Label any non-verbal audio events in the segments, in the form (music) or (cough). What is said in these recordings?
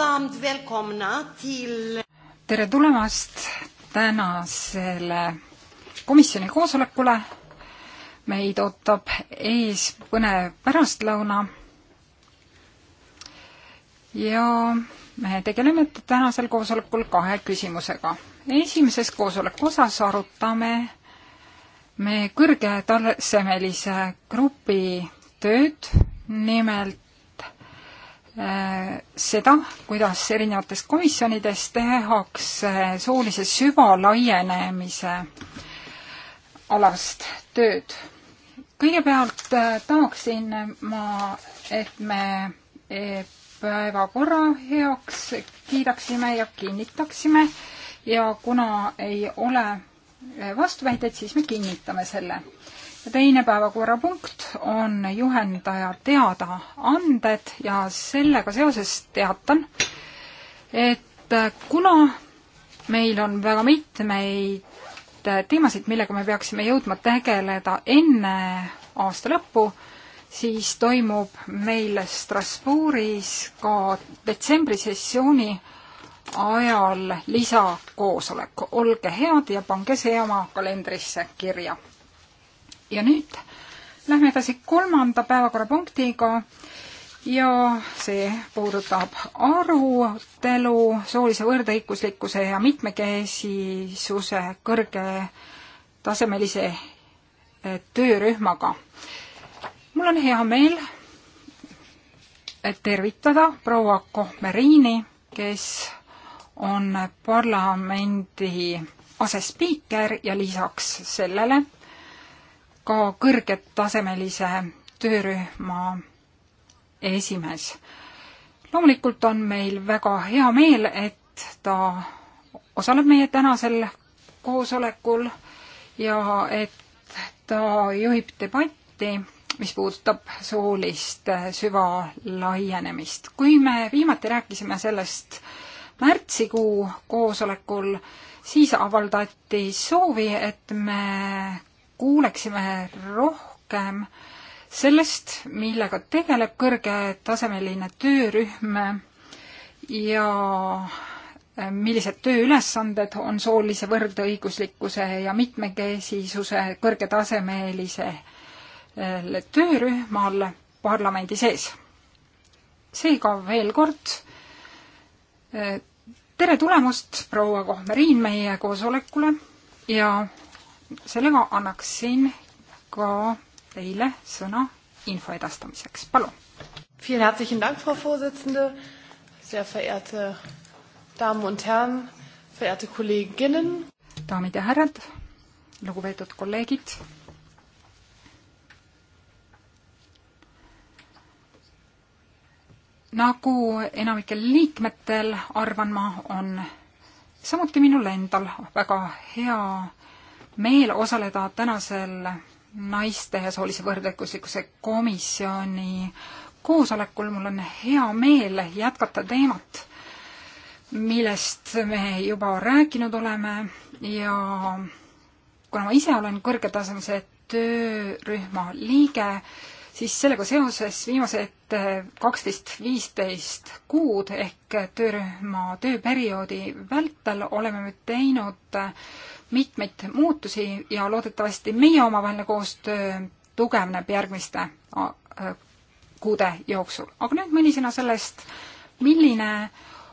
varmt välkomna till... tere tulemast tänasele komisjoni koosolekule. meid ootab ees põnev pärastlõuna. ja me tegeleme tänasel koosolekul kahe küsimusega. esimeses koosoleku osas arutame me kõrgetasemelise grupi tööd, nimelt seda, kuidas erinevates komisjonides tehakse soolise süvalaienemise alast tööd. kõigepealt äh, tahaksin ma, et me e, päevakorra heaks kiidaksime ja kinnitaksime ja kuna ei ole äh, vastuväiteid, siis me kinnitame selle teine päevakorrapunkt on juhendaja teadaanded ja sellega seoses teatan, et kuna meil on väga mitmeid teemasid, millega me peaksime jõudma tegeleda enne aasta lõppu, siis toimub meil Strasbourgis ka detsembri sessiooni ajal lisakoosolek. olge head ja pange see oma kalendrisse kirja ja nüüd lähme edasi kolmanda päevakorrapunktiga ja see puudutab arutelu soolise võrdõiguslikkuse ja mitmekesisuse kõrgetasemelise eh, töörühmaga. mul on hea meel tervitada proua Kohmeriini, kes on parlamendi asespiiker ja lisaks sellele ka kõrgetasemelise töörühma esimees. loomulikult on meil väga hea meel, et ta osaleb meie tänasel koosolekul ja et ta juhib debatti, mis puudutab soolist süvalaienemist. kui me viimati rääkisime sellest märtsikuu koosolekul, siis avaldati soovi, et me kuuleksime rohkem sellest, millega tegeleb kõrgetasemeline töörühm ja millised tööülesanded on soolise võrdõiguslikkuse ja mitmekesisuse kõrgetasemelisele töörühmal parlamendi sees. seega veel kord tere tulemast, proua Kohmeriin, meie koosolekule ja sellega annaksin ka teile sõna info edastamiseks, palun. Vielen herzlichen Dank, Frau Vorsitzende, sehr verehrte Damen und Herren, verehrte Kolleginnen. daamid ja härrad, lugupeetud kolleegid. nagu enamikel liikmetel, arvan ma, on samuti minul endal väga hea meel osaleda tänasel naiste ja soolise võrdõiguslikkuse komisjoni koosolekul. mul on hea meel jätkata teemat, millest me juba rääkinud oleme ja kuna ma ise olen kõrgetasemelise töörühma liige, siis sellega seoses viimased kaksteist, viisteist kuud ehk töörühma tööperioodi vältel oleme me teinud mitmeid muutusi ja loodetavasti meie omavaheline koostöö tugevneb järgmiste kuude jooksul. aga nüüd mõni sõna sellest, milline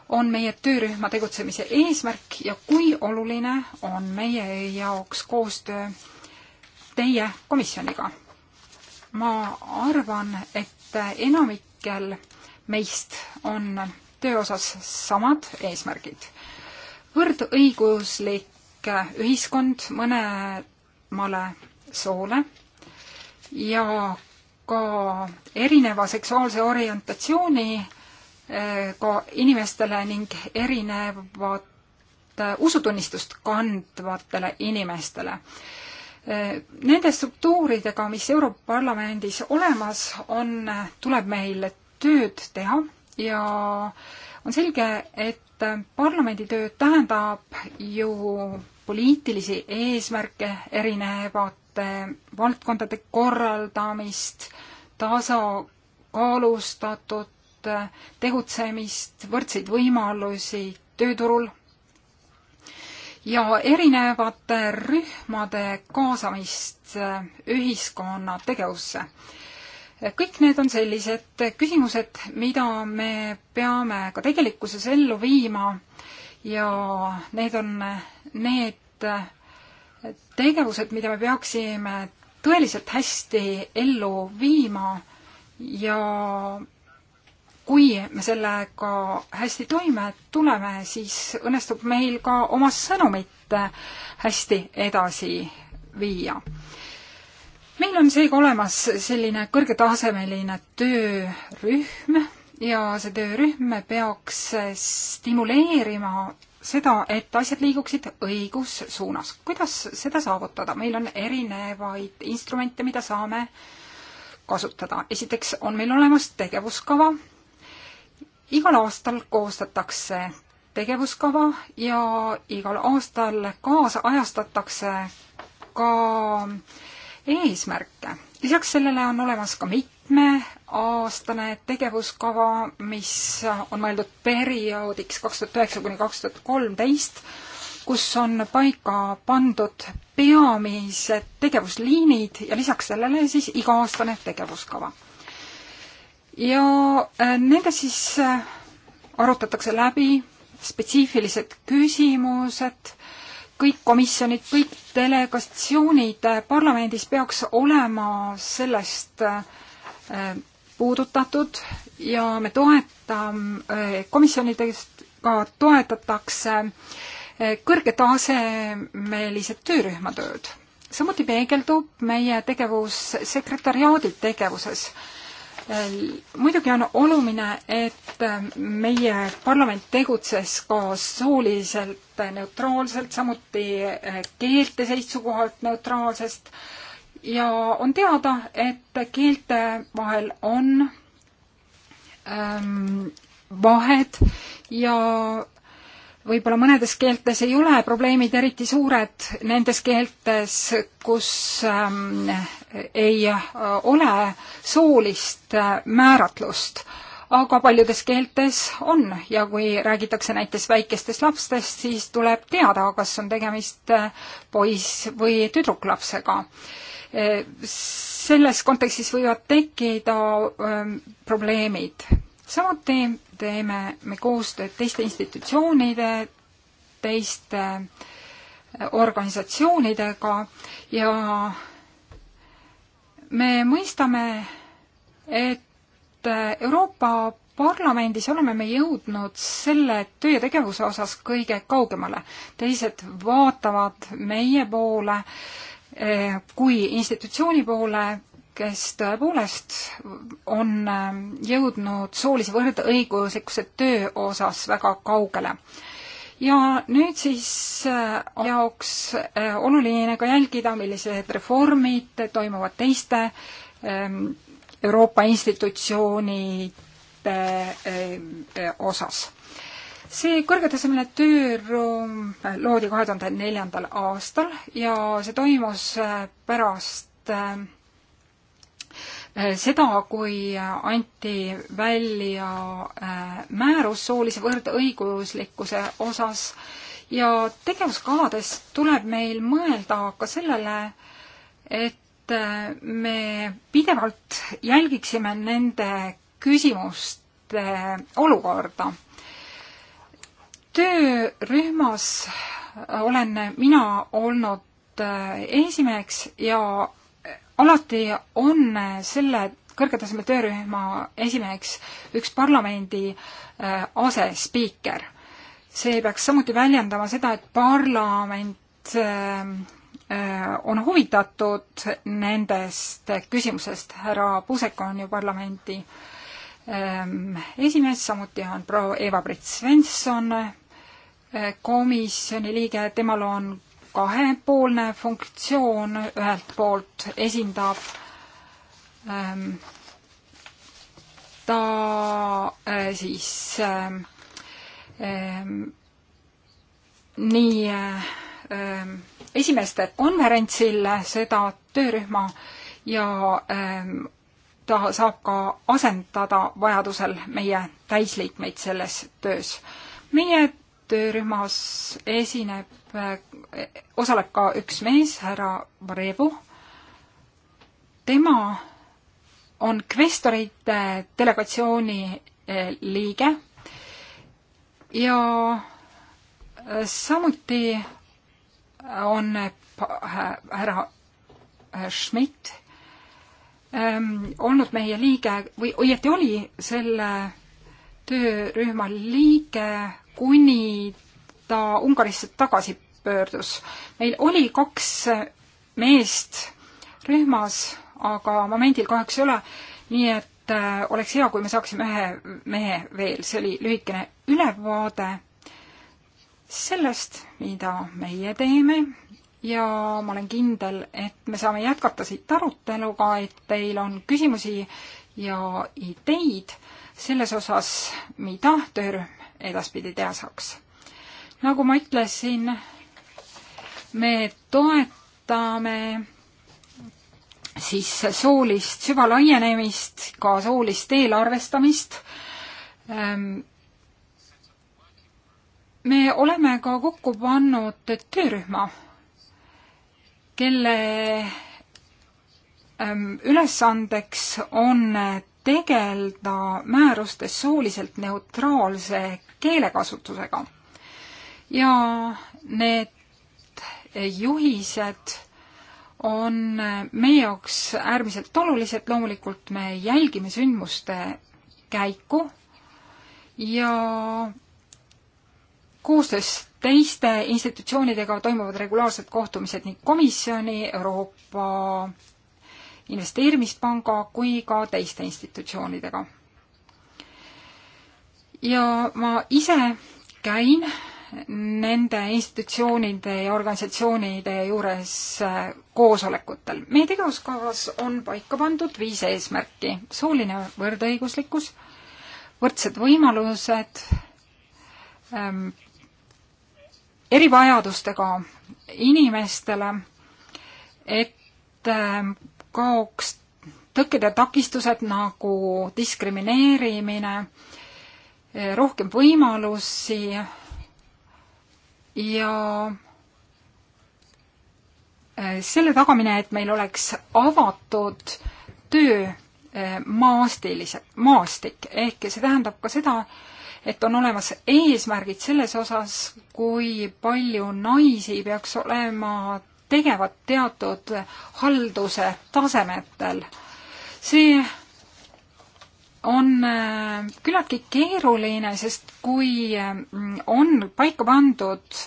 on meie töörühma tegutsemise eesmärk ja kui oluline on meie jaoks koostöö teie komisjoniga. ma arvan, et enamikel meist on töö osas samad eesmärgid. võrdõiguslik kodanik ühiskond mõlemale soole ja ka erineva seksuaalse orientatsiooni eh, ka inimestele ning erinevat eh, usutunnistust kandvatele inimestele. Eh, nende struktuuridega, mis Europarlamendis olemas on, tuleb meil tööd teha ja on selge, et parlamendi töö tähendab ju poliitilisi eesmärke, erinevate valdkondade korraldamist, tasakaalustatud tegutsemist, võrdseid võimalusi tööturul ja erinevate rühmade kaasamist ühiskonna tegevusse. kõik need on sellised küsimused, mida me peame ka tegelikkuses ellu viima ja need on need tegevused, mida me peaksime tõeliselt hästi ellu viima ja kui me sellega hästi toime tuleme, siis õnnestub meil ka oma sõnumit hästi edasi viia. meil on seega olemas selline kõrgetasemeline töörühm ja see töörühm peaks stimuleerima seda, et asjad liiguksid õigussuunas. kuidas seda saavutada? meil on erinevaid instrumente, mida saame kasutada. esiteks on meil olemas tegevuskava. igal aastal koostatakse tegevuskava ja igal aastal kaasajastatakse ka eesmärke. lisaks sellele on olemas ka mitme aastane tegevuskava, mis on mõeldud perioodiks kaks tuhat üheksa kuni kaks tuhat kolmteist, kus on paika pandud peamised tegevusliinid ja lisaks sellele siis iga-aastane tegevuskava. ja äh, nende siis äh, arutatakse läbi spetsiifilised küsimused, kõik komisjonid, kõik delegatsioonid äh, parlamendis peaks olema sellest puudutatud ja me toetame, komisjonidest ka toetatakse eh, kõrgetasemelised töörühma tööd. samuti peegeldub meie tegevus sekretariaadi tegevuses. Eh, muidugi on oluline, et eh, meie parlament tegutses ka sooliselt neutraalselt, samuti keelte seisukohalt neutraalsest äh, ja on teada, et keelte vahel on ähm, vahed ja võib-olla mõnedes keeltes ei ole probleemid eriti suured, nendes keeltes, kus ähm, ei äh, ole soolist äh, määratlust, aga paljudes keeltes on ja kui räägitakse näiteks väikestest lastest, siis tuleb teada, kas on tegemist äh, poiss- või tüdruklapsega äh, selles kontekstis võivad tekkida ähm, probleemid. samuti teeme me koostööd teiste institutsioonide, teiste äh, organisatsioonidega ja me mõistame, et äh, Euroopa parlamendis oleme me jõudnud selle töö ja tegevuse osas kõige kaugemale. teised vaatavad meie poole Eh, kui institutsiooni poole, kes tõepoolest on eh, jõudnud soolise võrdõiguslikkuse töö osas väga kaugele. ja nüüd siis eh, jaoks oluline ka jälgida, millised reformid toimuvad teiste Euroopa institutsioonide osas see kõrgetasemeline tööruum loodi kahe tuhande neljandal aastal ja see toimus äh, pärast äh, seda, kui anti välja äh, määrus soolise võrdõiguslikkuse osas ja tegevuskavades tuleb meil mõelda ka sellele, et me pidevalt jälgiksime nende küsimuste olukorda töörühmas olen mina olnud äh, esimeheks ja alati on selle kõrgetasemel töörühma esimeheks üks parlamendi äh, asespiiker. see peaks samuti väljendama seda, et parlament äh, on huvitatud nendest küsimusest. härra Puusek on ju parlamendi ähm, esimees, samuti on proua Eva-Britt Svensson komisjoni liige, temal on kahepoolne funktsioon, ühelt poolt esindab ähm, ta äh, siis ähm, ähm, nii äh, esimeste konverentsil seda töörühma ja ähm, ta saab ka asendada vajadusel meie täisliikmeid selles töös. meie töörühmas esineb, osaleb ka üks mees, härra Varevu. tema on kvestorite delegatsiooni eh, liige ja eh, samuti on eh, härra Schmidt ehm, olnud meie liige või õieti oli selle töörühma liige kuni ta Ungarisse tagasi pöördus. meil oli kaks meest rühmas, aga momendil kahjuks ei ole, nii et äh, oleks hea, kui me saaksime ühe mehe veel, see oli lühikene ülevaade sellest, mida meie teeme ja ma olen kindel, et me saame jätkata siit aruteluga, et teil on küsimusi ja ideid selles osas, mida töörühm edaspidi teha saaks. nagu ma ütlesin, me toetame siis soolist süvalaienemist, ka soolist eelarvestamist. Ehm, me oleme ka kokku pannud töörühma, kelle ehm, ülesandeks on tegeleda määrustes sooliselt neutraalse keelekasutusega. ja need juhised on meie jaoks äärmiselt olulised, loomulikult me jälgime sündmuste käiku ja koostöös teiste institutsioonidega toimuvad regulaarsed kohtumised nii komisjoni, Euroopa Investeerimispanga kui ka teiste institutsioonidega ja ma ise käin nende institutsioonide ja organisatsioonide juures äh, koosolekutel. meie tegevuskavas on paika pandud viis eesmärki. sooline võrdõiguslikkus, võrdsed võimalused ähm,, erivajadustega inimestele, et ähm, kaoks tõkked ja takistused nagu diskrimineerimine äh,, Eh, rohkem võimalusi ja eh, selle tagamine, et meil oleks avatud töömaastilise, eh, maastik, ehk see tähendab ka seda, et on olemas eesmärgid selles osas, kui palju naisi peaks olema tegevad teatud halduse tasemetel. see on äh, küllaltki keeruline, sest kui äh, on paika pandud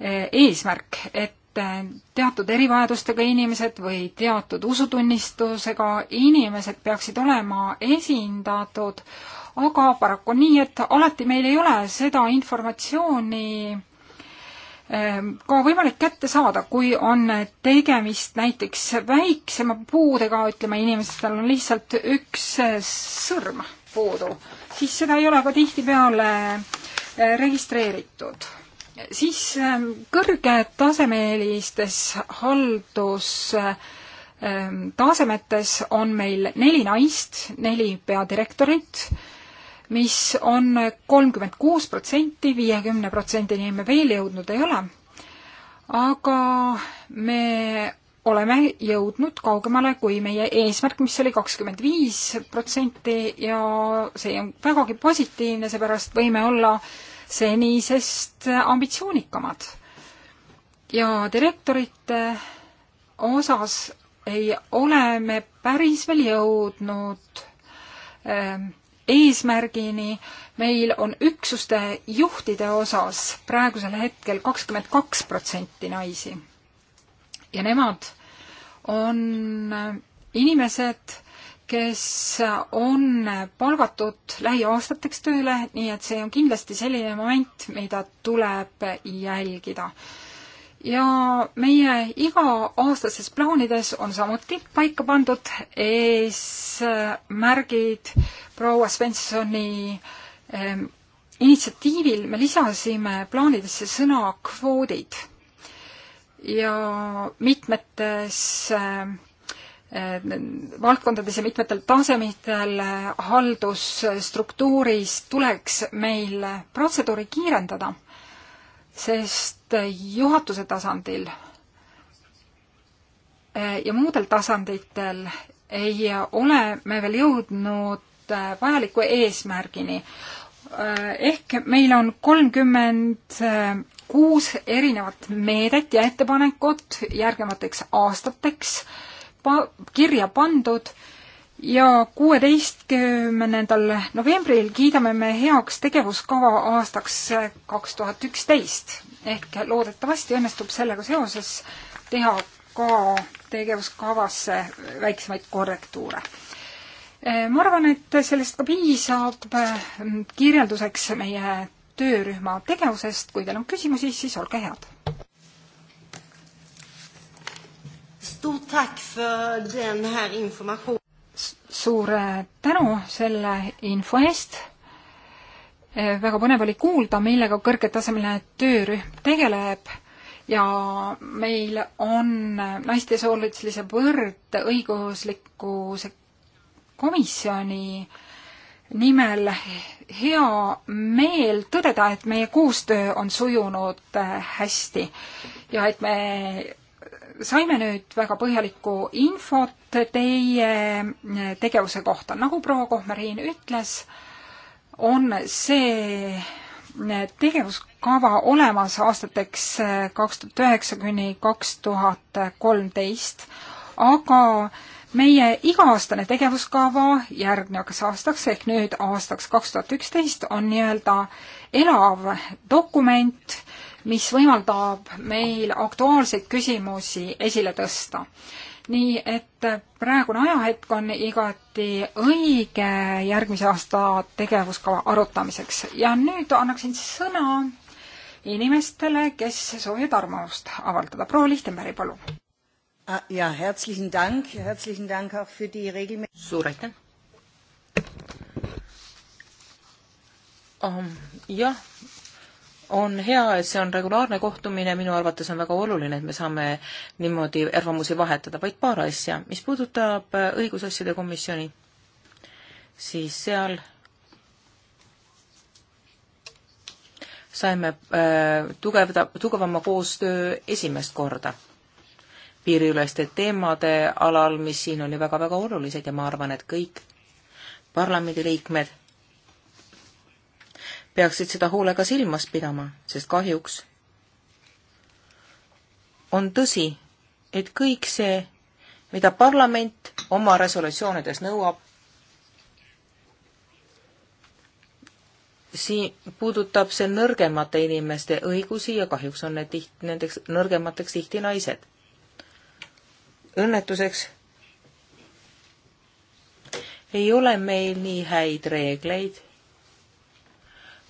äh, eesmärk, et teatud erivajadustega inimesed või teatud usutunnistusega inimesed peaksid olema esindatud, aga paraku nii, et alati meil ei ole seda informatsiooni Ehm, ka võimalik kätte saada, kui on tegemist näiteks väiksema puudega, ütleme inimestel on lihtsalt üks eh, sõrm puudu, siis seda ei ole ka tihtipeale eh, registreeritud. siis ehm, kõrgetasemelistes haldustasemetes ehm, on meil neli naist, neli peadirektorit mis on kolmkümmend kuus protsenti, viiekümne protsendini me veel jõudnud ei ole. aga me oleme jõudnud kaugemale kui meie eesmärk, mis oli kakskümmend viis protsenti ja see on vägagi positiivne, seepärast võime olla senisest ambitsioonikamad. ja direktorite osas ei ole me päris veel jõudnud ähm, eesmärgini. meil on üksuste juhtide osas praegusel hetkel kakskümmend kaks protsenti naisi. ja nemad on inimesed, kes on palgatud lähiaastateks tööle, nii et see on kindlasti selline moment, mida tuleb jälgida ja meie iga-aastases plaanides on samuti paika pandud eesmärgid proua Svensoni ähm, initsiatiivil me lisasime plaanidesse sõna kvoodid ja mitmetes äh, valdkondades ja mitmetel tasemetel haldusstruktuuris tuleks meil protseduuri kiirendada sest juhatuse tasandil eh, ja muudel tasanditel ei ole me veel jõudnud eh, vajaliku eesmärgini. Eh, ehk meil on kolmkümmend kuus erinevat meedet ja ettepanekut järgnevateks aastateks kirja pandud ja kuueteistkümnendal novembril kiidame me heaks tegevuskava aastaks kaks tuhat üksteist. ehk loodetavasti õnnestub sellega seoses teha ka tegevuskavasse väiksemaid korrektuure. ma arvan, et sellest ka piisab kirjelduseks meie töörühma tegevusest, kui teil on küsimusi, siis olge head. Stort tack för den här informationen suur tänu selle info eest. väga põnev oli kuulda, millega kõrgetasemeline töörühm tegeleb ja meil on naiste soolise võrdõiguslikkuse komisjoni nimel hea meel tõdeda, et meie koostöö on sujunud äh, hästi ja et me saime nüüd väga põhjalikku infot teie tegevuse kohta. nagu proua Kohmeriin ütles, on see tegevuskava olemas aastateks kaks tuhat üheksa kuni kaks tuhat kolmteist, aga meie iga-aastane tegevuskava järgnevaks aastaks ehk nüüd aastaks kaks tuhat üksteist on nii-öelda elav dokument, mis võimaldab meil aktuaalseid küsimusi esile tõsta. nii et praegune ajahetk on igati õige järgmise aasta tegevuskava arutamiseks ja nüüd annaksin sõna inimestele, kes soovivad arvamust avaldada. proua Lichtenberg, palun! Ah, ja, herzlichen Dank. Herzlichen Dank auch für die regelmäßige. Suur aitäh um,! jah, on hea, et see on regulaarne kohtumine, minu arvates on väga oluline, et me saame niimoodi arvamusi vahetada, vaid paar asja. mis puudutab äh, õigusasjade komisjoni, siis seal saime äh, tugevda, tugevama koostöö esimest korda piiriüleste teemade alal, mis siin oli väga-väga olulised ja ma arvan, et kõik parlamendiliikmed peaksid seda hoolega silmas pidama, sest kahjuks on tõsi, et kõik see, mida parlament oma resolutsioonides nõuab, siin puudutab see nõrgemate inimeste õigusi ja kahjuks on need tiht-, nendeks nõrgemateks tihti naised. õnnetuseks ei ole meil nii häid reegleid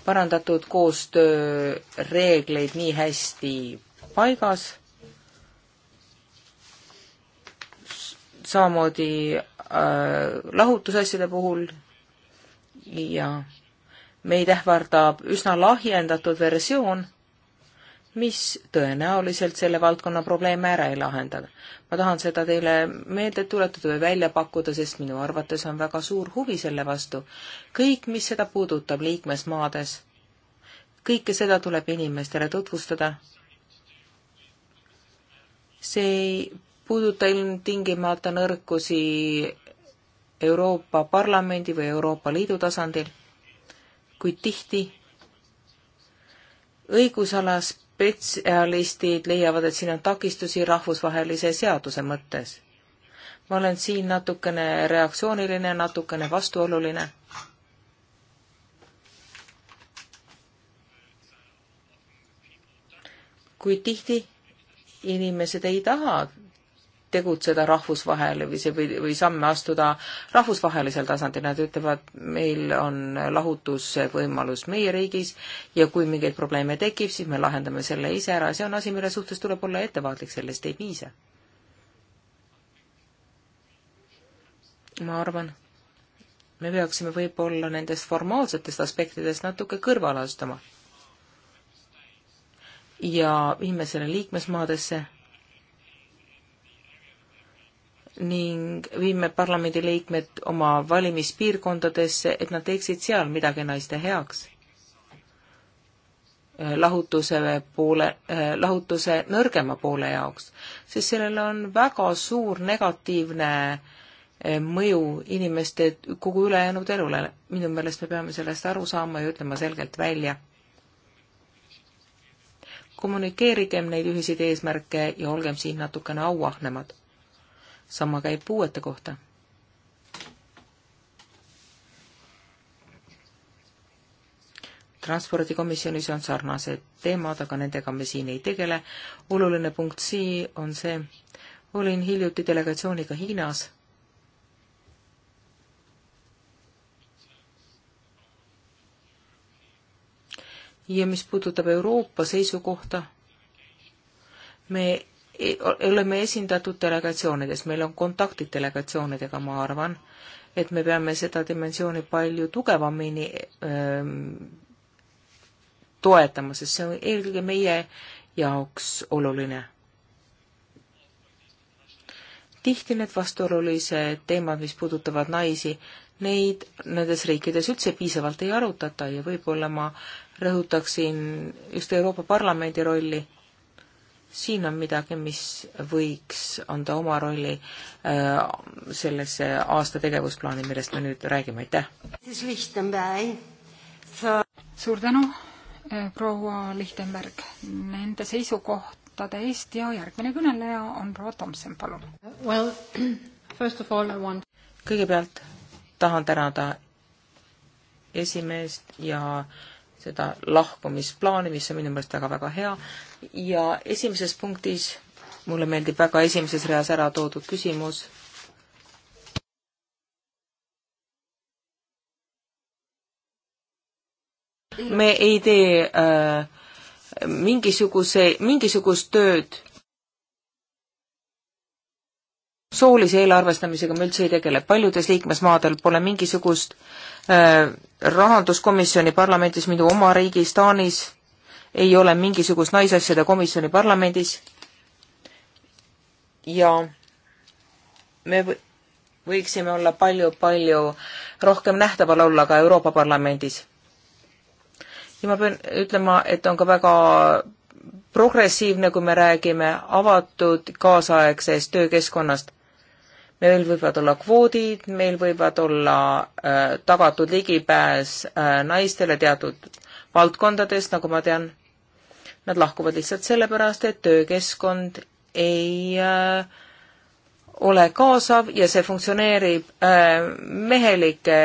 parandatud koostööreegleid nii hästi paigas, samamoodi äh, lahutusasjade puhul ja meid ähvardab üsna lahjendatud versioon mis tõenäoliselt selle valdkonna probleeme ära ei lahenda. ma tahan seda teile meelde tuletada või välja pakkuda, sest minu arvates on väga suur huvi selle vastu. kõik, mis seda puudutab liikmesmaades, kõike seda tuleb inimestele tutvustada. see ei puuduta ilmtingimata nõrkusi Euroopa Parlamendi või Euroopa Liidu tasandil, kuid tihti õigusalas spetsialistid leiavad, et siin on takistusi rahvusvahelise seaduse mõttes. ma olen siin natukene reaktsiooniline, natukene vastuoluline. kuid tihti inimesed ei taha tegutseda rahvusvahelise või, või samme astuda rahvusvahelisel tasandil, nad ütlevad, meil on lahutusvõimalus meie riigis ja kui mingeid probleeme tekib, siis me lahendame selle ise ära, see on asi, mille suhtes tuleb olla ettevaatlik, sellest ei piisa. ma arvan, me peaksime võib-olla nendest formaalsetest aspektidest natuke kõrvale astuma ja viime selle liikmesmaadesse ning viime parlamendiliikmed oma valimispiirkondadesse, et nad teeksid seal midagi naiste heaks. Äh, lahutuse poole, äh, lahutuse nõrgema poole jaoks, sest sellel on väga suur negatiivne äh, mõju inimeste kogu ülejäänud elule. minu meelest me peame sellest aru saama ja ütlema selgelt välja. kommunikeerigem neid ühiseid eesmärke ja olgem siin natukene auahnemad sama käib puuete kohta. transpordikomisjonis on sarnased teemad, aga nendega me siin ei tegele. oluline punkt siin on see, olin hiljuti delegatsiooniga Hiinas ja mis puudutab Euroopa seisukohta, me E, oleme esindatud delegatsioonides, meil on kontaktid delegatsioonidega, ma arvan, et me peame seda dimensiooni palju tugevamini öö, ähm, toetama, sest see on eelkõige meie jaoks oluline. tihti need vastuolulised teemad, mis puudutavad naisi, neid nendes riikides üldse piisavalt ei arutata ja võib-olla ma rõhutaksin just Euroopa Parlamendi rolli siin on midagi, mis võiks anda oma rolli äh, sellesse äh, aasta tegevusplaani, millest me nüüd räägime, aitäh! suur tänu, äh, proua Lichtenberg, nende seisukohtade eest ja järgmine kõneleja on proua Tomson, palun well,! (clears throat) Want... kõigepealt tahan tänada esimeest ja seda lahkumisplaani, mis on minu meelest väga-väga hea, ja esimeses punktis mulle meeldib väga esimeses reas ära toodud küsimus me ei tee äh, mingisuguse, mingisugust tööd soolise eelarvestamisega me üldse ei tegele, paljudes liikmesmaadel pole mingisugust äh, rahanduskomisjoni parlamendis, minu oma riigis, Taanis ei ole mingisugust naisasjade komisjoni parlamendis ja me võiksime olla palju-palju rohkem nähtaval olla ka Euroopa Parlamendis. ja ma pean ütlema, et on ka väga progressiivne, kui me räägime avatud kaasaegsest töökeskkonnast. meil võivad olla kvoodid, meil võivad olla äh, tagatud ligipääs äh, naistele teatud valdkondades, nagu ma tean Nad lahkuvad lihtsalt sellepärast, et töökeskkond ei äh, ole kaasav ja see funktsioneerib äh, mehelike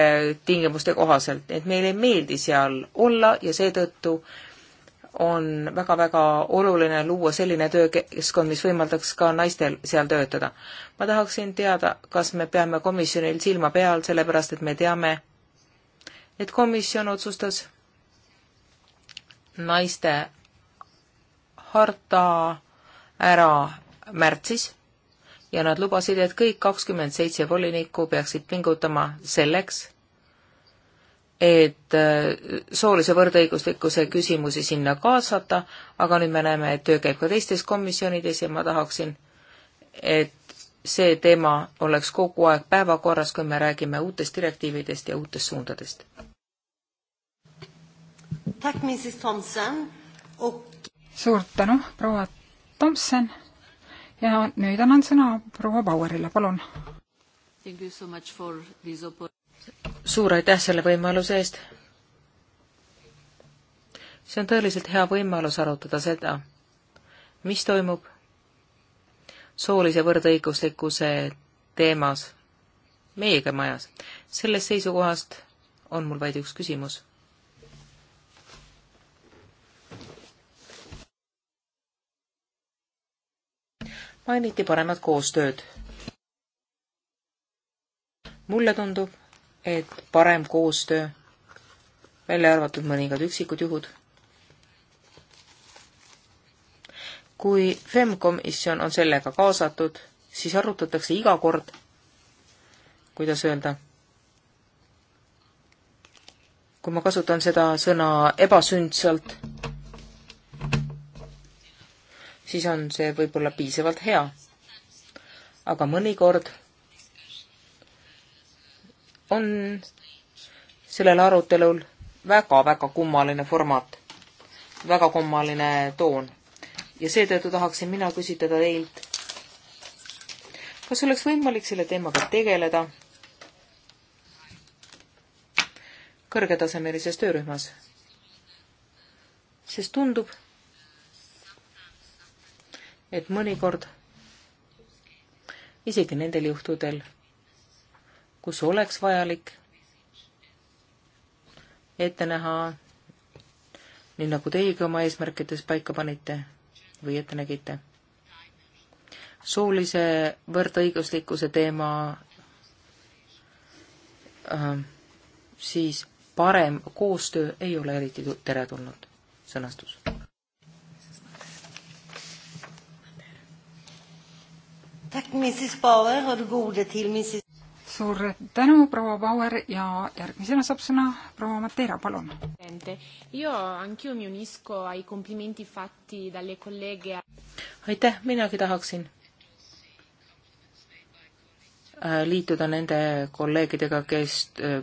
tingimuste kohaselt, et meile ei meeldi seal olla ja seetõttu on väga-väga oluline luua selline töökeskkond, mis võimaldaks ka naistel seal töötada. ma tahaksin teada, kas me peame komisjonil silma peal, sellepärast et me teame, et komisjon otsustas naiste harta ära märtsis ja nad lubasid, et kõik kakskümmend seitse volinikku peaksid pingutama selleks, et äh, soolise võrdõiguslikkuse küsimusi sinna kaasata, aga nüüd me näeme, et töö käib ka teistes komisjonides ja ma tahaksin, et see teema oleks kogu aeg päevakorras, kui me räägime uutest direktiividest ja uutest suundadest suur tänu, proua Tomson ja nüüd annan sõna proua Bauerile, palun. suur aitäh selle võimaluse eest. see on tõeliselt hea võimalus arutada seda, mis toimub soolise võrdõiguslikkuse teemas meiega majas. sellest seisukohast on mul vaid üks küsimus mainiti paremat koostööd. mulle tundub, et parem koostöö, välja arvatud mõningad üksikud juhud, kui FEM-komisjon on sellega kaasatud, siis arutatakse iga kord, kuidas öelda, kui ma kasutan seda sõna ebasündsalt siis on see võib-olla piisavalt hea. aga mõnikord on sellel arutelul väga-väga kummaline formaat, väga kummaline toon. ja seetõttu tahaksin mina küsitleda teilt, kas oleks võimalik selle teemaga tegeleda kõrgetasemelises töörühmas? sest tundub, et mõnikord isegi nendel juhtudel, kus oleks vajalik ette näha, nii nagu teiegi oma eesmärkides paika panite või ette nägite. soolise võrdõiguslikkuse teema äh,, siis parem koostöö ei ole eriti teretulnud sõnastus suur tänu, proua Bauer ja järgmisena saab sõna proua Mateera, palun. aitäh, minagi tahaksin äh, liituda nende kolleegidega, kes äh,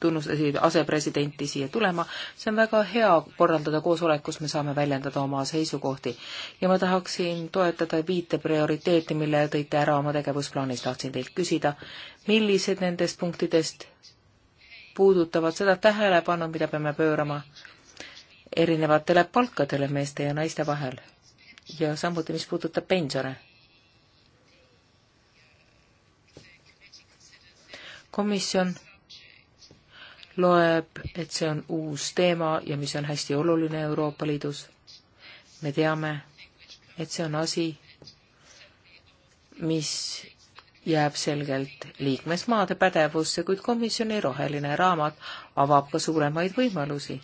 tunnustasid asepresidenti siia tulema. see on väga hea korraldada koosolek, kus me saame väljendada oma seisukohti. ja ma tahaksin toetada viite prioriteeti, mille tõite ära oma tegevusplaanis. tahtsin teilt küsida, millised nendest punktidest puudutavad seda tähelepanu, mida peame pöörama erinevatele palkadele meeste ja naiste vahel ja samuti, mis puudutab pensione komisjon loeb, et see on uus teema ja mis on hästi oluline Euroopa Liidus. me teame, et see on asi, mis jääb selgelt liikmesmaade pädevusse, kuid komisjoni roheline raamat avab ka suuremaid võimalusi.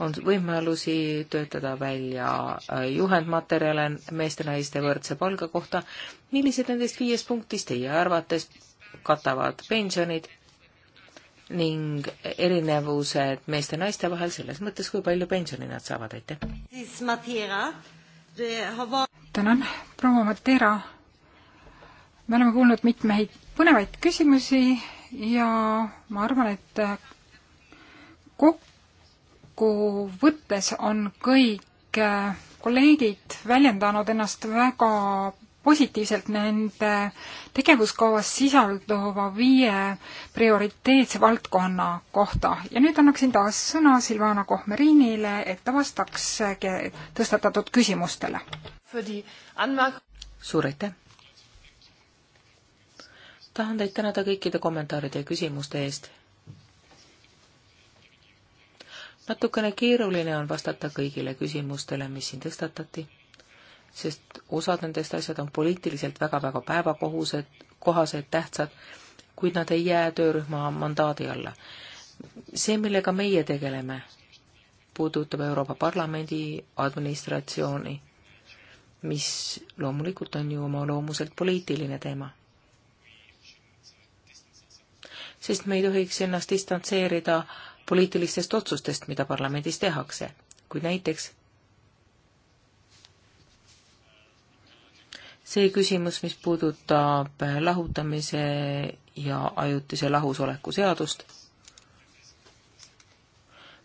on võimalusi töötada välja äh, juhendmaterjale meeste-naiste võrdse palga kohta, millised nendest viiest punktist teie arvates katavad pensionid, ning erinevused meeste ja naiste vahel selles mõttes, kui palju pensioni nad saavad, aitäh! tänan, proua Matera! me oleme kuulnud mitmeid põnevaid küsimusi ja ma arvan, et kokkuvõttes on kõik kolleegid väljendanud ennast väga positiivselt nende tegevuskavas sisalduva viie prioriteetse valdkonna kohta. ja nüüd annaksin taas sõna Silvana Kohmeriinile, et ta vastaks tõstatatud küsimustele. suur aitäh! tahan teid tänada kõikide kommentaaride ja küsimuste eest natukene keeruline on vastata kõigile küsimustele, mis siin tõstatati sest osad nendest asjad on poliitiliselt väga-väga päevakohused, kohased, tähtsad, kuid nad ei jää töörühma mandaadi alla. see, millega meie tegeleme, puudutab Euroopa Parlamendi administratsiooni, mis loomulikult on ju oma loomuselt poliitiline teema. sest me ei tohiks ennast distantseerida poliitilistest otsustest, mida parlamendis tehakse, kui näiteks see küsimus, mis puudutab lahutamise ja ajutise lahusoleku seadust,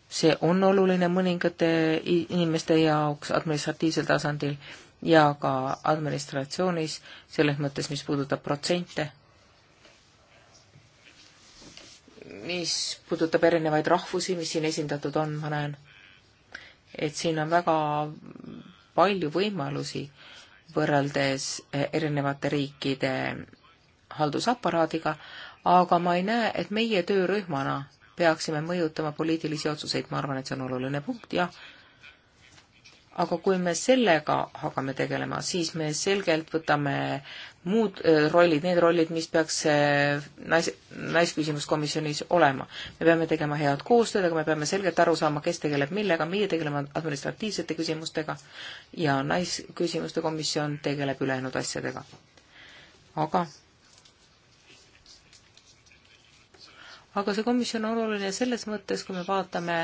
see on oluline mõningate inimeste jaoks administratiivsel tasandil ja ka administratsioonis, selles mõttes, mis puudutab protsente, mis puudutab erinevaid rahvusi, mis siin esindatud on, ma näen, et siin on väga palju võimalusi võrreldes eh, erinevate riikide haldusaparaadiga, aga ma ei näe, et meie töörühmana peaksime mõjutama poliitilisi otsuseid, ma arvan, et see on oluline punkt, jah aga kui me sellega hakkame tegelema, siis me selgelt võtame muud äh, rollid, need rollid, mis peaks äh, nais, naisküsimuskomisjonis olema. me peame tegema head koostööd, aga me peame selgelt aru saama, kes tegeleb millega, meie tegeleme administratiivsete küsimustega ja naisküsimuste komisjon tegeleb ülejäänud asjadega. aga aga see komisjon on oluline selles mõttes, kui me vaatame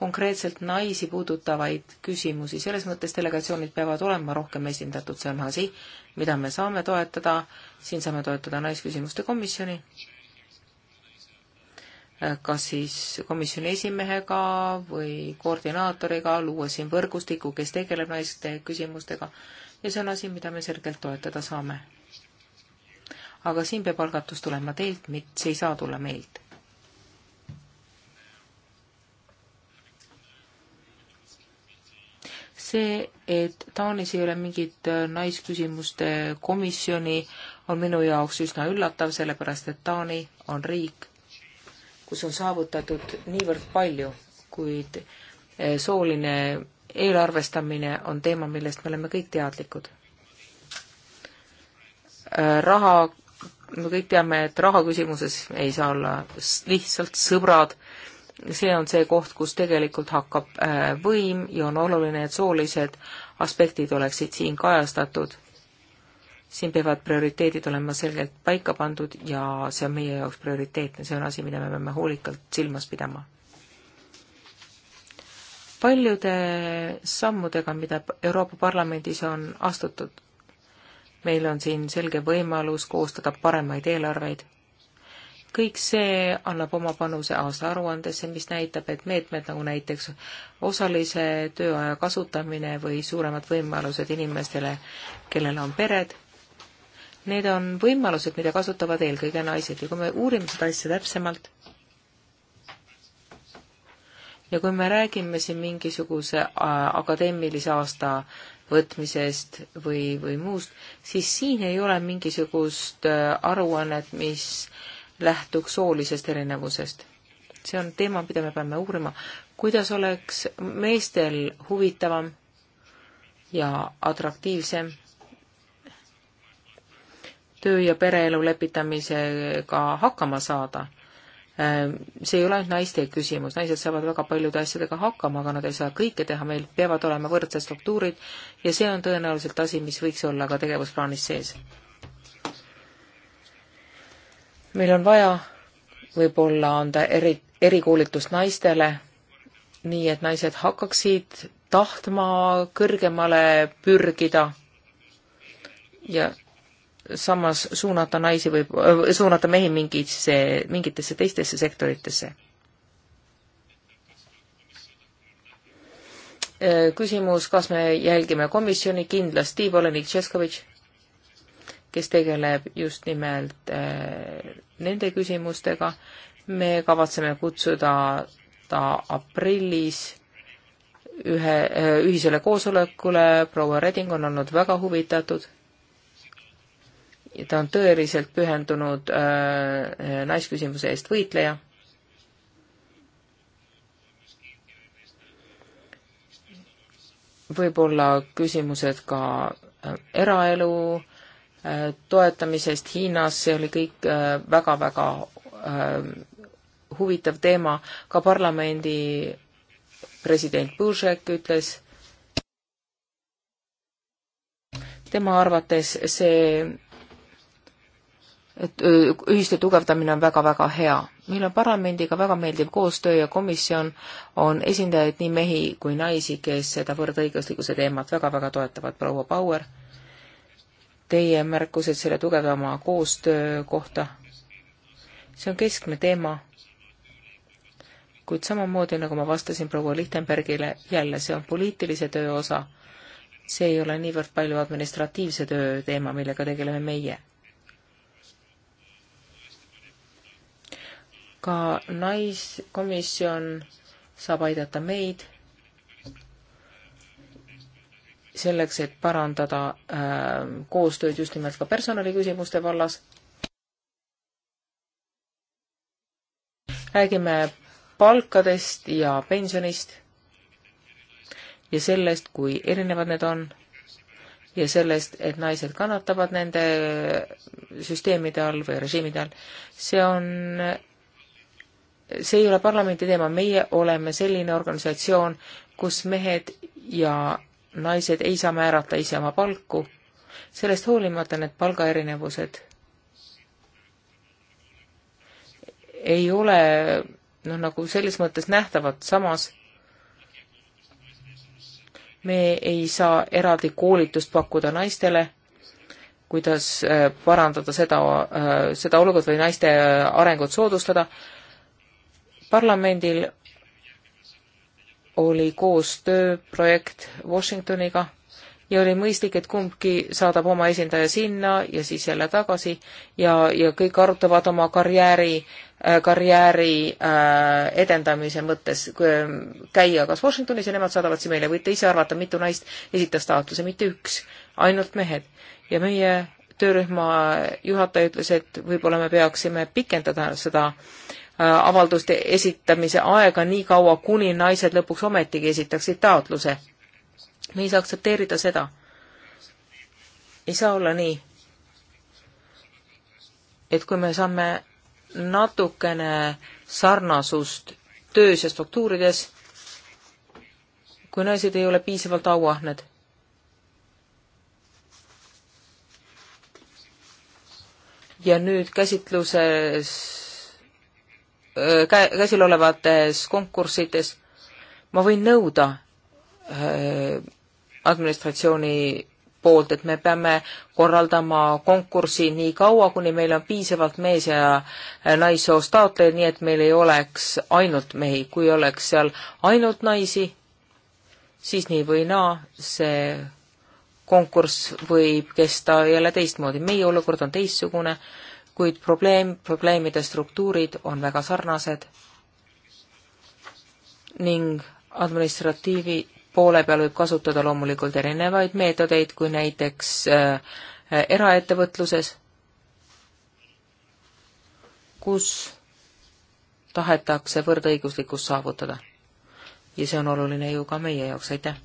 konkreetselt naisi puudutavaid küsimusi, selles mõttes delegatsioonid peavad olema rohkem esindatud, see on asi, mida me saame toetada, siin saame toetada Naisküsimuste Komisjoni, kas siis komisjoni esimehega või koordinaatoriga, luua siin võrgustiku, kes tegeleb naiste küsimustega ja see on asi, mida me selgelt toetada saame. aga siin peab algatus tulema teilt, mitte see ei saa tulla meilt see, et Taanis ei ole mingit äh, naisküsimuste komisjoni, on minu jaoks üsna üllatav, sellepärast et Taani on riik, kus on saavutatud niivõrd palju, kuid äh, sooline eelarvestamine on teema, millest me oleme kõik teadlikud. Äh, raha, me kõik teame, et raha küsimuses ei saa olla lihtsalt sõbrad, see on see koht, kus tegelikult hakkab äh, võim ja on oluline, et soolised aspektid oleksid siin kajastatud. siin peavad prioriteedid olema selgelt paika pandud ja see on meie jaoks prioriteetne, see on asi, mida me peame hoolikalt silmas pidama. paljude sammudega, mida Euroopa Parlamendis on astutud, meil on siin selge võimalus koostada paremaid eelarveid kõik see annab oma panuse aastaaruandesse, mis näitab, et meetmed nagu näiteks osalise tööaja kasutamine või suuremad võimalused inimestele, kellel on pered, need on võimalused, mida kasutavad eelkõige naised ja kui me uurime seda asja täpsemalt ja kui me räägime siin mingisuguse äh, akadeemilise aasta võtmisest või, või muust, siis siin ei ole mingisugust äh, aruannet, mis äh, lähtuks soolisest erinevusest. see on teema, mida me peame uurima, kuidas oleks meestel huvitavam ja atraktiivsem töö- ja pereelu lepitamisega hakkama saada. Ähm, see ei ole ainult naiste küsimus, naised saavad väga paljude asjadega hakkama, aga nad ei saa kõike teha, meil peavad olema võrdsed struktuurid ja see on tõenäoliselt asi, mis võiks olla ka tegevusplaanis sees meil on vaja võib-olla anda eri, erikoolitust naistele, nii et naised hakkaksid tahtma kõrgemale pürgida ja samas suunata naisi võib, suunata mehi mingisse, mingitesse teistesse sektoritesse. küsimus, kas me jälgime komisjoni, kindlasti, Volenik Tšeskovitš, kes tegeleb just nimelt äh, nende küsimustega. me kavatseme kutsuda ta aprillis ühe, äh, ühisele koosolekule, proua Reding on olnud väga huvitatud. ta on tõeliselt pühendunud äh, äh, naisküsimuse eest võitleja. võib-olla küsimused ka äh, eraelu toetamisest Hiinas, see oli kõik väga-väga äh, äh, huvitav teema, ka parlamendi president Buzek ütles, tema arvates see, et ühiste tugevdamine on väga-väga hea. meil on parlamendiga väga meeldiv koostöö ja komisjon on esindajaid, nii mehi kui naisi, kes seda võrdõiguslikkuse teemat väga-väga toetavad, proua Bauer teie märkused selle tugevama koostöö kohta. see on keskne teema. kuid samamoodi, nagu ma vastasin proua Lichtenbergile, jälle see on poliitilise töö osa. see ei ole niivõrd palju administratiivse töö teema, millega tegeleme meie. ka naiskomisjon saab aidata meid selleks, et parandada ähm, koostööd just nimelt ka personaliküsimuste vallas. räägime palkadest ja pensionist ja sellest, kui erinevad need on ja sellest, et naised kannatavad nende süsteemide all või režiimide all. see on, see ei ole parlamendi teema, meie oleme selline organisatsioon, kus mehed ja naised ei saa määrata ise oma palku, sellest hoolimata need palgaerinevused ei ole noh, nagu selles mõttes nähtavad, samas me ei saa eraldi koolitust pakkuda naistele, kuidas äh, parandada seda, äh, seda olukorda või naiste äh, arengut soodustada. parlamendil oli koostööprojekt Washingtoniga ja oli mõistlik, et kumbki saadab oma esindaja sinna ja siis jälle tagasi ja, ja kõik arutavad oma karjääri, äh, karjääri äh, edendamise mõttes äh, käia kas Washingtonis ja nemad saadavad siia meile, võite ise arvata, mitu naist esitas taotluse, mitte üks, ainult mehed. ja meie töörühma juhataja ütles, et võib-olla me peaksime pikendada seda äh, Äh, avalduste esitamise aega nii kaua, kuni naised lõpuks ometigi esitaksid taotluse. me ei saa aktsepteerida seda. ei saa olla nii, et kui me saame natukene sarnasust töös ja struktuurides, kui naised ei ole piisavalt auahned ja nüüd käsitluses käsil olevates konkurssides ma võin nõuda äh, administratsiooni poolt, et me peame korraldama konkursi nii kaua, kuni meil on piisavalt mees- ja äh, naissoost taotlejaid, nii et meil ei oleks ainult mehi. kui oleks seal ainult naisi, siis nii või naa, see konkurss võib kesta jälle teistmoodi. meie olukord on teistsugune kuid probleem, probleemide struktuurid on väga sarnased ning administratiivi poole peal võib kasutada loomulikult erinevaid meetodeid, kui näiteks äh, äh eraettevõtluses, kus tahetakse võrdõiguslikkust saavutada. ja see on oluline ju ka meie jaoks, aitäh!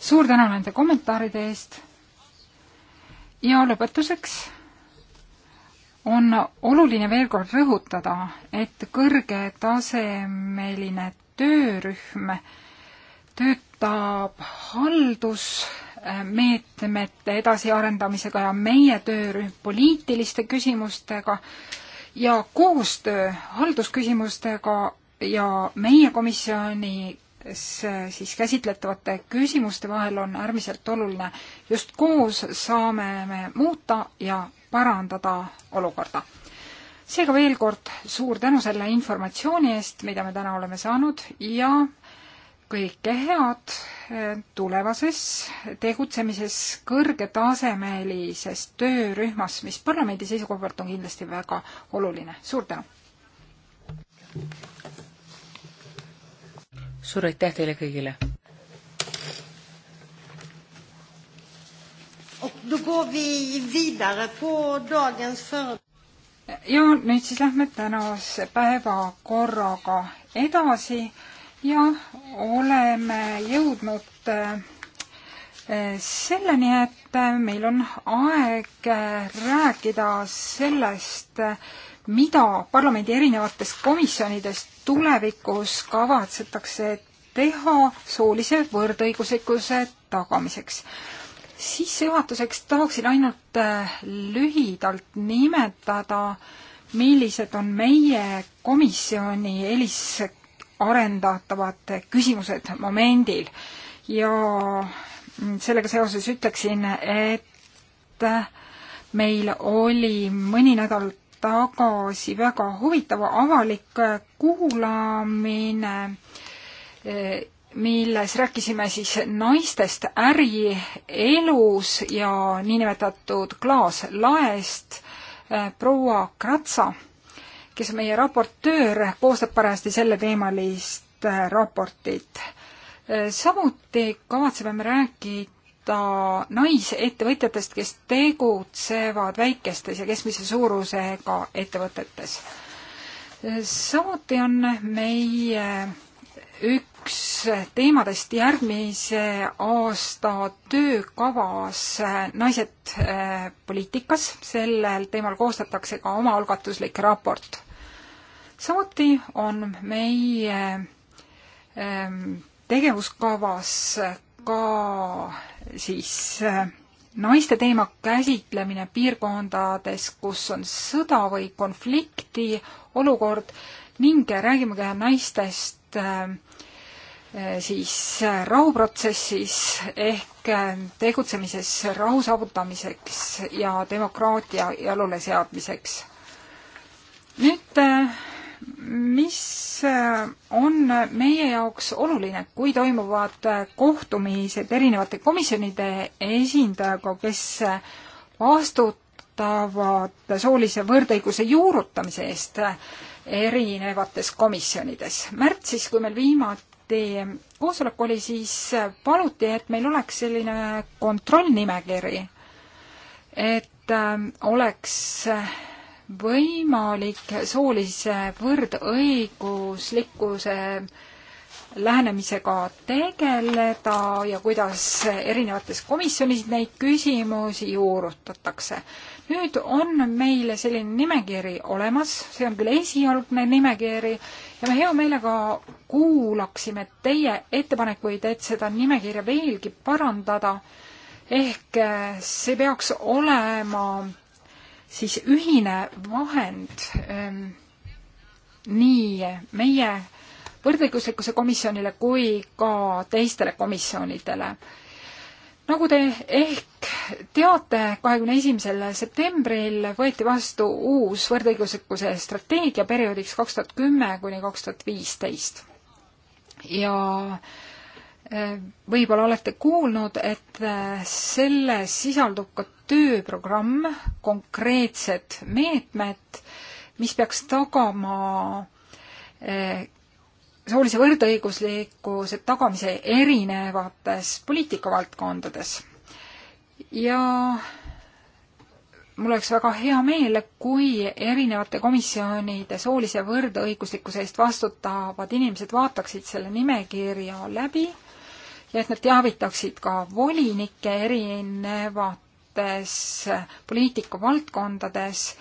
suur tänu nende kommentaaride eest! ja lõpetuseks on oluline veel kord rõhutada, et kõrgetasemeline töörühm töötab haldusmeetmete edasiarendamisega ja meie töörühm poliitiliste küsimustega ja koostöö haldusküsimustega ja meie komisjoni siis käsitletavate küsimuste vahel on äärmiselt oluline. just koos saame me muuta ja parandada olukorda. seega veel kord suur tänu selle informatsiooni eest, mida me täna oleme saanud ja kõike head e, tulevases tegutsemises kõrgetasemelises töörühmas, mis parlamendi seisukohalt on kindlasti väga oluline. suur tänu! suur aitäh teile kõigile! ja nüüd siis lähme tänase päevakorraga edasi ja oleme jõudnud eh, selleni, et meil on aeg rääkida sellest, mida parlamendi erinevates komisjonides tulevikus kavatsetakse teha soolise võrdõiguslikkuse tagamiseks. sissejuhatuseks tahaksin ainult äh, lühidalt nimetada, millised on meie komisjoni eelisarendatavad küsimused momendil ja mm, sellega seoses ütleksin, et äh, meil oli mõni nädal tagasi väga huvitava avalik äh, kuulamine, äh, milles rääkisime siis naistest ärielus ja niinimetatud klaaslaest. Äh, proua Kratsa, kes on meie raportöör, koostab parajasti selleteemalist raportit. samuti kavatseme me rääkida ta naisettevõtjatest, kes tegutsevad väikestes ja keskmise suurusega ettevõtetes. samuti on meie üks teemadest järgmise aasta töökavas Naised äh, poliitikas, sellel teemal koostatakse ka omaalgatuslik raport. samuti on meie ähm, tegevuskavas ka siis äh, naiste teema käsitlemine piirkondades, kus on sõda või konflikti olukord ning räägime ka naistest äh, äh, siis rahuprotsessis ehk tegutsemises rahu saavutamiseks ja demokraatia jaluleseadmiseks. nüüd mis äh, on meie jaoks oluline, kui toimuvad äh, kohtumised erinevate komisjonide esindajaga, kes äh, vastutavad soolise võrdõiguse juurutamise eest erinevates komisjonides. märtsis, kui meil viimati koosolek oli, siis paluti, et meil oleks selline kontrollnimekiri, et oleks võimalik soolise võrdõiguslikkuse lähenemisega tegeleda ja kuidas erinevates komisjonis neid küsimusi juurutatakse. nüüd on meil selline nimekiri olemas, see on küll esialgne nimekiri ja me hea meelega kuulaksime teie ettepanekuid, et seda nimekirja veelgi parandada. ehk see peaks olema siis ühine vahend ähm, nii meie võrdõiguslikkuse komisjonile kui ka teistele komisjonidele. nagu te ehk teate, kahekümne esimesel septembril võeti vastu uus võrdõiguslikkuse strateegia perioodiks kaks tuhat kümme kuni kaks tuhat viisteist. ja äh, võib-olla olete kuulnud, et äh, selles sisaldub ka tööprogramm, konkreetsed meetmed, mis peaks tagama eh, soolise võrdõiguslikkuse tagamise erinevates poliitikavaldkondades. ja mul oleks väga hea meel, kui erinevate komisjonide soolise võrdõiguslikkuse eest vastutavad inimesed vaataksid selle nimekirja läbi ja et nad teavitaksid ka volinikke erinevate erinevates poliitikavaldkondades,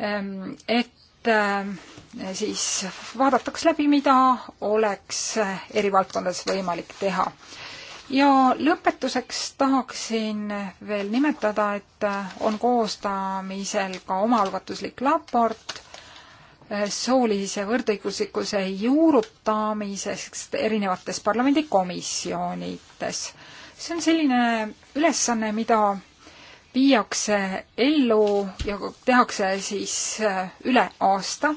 ehm, et ehm, siis vaadatakse läbi, mida oleks eri valdkondades võimalik teha. ja lõpetuseks tahaksin veel nimetada, et on koostamisel ka omaalgatuslik raport, eh, soolise võrdõiguslikkuse juurutamisest erinevates parlamendikomisjonides. see on selline ülesanne, mida viiakse ellu ja tehakse siis äh, üle aasta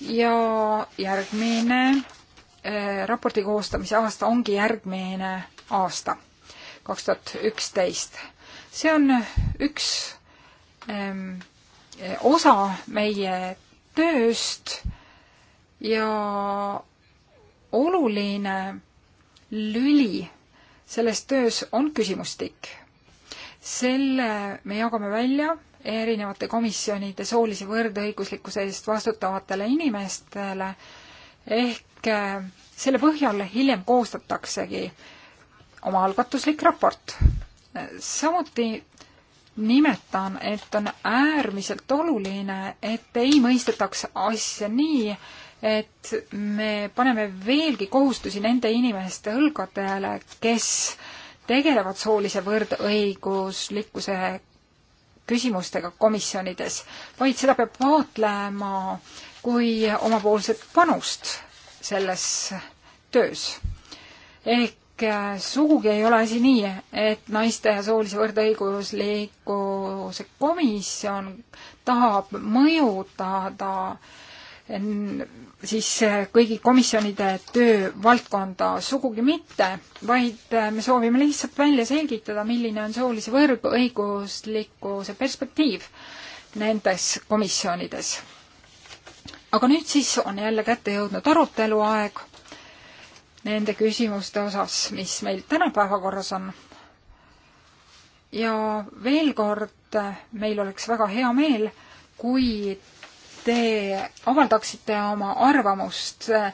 ja järgmine äh, raporti koostamise aasta ongi järgmine aasta, kaks tuhat üksteist. see on üks ähm, osa meie tööst ja oluline lüli selles töös on küsimustik selle me jagame välja erinevate komisjonide soolise võrdõiguslikkuse eest vastutavatele inimestele ehk eh, selle põhjal hiljem koostataksegi omaalgatuslik raport. samuti nimetan, et on äärmiselt oluline, et ei mõistetaks asja nii, et me paneme veelgi kohustusi nende inimeste õlgadele, kes tegelevad soolise võrdõiguslikkuse küsimustega komisjonides, vaid seda peab vaatlema kui omapoolset panust selles töös. ehk äh, sugugi ei ole asi nii, et naiste ja soolise võrdõiguslikkuse komisjon tahab mõjutada äh, siis äh, kõigi komisjonide töövaldkonda sugugi mitte, vaid äh, me soovime lihtsalt välja selgitada, milline on soolise võrdõiguslikkuse perspektiiv nendes komisjonides. aga nüüd siis on jälle kätte jõudnud arutelu aeg nende küsimuste osas, mis meil täna päevakorras on. ja veel kord, äh, meil oleks väga hea meel, kui te avaldaksite oma arvamust äh,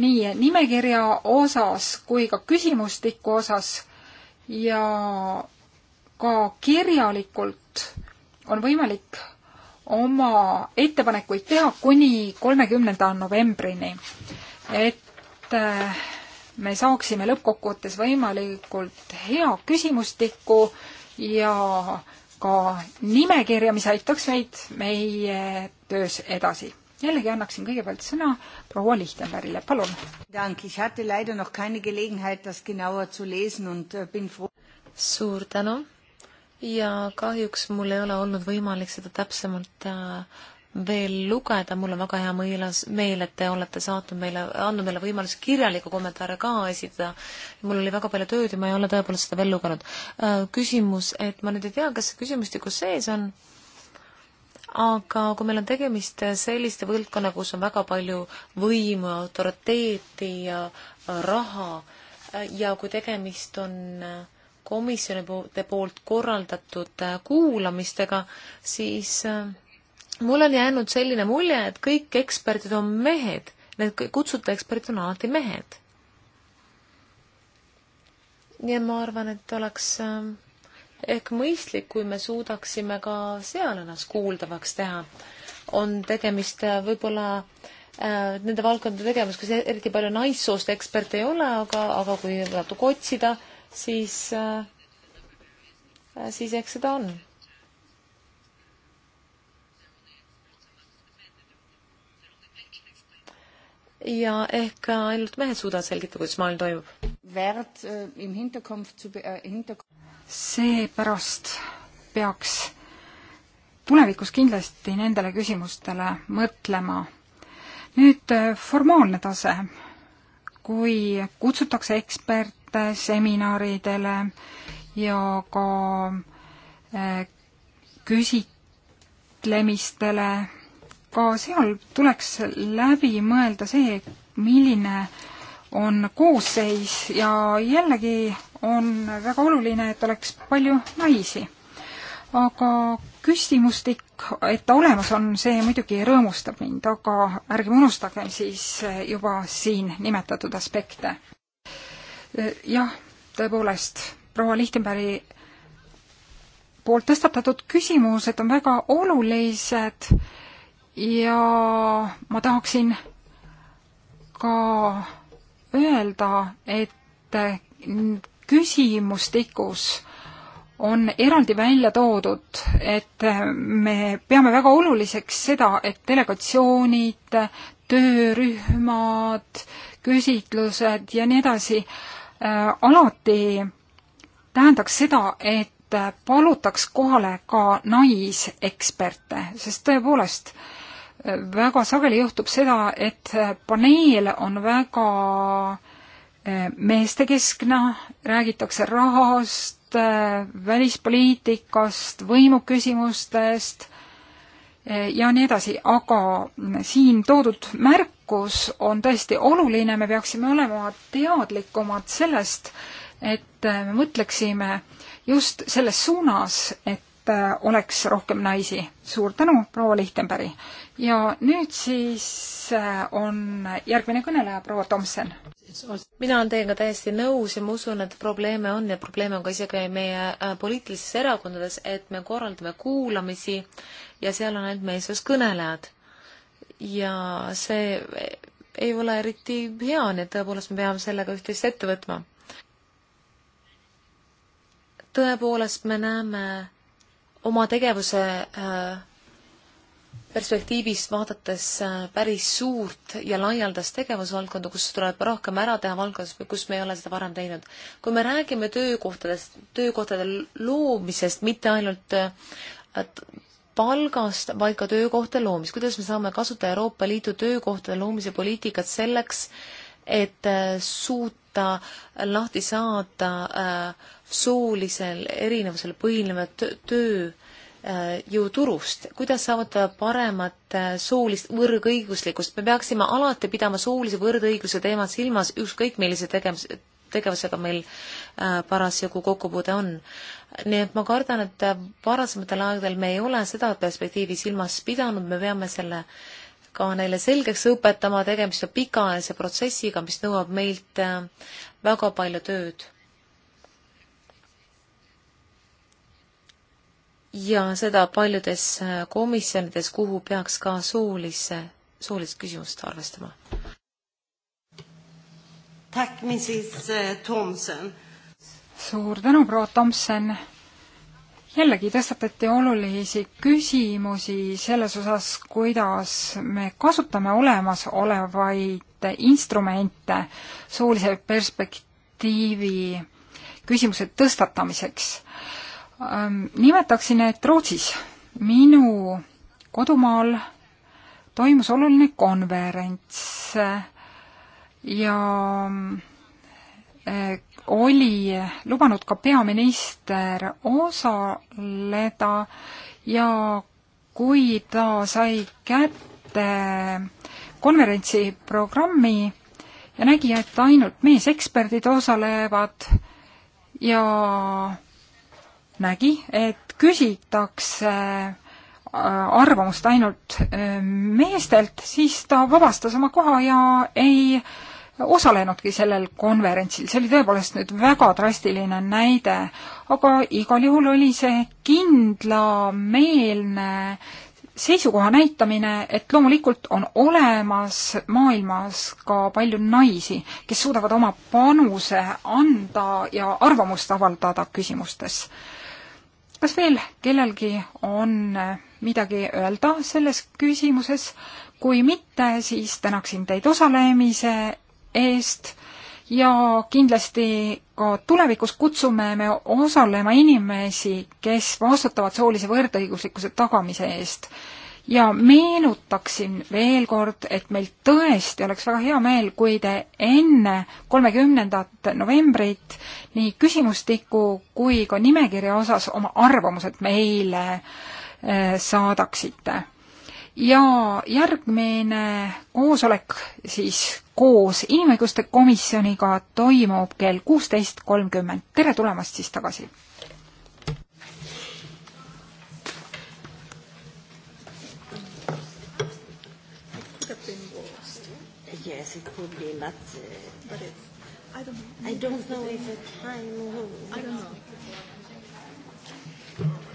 nii nimekirja osas kui ka küsimustiku osas ja ka kirjalikult on võimalik oma ettepanekuid teha kuni kolmekümnenda novembrini, et äh, me saaksime lõppkokkuvõttes võimalikult hea küsimustiku ja ka nimekirja, mis aitaks meid meie töös edasi. jällegi annaksin kõigepealt sõna proua Lichtenbergile, palun. Äh, suur tänu ja kahjuks mul ei ole olnud võimalik seda täpsemalt äh, veel lugeda, mul on väga hea meeles, meel, et te olete saatnud meile, andnud meile võimaluse kirjaliku kommentaare ka esitada. mul oli väga palju tööd ja ma ei ole tõepoolest seda veel lugenud. Äh, küsimus, et ma nüüd ei tea, kas see küsimustikus sees on aga kui meil on tegemist selliste valdkonna, kus on väga palju võimu, autoriteeti ja äh, raha äh, ja kui tegemist on äh, komisjonide poolt korraldatud kuulamistega, siis mul on jäänud selline mulje, et kõik eksperdid on mehed, need kutsuta eksperdid on alati mehed. nii et ma arvan, et oleks äh, ehk mõistlik, kui me suudaksime ka seal ennast kuuldavaks teha. on tegemist äh, võib-olla äh, nende valdkondade tegevus, kus e-, eriti palju naissoost eksperte ei ole, aga, aga kui natuke otsida, siis äh,, siis eks seda on. ja ehk äh, ainult mehed suudavad selgitada, kuidas maailm toimub. Wert äh, im Hinterkopf zu äh, Hinterkopf seepärast peaks tulevikus kindlasti nendele küsimustele mõtlema. nüüd äh, formaalne tase, kui kutsutakse eksperte seminaridele ja ka äh, küsitlemistele, ka seal tuleks läbi mõelda see, milline on koosseis ja jällegi on väga oluline, et oleks palju naisi. aga küsimustik, et ta olemas on, see muidugi rõõmustab mind, aga ärgem unustagem siis juba siin nimetatud aspekte. jah, tõepoolest, proua Lichtenbergi poolt tõstatatud küsimused on väga olulised ja ma tahaksin ka öelda, et küsimustikus on eraldi välja toodud, et me peame väga oluliseks seda, et delegatsioonid, töörühmad, küsitlused ja nii edasi äh, alati tähendaks seda, et palutaks kohale ka naiseksperte, sest tõepoolest äh, väga sageli juhtub seda, et paneel on väga äh, meestekeskne, räägitakse rahast, välispoliitikast, võimuküsimustest e, ja nii edasi, aga siin toodud märkus on tõesti oluline, me peaksime olema teadlikumad sellest, et me mõtleksime just selles suunas, et et äh, oleks rohkem naisi. suur tänu, proua Lichtenberg! ja nüüd siis äh, on järgmine kõneleja, proua Tomson. mina olen teiega täiesti nõus ja ma usun, et probleeme on ja probleeme on ka isegi meie äh, poliitilistes erakondades, et me korraldame kuulamisi ja seal on ainult meessoost kõnelejad. ja see ei ole eriti hea, nii et tõepoolest me peame sellega üht-teist ette võtma tõepoolest me näeme oma tegevuse äh, perspektiivist vaadates äh, päris suurt ja laialdast tegevusvaldkonda, kus tuleb rohkem ära teha valdkonnas, kus me ei ole seda varem teinud. kui me räägime töökohtadest, töökohtade loomisest, mitte ainult äh, palgast, vaid ka töökohtade loomist, kuidas me saame kasutada Euroopa Liidu töökohtade loomise poliitikat selleks, et suuta lahti saada äh, soolisel erinevusel põhinevat töö jõuturust, kuidas saavutada paremat äh, soolist võrdõiguslikkust, me peaksime alati pidama soolise võrdõigluse teemat silmas, ükskõik millise tegevuse, tegevusega meil äh, parasjagu kokkupuude on. nii et ma kardan, et äh, varasematel aegadel me ei ole seda perspektiivi silmas pidanud, me peame selle ka neile selgeks õpetama, tegemist on pikaajalise protsessiga, mis nõuab meilt väga palju tööd ja seda paljudes äh, komisjonides, kuhu peaks ka soolise, soolist küsimust arvestama. Äh, suur tänu, proua Tomson! jällegi tõstatati olulisi küsimusi selles osas, kuidas me kasutame olemasolevaid instrumente soolise perspektiivi küsimuse tõstatamiseks Ähm, nimetaksin, et Rootsis, minu kodumaal toimus oluline konverents äh, ja äh, oli lubanud ka peaminister osaleda ja kui ta sai kätte konverentsi programmi ja nägi, et ainult meeseksperdid osalevad ja nägi, et küsitakse äh, arvamust ainult äh, meestelt, siis ta vabastas oma koha ja ei osalenudki sellel konverentsil, see oli tõepoolest nüüd väga drastiline näide, aga igal juhul oli see kindlameelne seisukoha näitamine, et loomulikult on olemas maailmas ka palju naisi, kes suudavad oma panuse anda ja arvamust avaldada küsimustes kas veel kellelgi on äh, midagi öelda selles küsimuses? kui mitte, siis tänaksin teid osalemise eest ja kindlasti ka tulevikus kutsume me osalema inimesi, kes vastutavad soolise võrdõiguslikkuse tagamise eest ja meenutaksin veel kord, et meil tõesti oleks väga hea meel, kui te enne kolmekümnendat novembrit nii küsimustiku kui ka nimekirja osas oma arvamused meile eh, saadaksite. ja järgmine koosolek siis koos Inimõiguste Komisjoniga toimub kell kuusteist kolmkümmend. tere tulemast siis tagasi! because it could be, but, uh, but it's, I don't know. I don't know if the time rules. I don't know.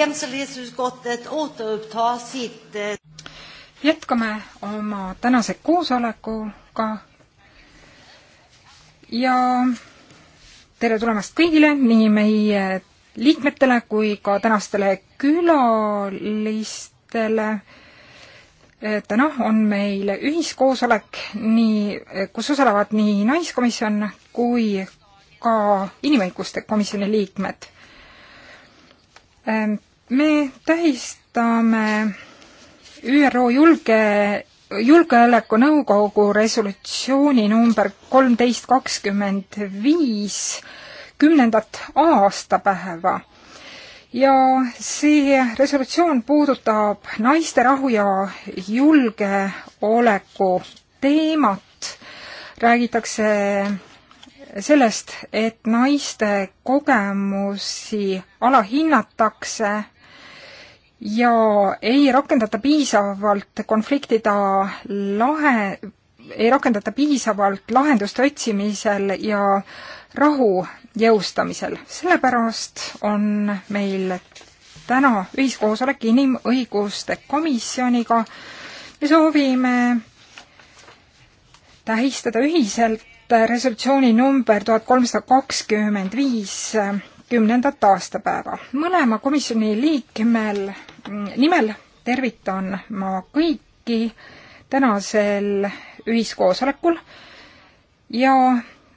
jämställdhetsutskottet återuppta sitt eh, jätkame oma tänase koosolekuga ja tere tulemast kõigile, nii meie liikmetele kui ka tänastele külalistele. Eh, täna on meil ühiskoosolek, nii, eh, kus osalevad nii Naiskomisjon kui ka Inimõiguste Komisjoni liikmed me tähistame ÜRO julge, julgeolekunõukogu resolutsiooni number kolmteist kakskümmend viis kümnendat aastapäeva. ja see resolutsioon puudutab naiste rahu ja julgeoleku teemat, räägitakse sellest, et naiste kogemusi alahinnatakse ja ei rakendata piisavalt konfliktide lahe, ei rakendata piisavalt lahenduste otsimisel ja rahu jõustamisel. sellepärast on meil täna ühiskoosolek Inimõiguste Komisjoniga. me soovime tähistada ühiselt resolutsiooni number tuhat kolmsada kakskümmend viis kümnendat aastapäeva. mõlema komisjoni liikmel nimel tervitan ma kõiki tänasel ühiskoosolekul ja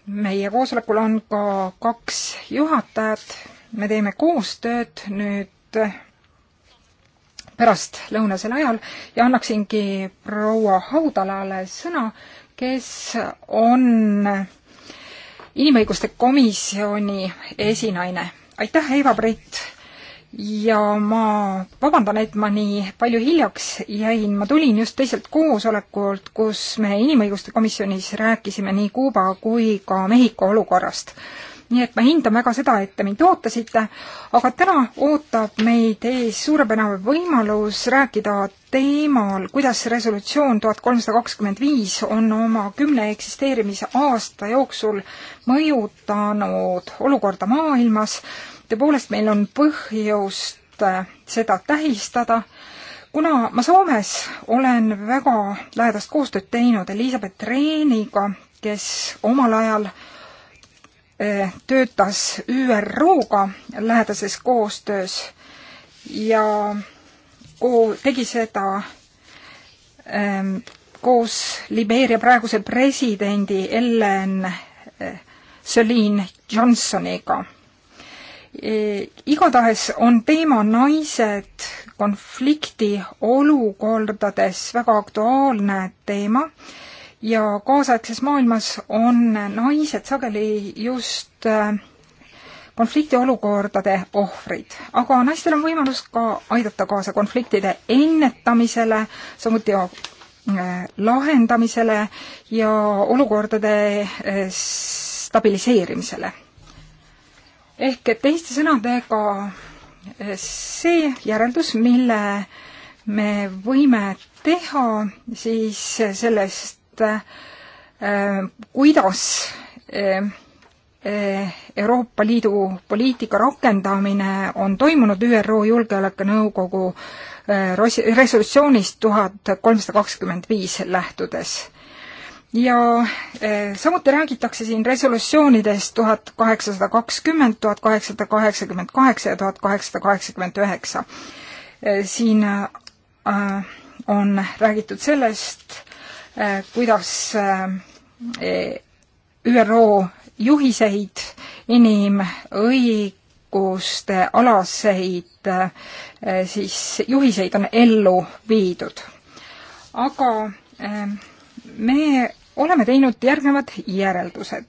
meie koosolekul on ka kaks juhatajat, me teeme koostööd nüüd pärastlõunasel ajal ja annaksingi proua Haudalale sõna, kes on inimõiguste komisjoni esinaine. aitäh, Heiva-Britt ja ma vabandan, et ma nii palju hiljaks jäin, ma tulin just teiselt koosolekult, kus me Inimõiguste Komisjonis rääkisime nii Kuuba kui ka Mehhiko olukorrast. nii et ma hindan väga seda, et te mind ootasite, aga täna ootab meid ees suurepärane võimalus rääkida teemal, kuidas resolutsioon tuhat kolmsada kakskümmend viis on oma kümne eksisteerimise aasta jooksul mõjutanud olukorda maailmas tõepoolest, meil on põhjust äh, seda tähistada, kuna ma Soomes olen väga lähedast koostööd teinud Elizabeth Rehniga, kes omal ajal äh, töötas ÜRO-ga lähedases koostöös ja tegi seda ähm, koos Libeeria praeguse presidendi Ellen äh, Celine Johnsoniga. Eh, igatahes on teema naised konflikti olukordades väga aktuaalne teema ja kaasaegses maailmas on naised sageli just eh, konfliktiolukordade ohvrid, aga naistel on võimalus ka aidata kaasa konfliktide ennetamisele, samuti eh, lahendamisele ja olukordade stabiliseerimisele ehk et teiste sõnadega see järeldus, mille me võime teha siis sellest, äh, kuidas äh, äh, Euroopa Liidu poliitika rakendamine on toimunud ÜRO Julgeolekunõukogu resolutsioonist tuhat kolmsada kakskümmend viis lähtudes ja eh, samuti räägitakse siin resolutsioonidest tuhat kaheksasada kakskümmend, tuhat kaheksasada kaheksakümmend kaheksa ja tuhat kaheksasada kaheksakümmend üheksa. Eh, siin eh, on räägitud sellest, kuidas ÜRO juhiseid, inimõiguste alaseid siis juhiseid on ellu viidud. aga me oleme teinud järgnevad järeldused.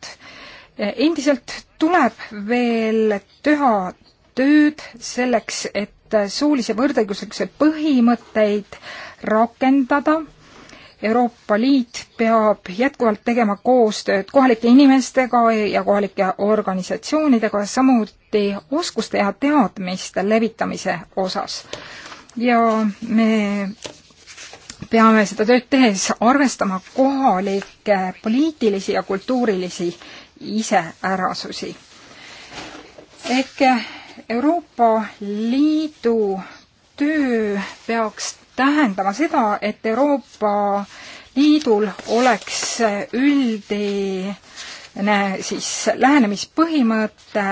endiselt tuleb veel teha tööd selleks, et soolise võrdõiguslikkuse põhimõtteid rakendada. Euroopa Liit peab jätkuvalt tegema koostööd kohalike inimestega ja kohalike organisatsioonidega, samuti oskuste ja teadmiste levitamise osas. ja me peame seda tööd tehes arvestama kohalikke poliitilisi ja kultuurilisi iseärasusi. ehk Euroopa Liidu töö peaks tähendama seda, et Euroopa Liidul oleks üldine siis lähenemispõhimõte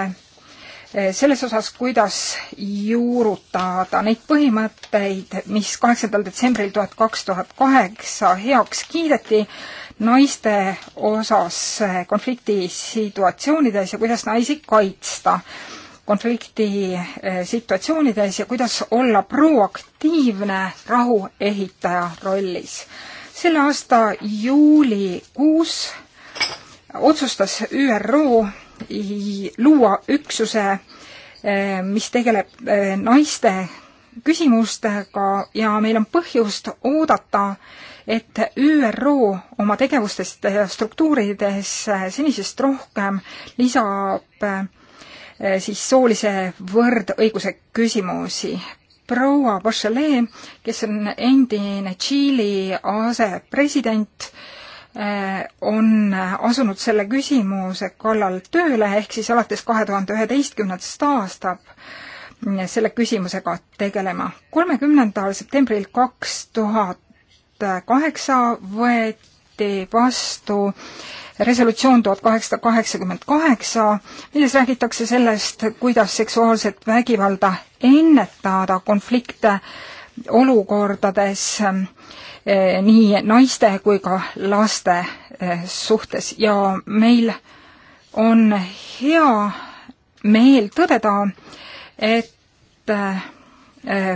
Eh, selles osas, kuidas juurutada neid põhimõtteid, mis kaheksandal detsembril tuhat kaks tuhat kaheksa heaks kiideti naiste osas eh, konfliktisituatsioonides ja kuidas naisi kaitsta konfliktisituatsioonides eh, ja kuidas olla proaktiivne rahu ehitaja rollis. selle aasta juulikuus otsustas ÜRO luua üksuse, eh, mis tegeleb eh, naiste küsimustega ja meil on põhjust oodata, et ÜRO oma tegevustest ja eh, struktuurides senisest rohkem lisab siis soolise võrdõiguse küsimusi. proua Bachelet, kes on endine Tšiili asepresident, Äh, on asunud selle küsimuse kallal tööle, ehk siis alates kahe tuhande üheteistkümnendast aastab selle küsimusega tegelema. kolmekümnendal septembril kaks tuhat kaheksa võeti vastu resolutsioon tuhat kaheksasada kaheksakümmend kaheksa, milles räägitakse sellest, kuidas seksuaalset vägivalda ennetada konflikte äh, olukordades eh, nii naiste kui ka laste eh, suhtes ja meil on hea meel tõdeda, et eh,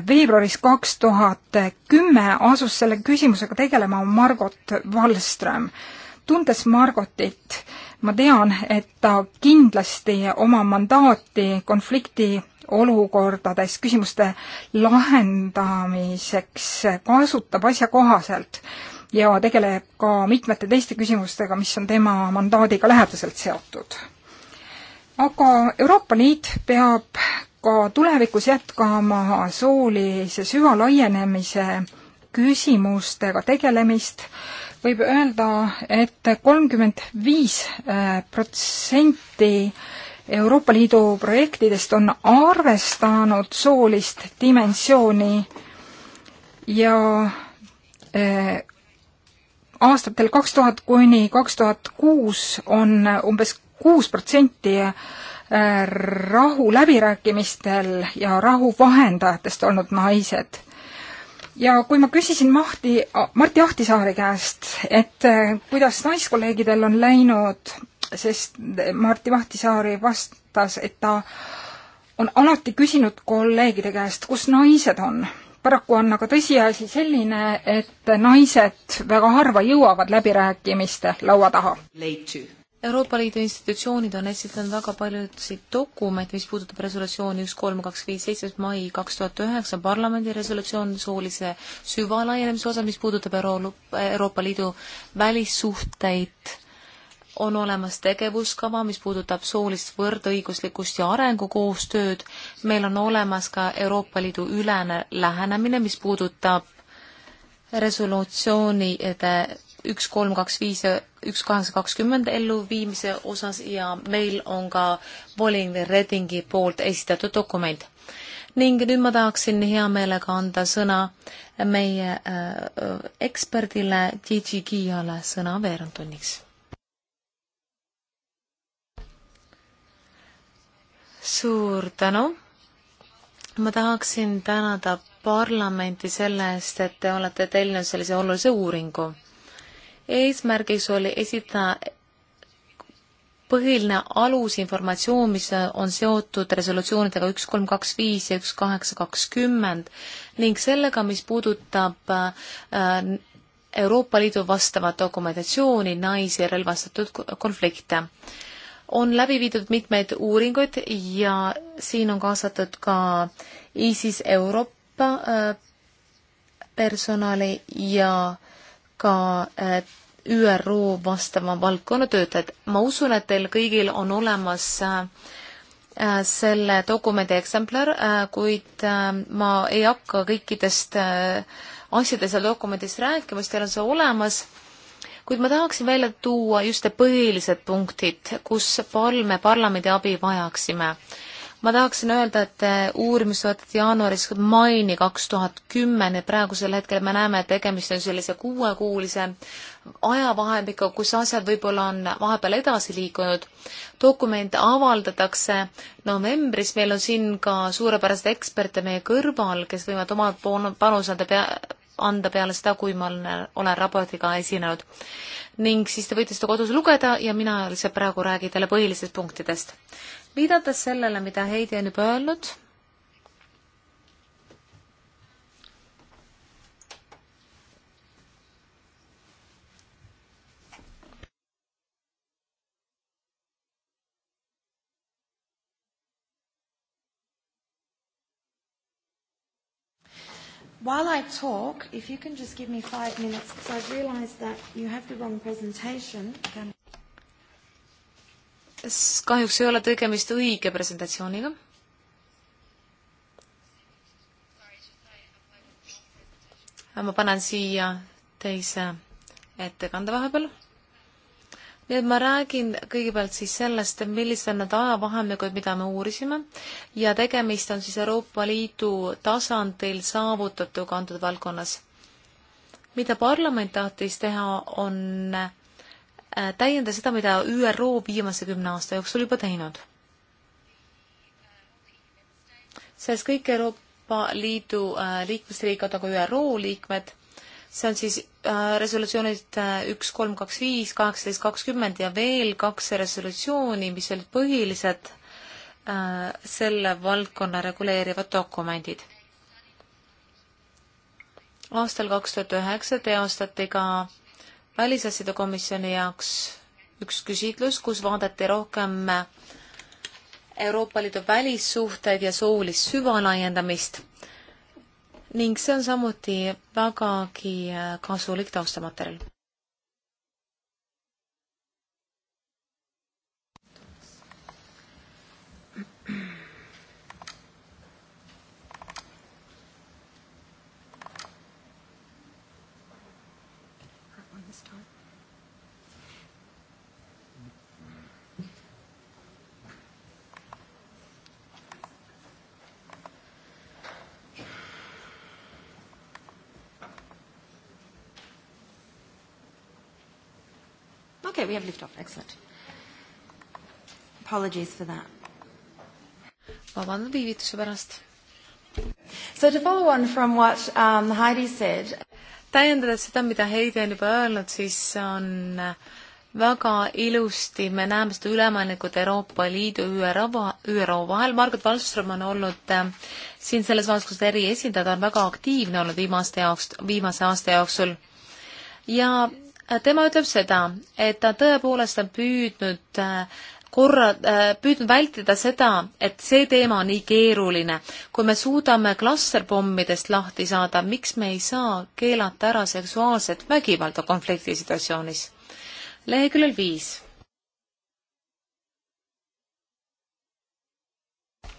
veebruaris kaks tuhat kümme asus selle küsimusega tegelema Margot Wallström. tundes Margotit, ma tean, et ta kindlasti oma mandaati konflikti olukordades küsimuste lahendamiseks kasutab asjakohaselt ja tegeleb ka mitmete teiste küsimustega, mis on tema mandaadiga lähedaselt seotud. aga Euroopa Liit peab ka tulevikus jätkama soolise süvalaienemise küsimustega tegelemist, võib öelda et, et kolmkümmend viis äh, protsenti Euroopa Liidu projektidest on arvestanud soolist dimensiooni ja eh, aastatel kaks tuhat kuni kaks tuhat kuus on umbes kuus protsenti eh, rahuläbirääkimistel ja rahuvahendajatest olnud naised. ja kui ma küsisin Mahti, Martti Ahtisaari käest, et eh, kuidas naiskolleegidel on läinud sest Martti Vahtisaari vastas, et ta on alati küsinud kolleegide käest, kus naised on. paraku on aga tõsiasi selline, et naised väga harva jõuavad läbirääkimiste laua taha. Euroopa Liidu institutsioonid on esitanud väga paljusid dokumente, mis puudutab resolutsiooni üks kolm kaks viis seitsmes mai kaks tuhat üheksa parlamendi resolutsioon soolise süvalaiendamise osas, mis puudutab Euro-, Euroopa Liidu välissuhteid on olemas tegevuskava, mis puudutab soolist võrdõiguslikkust ja arengukoostööd. meil on olemas ka Euroopa Liidu ülene lähenemine, mis puudutab resolutsioonide üks, kolm, kaks, viis ja üks, kaheksa, kakskümmend elluviimise osas ja meil on ka Volin Redingi poolt esitatud dokument. ning nüüd ma tahaksin hea meelega anda sõna meie äh, eksperdile, Gigi Kiiale sõna veerand tunniks suur tänu. ma tahaksin tänada parlamenti selle eest, et te olete tellinud sellise olulise uuringu. eesmärgiks oli esitada põhiline alusinformatsioon, mis on seotud resolutsioonidega üks kolm kaks viis ja üks kaheksa kakskümmend ning sellega, mis puudutab äh, Euroopa Liidu vastavat dokumentatsiooni naisi relvastatud konflikte on läbi viidud mitmeid uuringuid ja siin on kaasatud ka ISIS Euroopa äh, personali ja ka äh, ÜRO vastava valdkonna töötajad. ma usun, et teil kõigil on olemas äh, selle dokumendi eksemplar, kuid ma ei hakka kõikidest asjadest seal dokumendis rääkima, sest teil on see olemas kuid ma tahaksin välja tuua just põhilised punktid, kus palme parlamendi abi vajaksime ma tahaksin öelda, et uurimis võteti jaanuaris maini kaks tuhat kümme, nii et praegusel hetkel me näeme, et tegemist on sellise kuuekuulise ajavahemikuga, kus asjad võib-olla on vahepeal edasi liikunud. dokument avaldatakse novembris, meil on siin ka suurepärased eksperte meie kõrval, kes võivad oma panuse anda pea, anda peale seda, kui ma olen, olen raportiga esinenud. ning siis te võite seda kodus lugeda ja mina lihtsalt praegu räägin teile põhilistest punktidest. viidates sellele, mida Heidi on juba öelnud, While I talk, if you can just give me five minutes, because I've realized that you have the wrong presentation. kahjuks ei ole tegemist õige presentatsiooniga. ma panen siia teise ettekande vahepeal nüüd ma räägin kõigepealt siis sellest, millised on need ajavahemikud, mida me uurisime ja tegemist on siis Euroopa Liidu tasandil saavutatuga antud valdkonnas. mida parlament tahtis teha, on äh, täienda seda, mida ÜRO viimase kümne aasta jooksul juba teinud. sest kõik Euroopa Liidu äh, liikmesriigid, aga ka ÜRO liikmed see on siis äh, resolutsioonid äh, üks, kolm, kaks, viis, kaheksateist, kakskümmend ja veel kaks resolutsiooni, mis olid põhilised äh, selle valdkonna reguleerivad dokumendid. aastal kaks tuhat üheksa teostati ka välisasjade komisjoni jaoks üks küsitlus, kus vaadati rohkem Euroopa Liidu välissuhteid ja soolist süvalaiendamist ning see on samuti vägagi äh, kasulik taustamaterjal. Okay, we have liftoff. Excellent. Apologies for that. vabandan viivituse pärast. So to follow on from what um, Heidi said. täiendades seda, mida Heidi on juba öelnud, siis on väga ilusti, me näeme seda ülemaailmlikult Euroopa Liidu ÜRO, ÜRO vahel, Margot Wallström on olnud äh, siin selles valdkonnas eriesindaja, ta on väga aktiivne olnud viimaste jaoks, viimase aasta jooksul ja Äh, tema ütleb seda, et ta tõepoolest on püüdnud äh, korra, äh, püüdnud vältida seda, et see teema on nii keeruline. kui me suudame klasterpommidest lahti saada, miks me ei saa keelata ära seksuaalset vägivalda konfliktisituatsioonis? leheküljel viis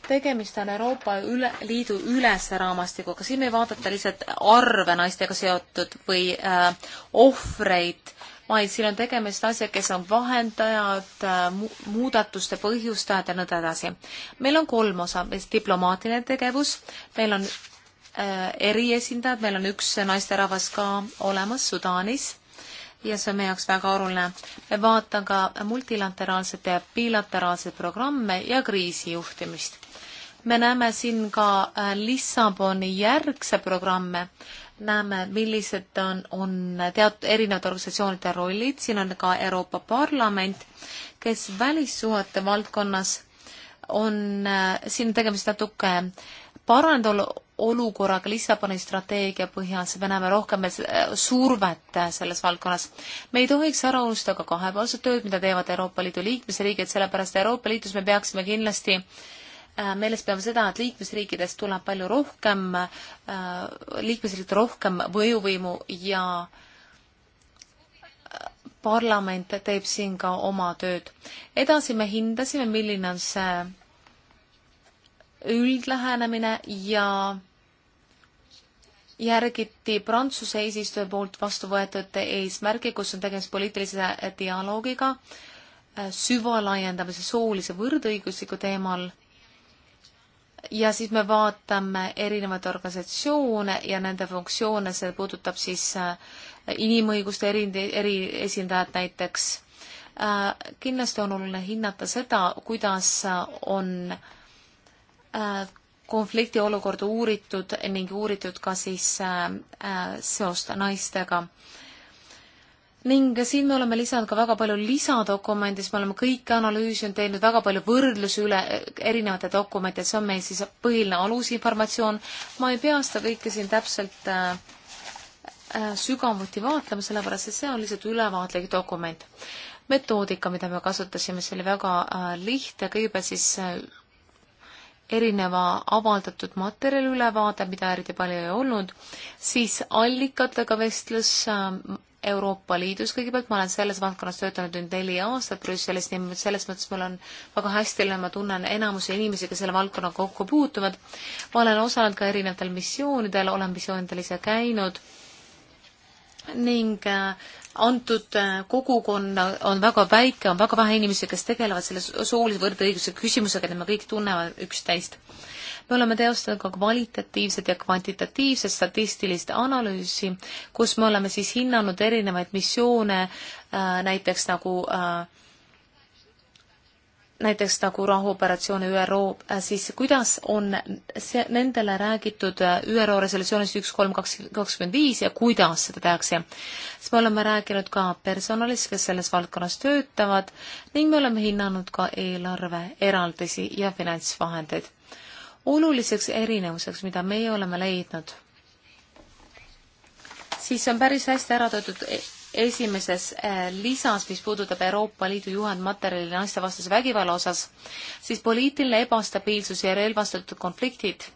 tegemist on Euroopa üle, Liidu ülese raamastikuga, siin ei vaadata lihtsalt arve naistega seotud või äh, ohvreid, vaid siin on tegemist asja, kes on vahendajad äh,, muudatuste põhjustajad ja nõnda edasi. meil on kolm osa, diplomaatiline tegevus, meil on äh, eriesindajad, meil on üks naisterahvas ka olemas Sudaanis ja see on meie jaoks väga oluline. me vaatan ka multilateraalsete ja bilateraalseid programme ja kriisijuhtimist me näeme siin ka äh, Lissaboni järgse programme, näeme, millised on, on teat-, erinevate organisatsioonide rollid, siin on ka Euroopa Parlament, kes välissuhete valdkonnas on, äh, siin on tegemist natuke paranenud olu-, olukorraga Lissaboni strateegia põhjas, me näeme rohkem äh, survet selles valdkonnas. me ei tohiks ära unustada ka kahepoolset tööd, mida teevad Euroopa Liidu liikmesriigid, sellepärast Euroopa Liidus me peaksime kindlasti äh, Äh, meeles peame seda, et liikmesriikidest tuleb palju rohkem, äh, liikmesriikide rohkem mõjuvõimu ja äh, parlament teeb siin ka oma tööd. edasi me hindasime, milline on see üldlähenemine ja järgiti Prantsuse eesistuja poolt vastu võetud eesmärgi, kus on tegemist poliitilise dialoogiga süvalaiendamise soolise võrdõigusliku teemal ja siis me vaatame erinevaid organisatsioone ja nende funktsioone, see puudutab siis äh, inimõiguste eri, eri esindajad näiteks. Äh, kindlasti on oluline hinnata seda, kuidas on äh, konfliktiolukorda uuritud ning uuritud ka siis seost naistega ning siin me oleme lisanud ka väga palju lisadokumendis, me oleme kõiki analüüsinud, teinud väga palju võrdlusi üle erinevate dokumentide, see on meil siis põhiline alusinformatsioon. ma ei pea seda kõike siin täpselt äh, äh, sügavuti vaatlema, sellepärast et see on lihtsalt ülevaatlik dokument. metoodika, mida me kasutasime, see oli väga äh, lihtne, kõigepealt siis äh, erineva avaldatud materjali ülevaade, mida eriti palju ei olnud, siis allikatega vestlus äh,, Euroopa Liidus kõigepealt, ma olen selles valdkonnas töötanud nüüd neli aastat Brüsselis, nii et selles mõttes mul on väga hästi üle, ma tunnen enamuse inimesi, kes selle valdkonnaga kokku puutuvad. ma olen osalenud ka erinevatel missioonidel, olen missioonidel ise käinud ning äh, antud äh, kogukonna on väga väike, on väga vähe inimesi, kes tegelevad selle soolise võrdõiguse küsimusega, nii et me kõik tunnevad üksteist me oleme teostanud ka kvalitatiivset ja kvantitatiivset statistilist analüüsi, kus me oleme siis hinnanud erinevaid missioone äh,, näiteks nagu äh, näiteks nagu rahuoperatsioone ÜRO, äh, siis kuidas on see, nendele räägitud äh, ÜRO resolutsioonis üks, kolm, kaks, kakskümmend viis ja kuidas seda tehakse? siis me oleme rääkinud ka personalist, kes selles valdkonnas töötavad ning me oleme hinnanud ka eelarve eraldisi ja finantsvahendeid oluliseks erinevuseks, mida meie oleme leidnud, siis on päris hästi ära toodud e-, esimeses äh, lisas, mis puudutab Euroopa Liidu juhendmaterjali naistevastase vägivalla osas, siis poliitiline ebastabiilsus ja relvastatud konfliktid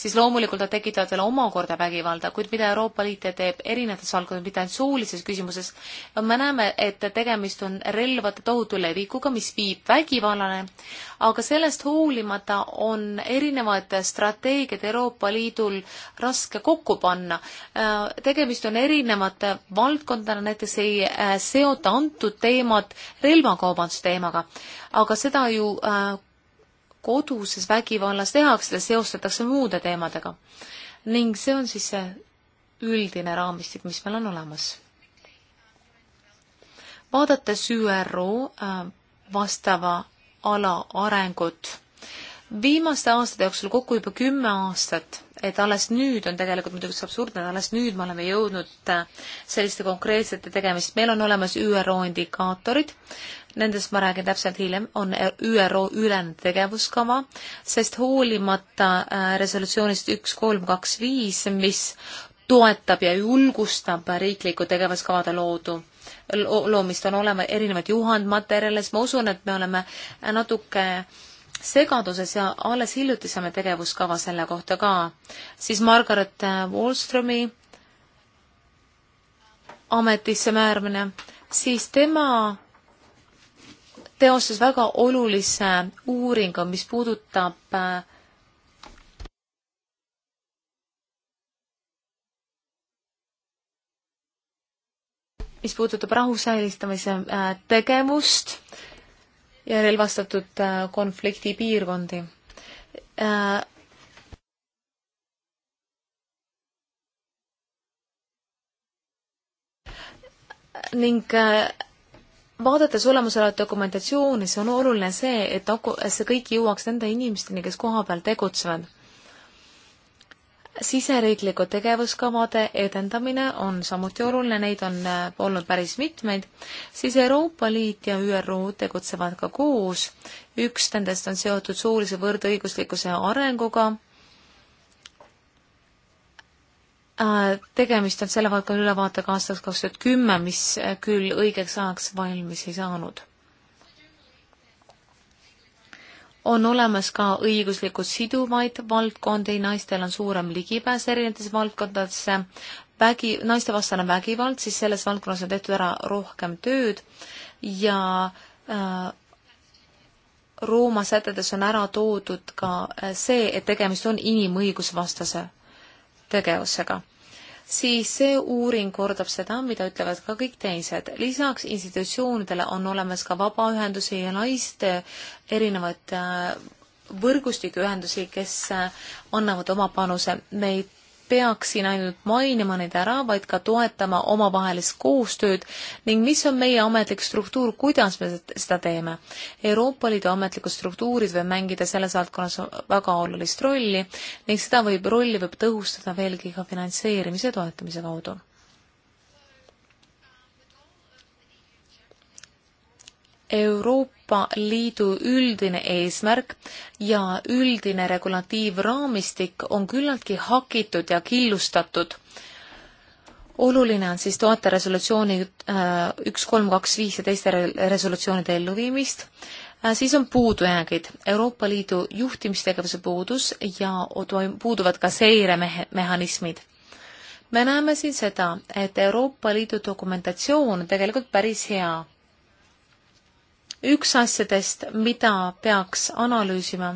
siis loomulikult nad tekitavad veel omakorda vägivalda, kuid mida Euroopa Liit teeb erinevates valdkondades, mitte ainult suulises küsimuses, me näeme, et tegemist on relvade tohutu levikuga, mis viib vägivallale, aga sellest hoolimata on erinevad strateegiad Euroopa Liidul raske kokku panna. tegemist on erinevate valdkondadega, näiteks ei äh, seota antud teemat relvakaubanduse teemaga, aga seda ju äh, koduses vägivallas tehakse, seda seostatakse muude teemadega. ning see on siis see üldine raamistik, mis meil on olemas. vaadates ÜRO äh, vastava ala arengut, viimaste aastate jooksul kokku juba kümme aastat, et alles nüüd on tegelikult muidugi see absurdne, et alles nüüd me oleme jõudnud äh, selliste konkreetsete tegemist, meil on olemas ÜRO indikaatorid, nendest ma räägin täpselt hiljem, on ÜRO ülejäänud tegevuskava, sest hoolimata äh, resolutsioonist üks, kolm, kaks, viis, mis toetab ja julgustab riikliku tegevuskavade loodu lo, loomist, on olema erinevaid juhandmaterjale, siis ma usun, et me oleme natuke segaduses ja alles hiljuti saame tegevuskava selle kohta ka, siis Margaret äh, Wallströmi ametisse määramine, siis tema teostas väga olulise uuringu, mis puudutab mis puudutab rahu säilitamise äh, tegevust ja relvastatud äh, konflikti piirkondi. Äh, ning vaadates olemasolevat dokumentatsiooni, siis on oluline see, et see kõik jõuaks nende inimesteni, kes kohapeal tegutsevad. siseriiklikud tegevuskavade edendamine on samuti oluline, neid on äh, olnud päris mitmeid, siis Euroopa Liit ja ÜRO tegutsevad ka koos, üks nendest on seotud soolise võrdõiguslikkuse arenguga Äh, tegemist on selle valdkonna ülevaatega aastaks kaks tuhat kümme, mis küll õigeks ajaks valmis ei saanud. on olemas ka õiguslikult siduvaid valdkondi, naistel on suurem ligipääs erinevatesse valdkondadesse, vägi, naistevastane vägivald, siis selles valdkonnas on tehtud ära rohkem tööd ja äh, Rooma sätetes on ära toodud ka äh, see, et tegemist on inimõigusvastase tegevusega, siis see uuring kordab seda, mida ütlevad ka kõik teised. lisaks institutsioonidele on olemas ka vabaühendusi ja naiste erinevaid äh, võrgustikuühendusi, kes äh, annavad oma panuse. Neid peaks siin ainult mainima neid ära, vaid ka toetama omavahelist koostööd ning mis on meie ametlik struktuur, kuidas me seda teeme. Euroopa Liidu ametlikud struktuurid võivad mängida selles valdkonnas väga olulist rolli ning seda võib, rolli võib tõhustada veelgi ka finantseerimise toetamise kaudu Euroopa Liidu üldine eesmärk ja üldine regulatiivraamistik on küllaltki hakitud ja killustatud. oluline on siis toeta resolutsiooni äh, üks, kolm, kaks, viis ja teiste resolutsioonide elluviimist, äh, siis on puudujäägid, Euroopa Liidu juhtimistegevuse puudus ja puuduvad ka seiremehhanismid me näeme siin seda, et Euroopa Liidu dokumentatsioon on tegelikult päris hea üks asjadest, mida peaks analüüsima,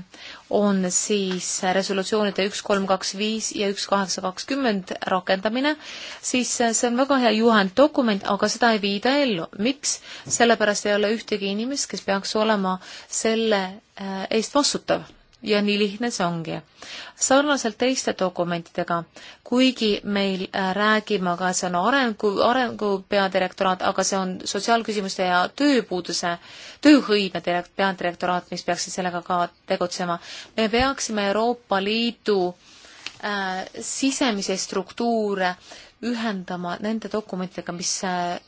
on siis resolutsioonide üks, kolm, kaks, viis ja üks, kaheksa, kakskümmend rakendamine, siis see on väga hea juhenddokument, aga seda ei viida ellu. miks? sellepärast ei ole ühtegi inimest, kes peaks olema selle äh, eest vastutav ja nii lihtne see ongi. sarnaselt teiste dokumentidega, kuigi meil äh, räägime ka, see on arengu, arengu peadirektoraat, aga see on sotsiaalküsimuste ja tööpuuduse, tööhõive direkt-, peadirektoraat, mis peaks siis sellega ka tegutsema, me peaksime Euroopa Liidu äh, sisemisi struktuure ühendama nende dokumentidega, mis äh,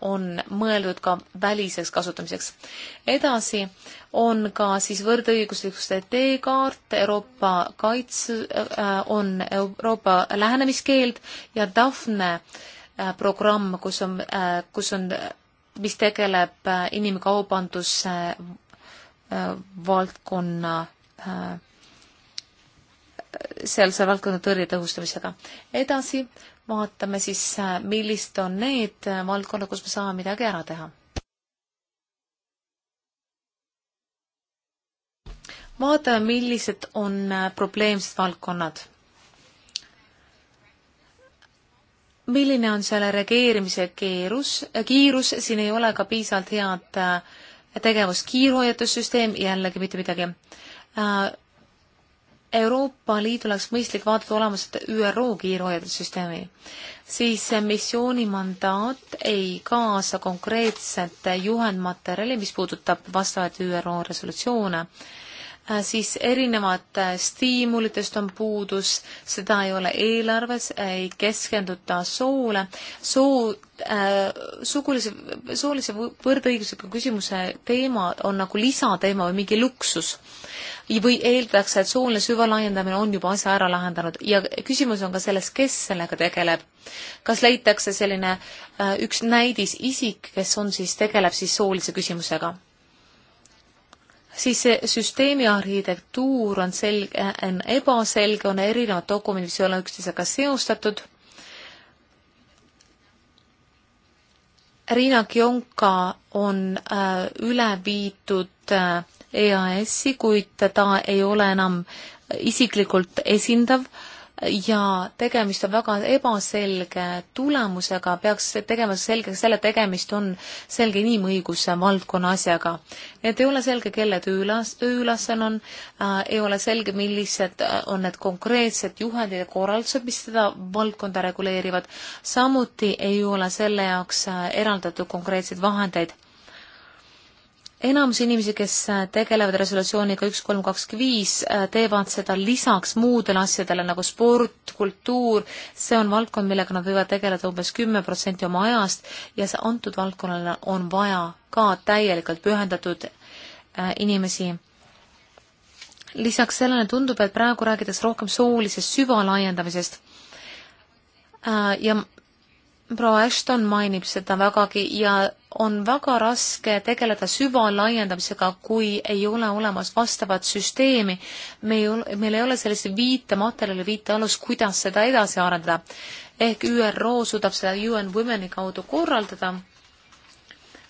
on mõeldud ka väliseks kasutamiseks. edasi on ka siis võrdõiguslikkuste teekaart, Euroopa kaitse, äh, on Euroopa lähenemiskeeld ja Daphne äh, programm, kus on, äh, kus on, mis tegeleb inimkaubanduse valdkonna seal see valdkonna tõrje tõhustamisega. edasi vaatame siis, millised on need valdkonnad, kus me saame midagi ära teha. vaatame, millised on probleemsed valdkonnad. milline on selle reageerimise keerus, kiirus, siin ei ole ka piisavalt head äh, tegevuskiirhoiatussüsteem, jällegi mitte midagi äh, Euroopa Liidul oleks mõistlik vaadata olemas ÜRO kiirhoiatussüsteemi, siis missiooni mandaat ei kaasa konkreetset juhendmaterjali, mis puudutab vastavaid ÜRO resolutsioone Äh, siis erinevat äh, stiimulitest on puudus, seda ei ole eelarves, ei keskenduta soole, soo äh,, sugulise, soolise võrdõigusega küsimuse teema on nagu lisateema või mingi luksus. või eeldatakse, et sooline süvalaiendamine on juba asja ära lahendanud ja küsimus on ka selles, kes sellega tegeleb. kas leitakse selline äh, üks näidisisik, kes on siis, tegeleb siis soolise küsimusega siis see süsteemi arhitektuur on selge, on ebaselge, on erinevad dokumendid, mis ei ole üksteisega seostatud. Riina Kionka on äh, üle viidud äh, EAS-i, kuid ta ei ole enam isiklikult esindav äh, ja tegemist on väga ebaselge tulemusega, peaks tegema selgeks selle, tegemist on selge inimõiguse valdkonna asjaga. et ei ole selge, kelle tööülas, tööülesanne on äh,, ei ole selge, millised äh, on need konkreetsed juhendid ja korraldused, mis seda valdkonda reguleerivad, samuti ei ole selle jaoks äh, eraldatud konkreetseid vahendeid enamus inimesi, kes äh, tegelevad resolutsiooniga üks, kolm, kaks, viis, äh, teevad seda lisaks muudele asjadele nagu sport, kultuur, see on valdkond, millega nad võivad tegeleda umbes kümme protsenti oma ajast ja see antud valdkonnale on vaja ka täielikult pühendatud äh, inimesi. lisaks sellele tundub, et praegu räägitakse rohkem soolisest süvalaiendamisest ja proua Ashton mainib seda vägagi ja on väga raske tegeleda süvalaiendamisega, kui ei ole olemas vastavat süsteemi. me ei ole, meil ei ole sellist viitematerjali, viitealust, kuidas seda edasi arendada. ehk ÜRO suudab seda UN Womeni kaudu korraldada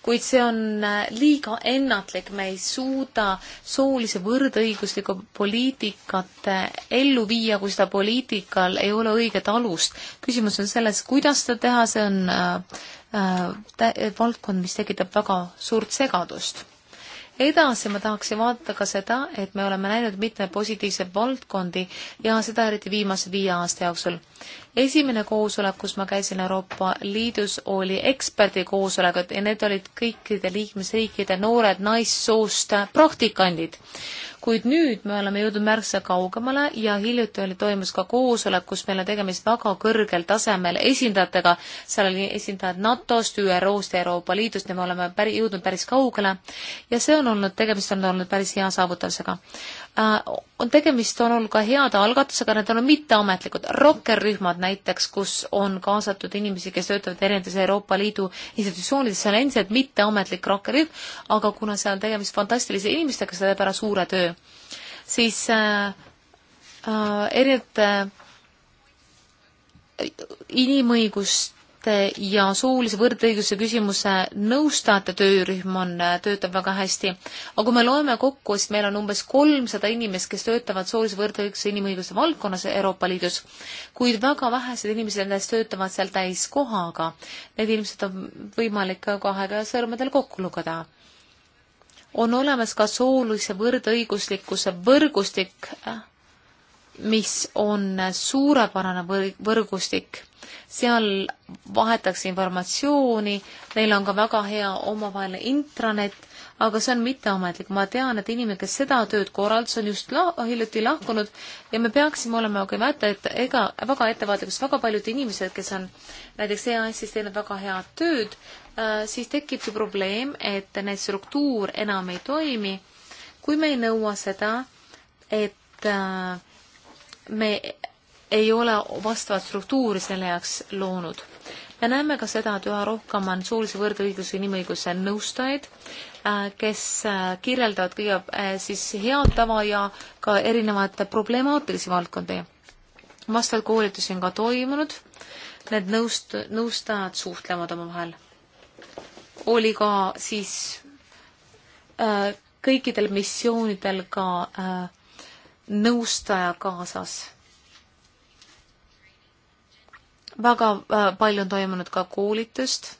kuid see on äh, liiga ennatlik, me ei suuda soolise võrdõigusliku poliitikat äh, ellu viia, kui seda poliitikal ei ole õiget alust. küsimus on selles, kuidas seda teha, see on äh, äh valdkond, mis tekitab väga suurt segadust edasi ma tahaksin vaadata ka seda, et me oleme näinud mitme positiivse valdkondi ja seda eriti viimase viie aasta jooksul. esimene koosolek, kus ma käisin Euroopa Liidus, oli eksperdikoosolek ja need olid kõikide liikmesriikide noored naissoost praktikandid nice kuid nüüd me oleme jõudnud märksa kaugemale ja hiljuti oli, toimus ka koosolek, kus meil on tegemist väga kõrgel tasemel esindajatega, seal oli esindajad NATO-st, ÜRO-st ja Euroopa Liidust ja me oleme päri, jõudnud päris kaugele ja see on olnud, tegemist on olnud päris hea saavutusega. Äh, on tegemist on olnud ka heade algatusega, need on mitteametlikud, rokkerühmad näiteks, kus on kaasatud inimesi, kes töötavad erinevates Euroopa Liidu institutsioonides, see on endiselt mitteametlik rokkerühm, aga kuna seal on tegemist fantastilise inimestega, see teeb ära suure töö. siis äh, äh, erinevate äh, inimõigust naiste ja soolise võrdõiguse küsimuse nõustajate töörühm on, äh, töötab väga hästi. aga kui me loeme kokku, siis meil on umbes kolmsada inimest, kes töötavad soolise võrdõiguse inimõiguste valdkonnas Euroopa Liidus, kuid väga vähesed inimesed nendest töötavad seal täiskohaga. Need inimesed on võimalik ka kahe käe sõrmedel kokku lugeda on olemas ka soolise võrdõiguslikkuse võrgustik äh, mis on suurepärane võrgustik. seal vahetakse informatsiooni, neil on ka väga hea omavaheline intranet, aga see on mitteametlik. ma tean, et inimene, kes seda tööd korraldas, on just la hiljuti lahkunud ja me peaksime olema ka väga ette, ega väga ettevaatlikuks, väga paljud inimesed, kes on näiteks EAS-is teinud väga head tööd äh,, siis tekib see probleem, et need struktuur enam ei toimi, kui me ei nõua seda, et äh, me ei ole vastavat struktuuri selle jaoks loonud. me näeme ka seda, et üha rohkem on soolise võrdõiguse ja inimõiguse nõustajaid, äh, kes äh, kirjeldavad kõige äh, siis head tava ja ka erinevaid problemaatilisi valdkondi. vastavaid koolitusi on ka toimunud, need nõust-, nõustajad suhtlevad omavahel. oli ka siis äh, kõikidel missioonidel ka äh, nõustaja kaasas. väga äh, palju on toimunud ka koolitust,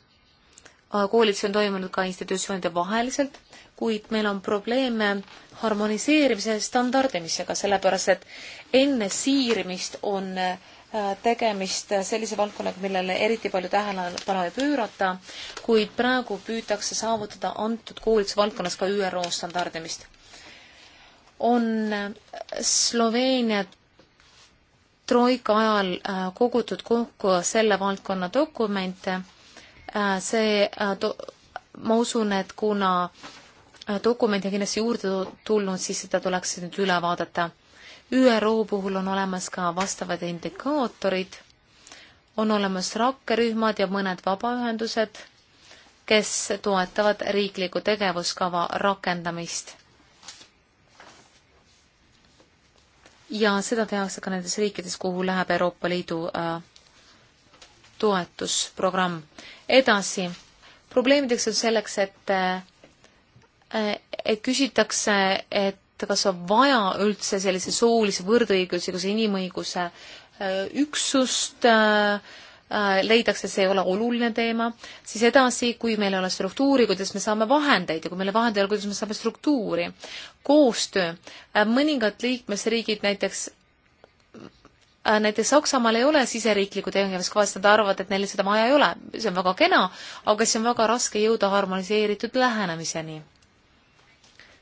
äh, koolitusi on toimunud ka institutsioonide vaheliselt, kuid meil on probleeme harmoniseerimise standardimisega, sellepärast et enne siirimist on äh, tegemist sellise valdkonnaga, millele eriti palju tähelepanu ei pöörata, kuid praegu püütakse saavutada antud koolitusvaldkonnas ka ÜRO standardimist on äh, Sloveenia troika ajal äh, kogutud kokku selle valdkonna dokumente. Äh, see, ma usun, et kuna dokument on kindlasti juurde tulnud, siis seda tuleks nüüd üle vaadata. ÜRO puhul on olemas ka vastavad indikaatorid, on olemas rakkerühmad ja mõned vabaühendused, kes toetavad riikliku tegevuskava rakendamist ja seda tehakse ka nendes riikides, kuhu läheb Euroopa Liidu äh, toetusprogramm. edasi, probleemideks on selleks, et äh,, et küsitakse, et kas on vaja üldse sellise soolise võrdõiguslikkuse, inimõiguse äh, üksust äh, Äh, leidakse, see ei ole oluline teema, siis edasi, kui meil ei ole struktuuri, kuidas me saame vahendeid ja kui meil vahendeid ei ole, kuidas me saame struktuuri, koostöö, äh, mõningad liikmesriigid näiteks äh, näiteks Saksamaal ei ole siseriiklikku tegevuskavast, nad arvavad, et neil seda vaja ei ole. see on väga kena, aga siis on väga raske jõuda harmoniseeritud lähenemiseni.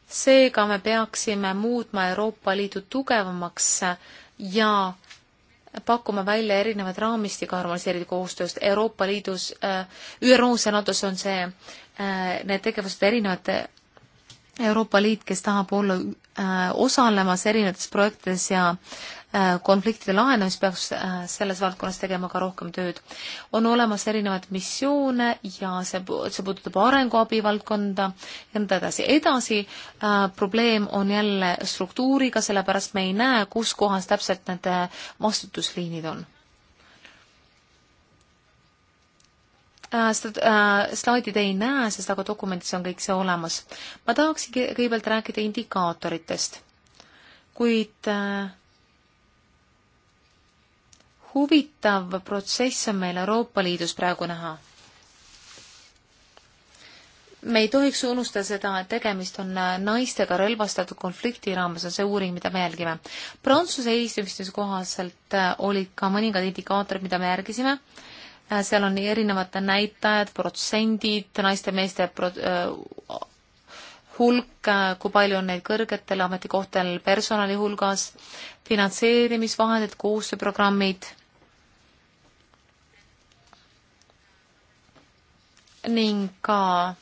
seega me peaksime muutma Euroopa Liidu tugevamaks ja pakkuma välja erinevaid raamistikke harmoniseeritud koostööst Euroopa Liidus, äh, ÜRO-s ja NATO-s on see, äh, need tegevused erinevad. Euroopa Liit, kes tahab olla äh, osalemas erinevates projektides ja Äh, konfliktide lahendamist, peaks äh, selles valdkonnas tegema ka rohkem tööd. on olemas erinevaid missioone ja see, see puudutab arenguabi valdkonda ja nõnda edasi. edasi äh, probleem on jälle struktuuriga, sellepärast me ei näe, kus kohas täpselt need äh, vastutusliinid on seda slaidi te ei näe, sest aga dokumendis on kõik see olemas. ma tahaksin kõigepealt rääkida indikaatoritest, kuid äh, huvitav protsess on meil Euroopa Liidus praegu näha. me ei tohiks unustada seda, et tegemist on naistega relvastatud konflikti raames, on see uuring, mida me jälgime. Prantsuse eesistumiste kohaselt äh, olid ka mõningad indikaatorid, mida me järgisime äh, seal on erinevate näitajad, protsendid, naiste-meeste pro-, äh, hulk, kui palju on neid kõrgetel ametikohtadel personali hulgas, finantseerimisvahendid, koostööprogrammid ning ka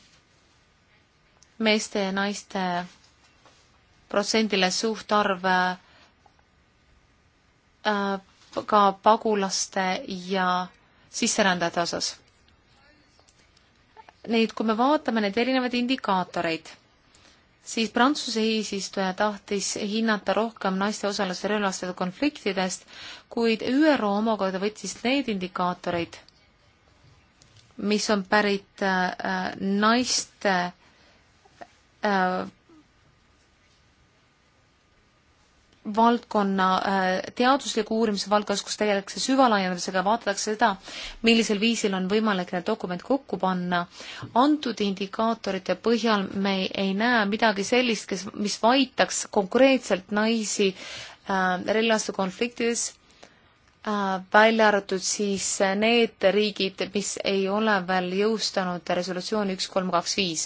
meeste ja naiste protsendile suhtarv äh, ka pagulaste ja sisserändajate osas. Neid, kui me vaatame neid erinevaid indikaatoreid, siis Prantsuse eesistuja tahtis hinnata rohkem naiste osaluse relvastatud konfliktidest, kuid ÜRO omakorda võttis neid indikaatoreid mis on pärit äh, naiste äh, valdkonna äh, teadusliku uurimise valdkonnas, kus tegeldakse süvalaiendusega, vaadatakse seda, millisel viisil on võimalik need dokument kokku panna. antud indikaatorite põhjal me ei, ei näe midagi sellist, kes, mis vaitaks konkreetselt naisi äh, relvaste konfliktides Ah, välja arvatud siis need riigid, mis ei ole veel jõustanud resolutsiooni üks, kolm, kaks, viis.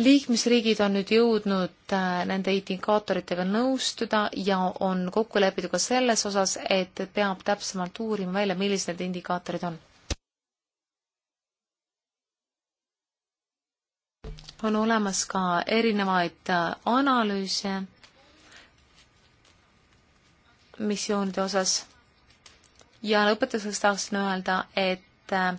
liikmesriigid on nüüd jõudnud äh, nende indikaatoritega nõustuda ja on kokku lepitud ka selles osas, et peab täpsemalt uurima välja, millised need indikaatorid on on olemas ka erinevaid äh, analüüse missioonide osas. ja lõpetuseks tahaksin öelda, et äh,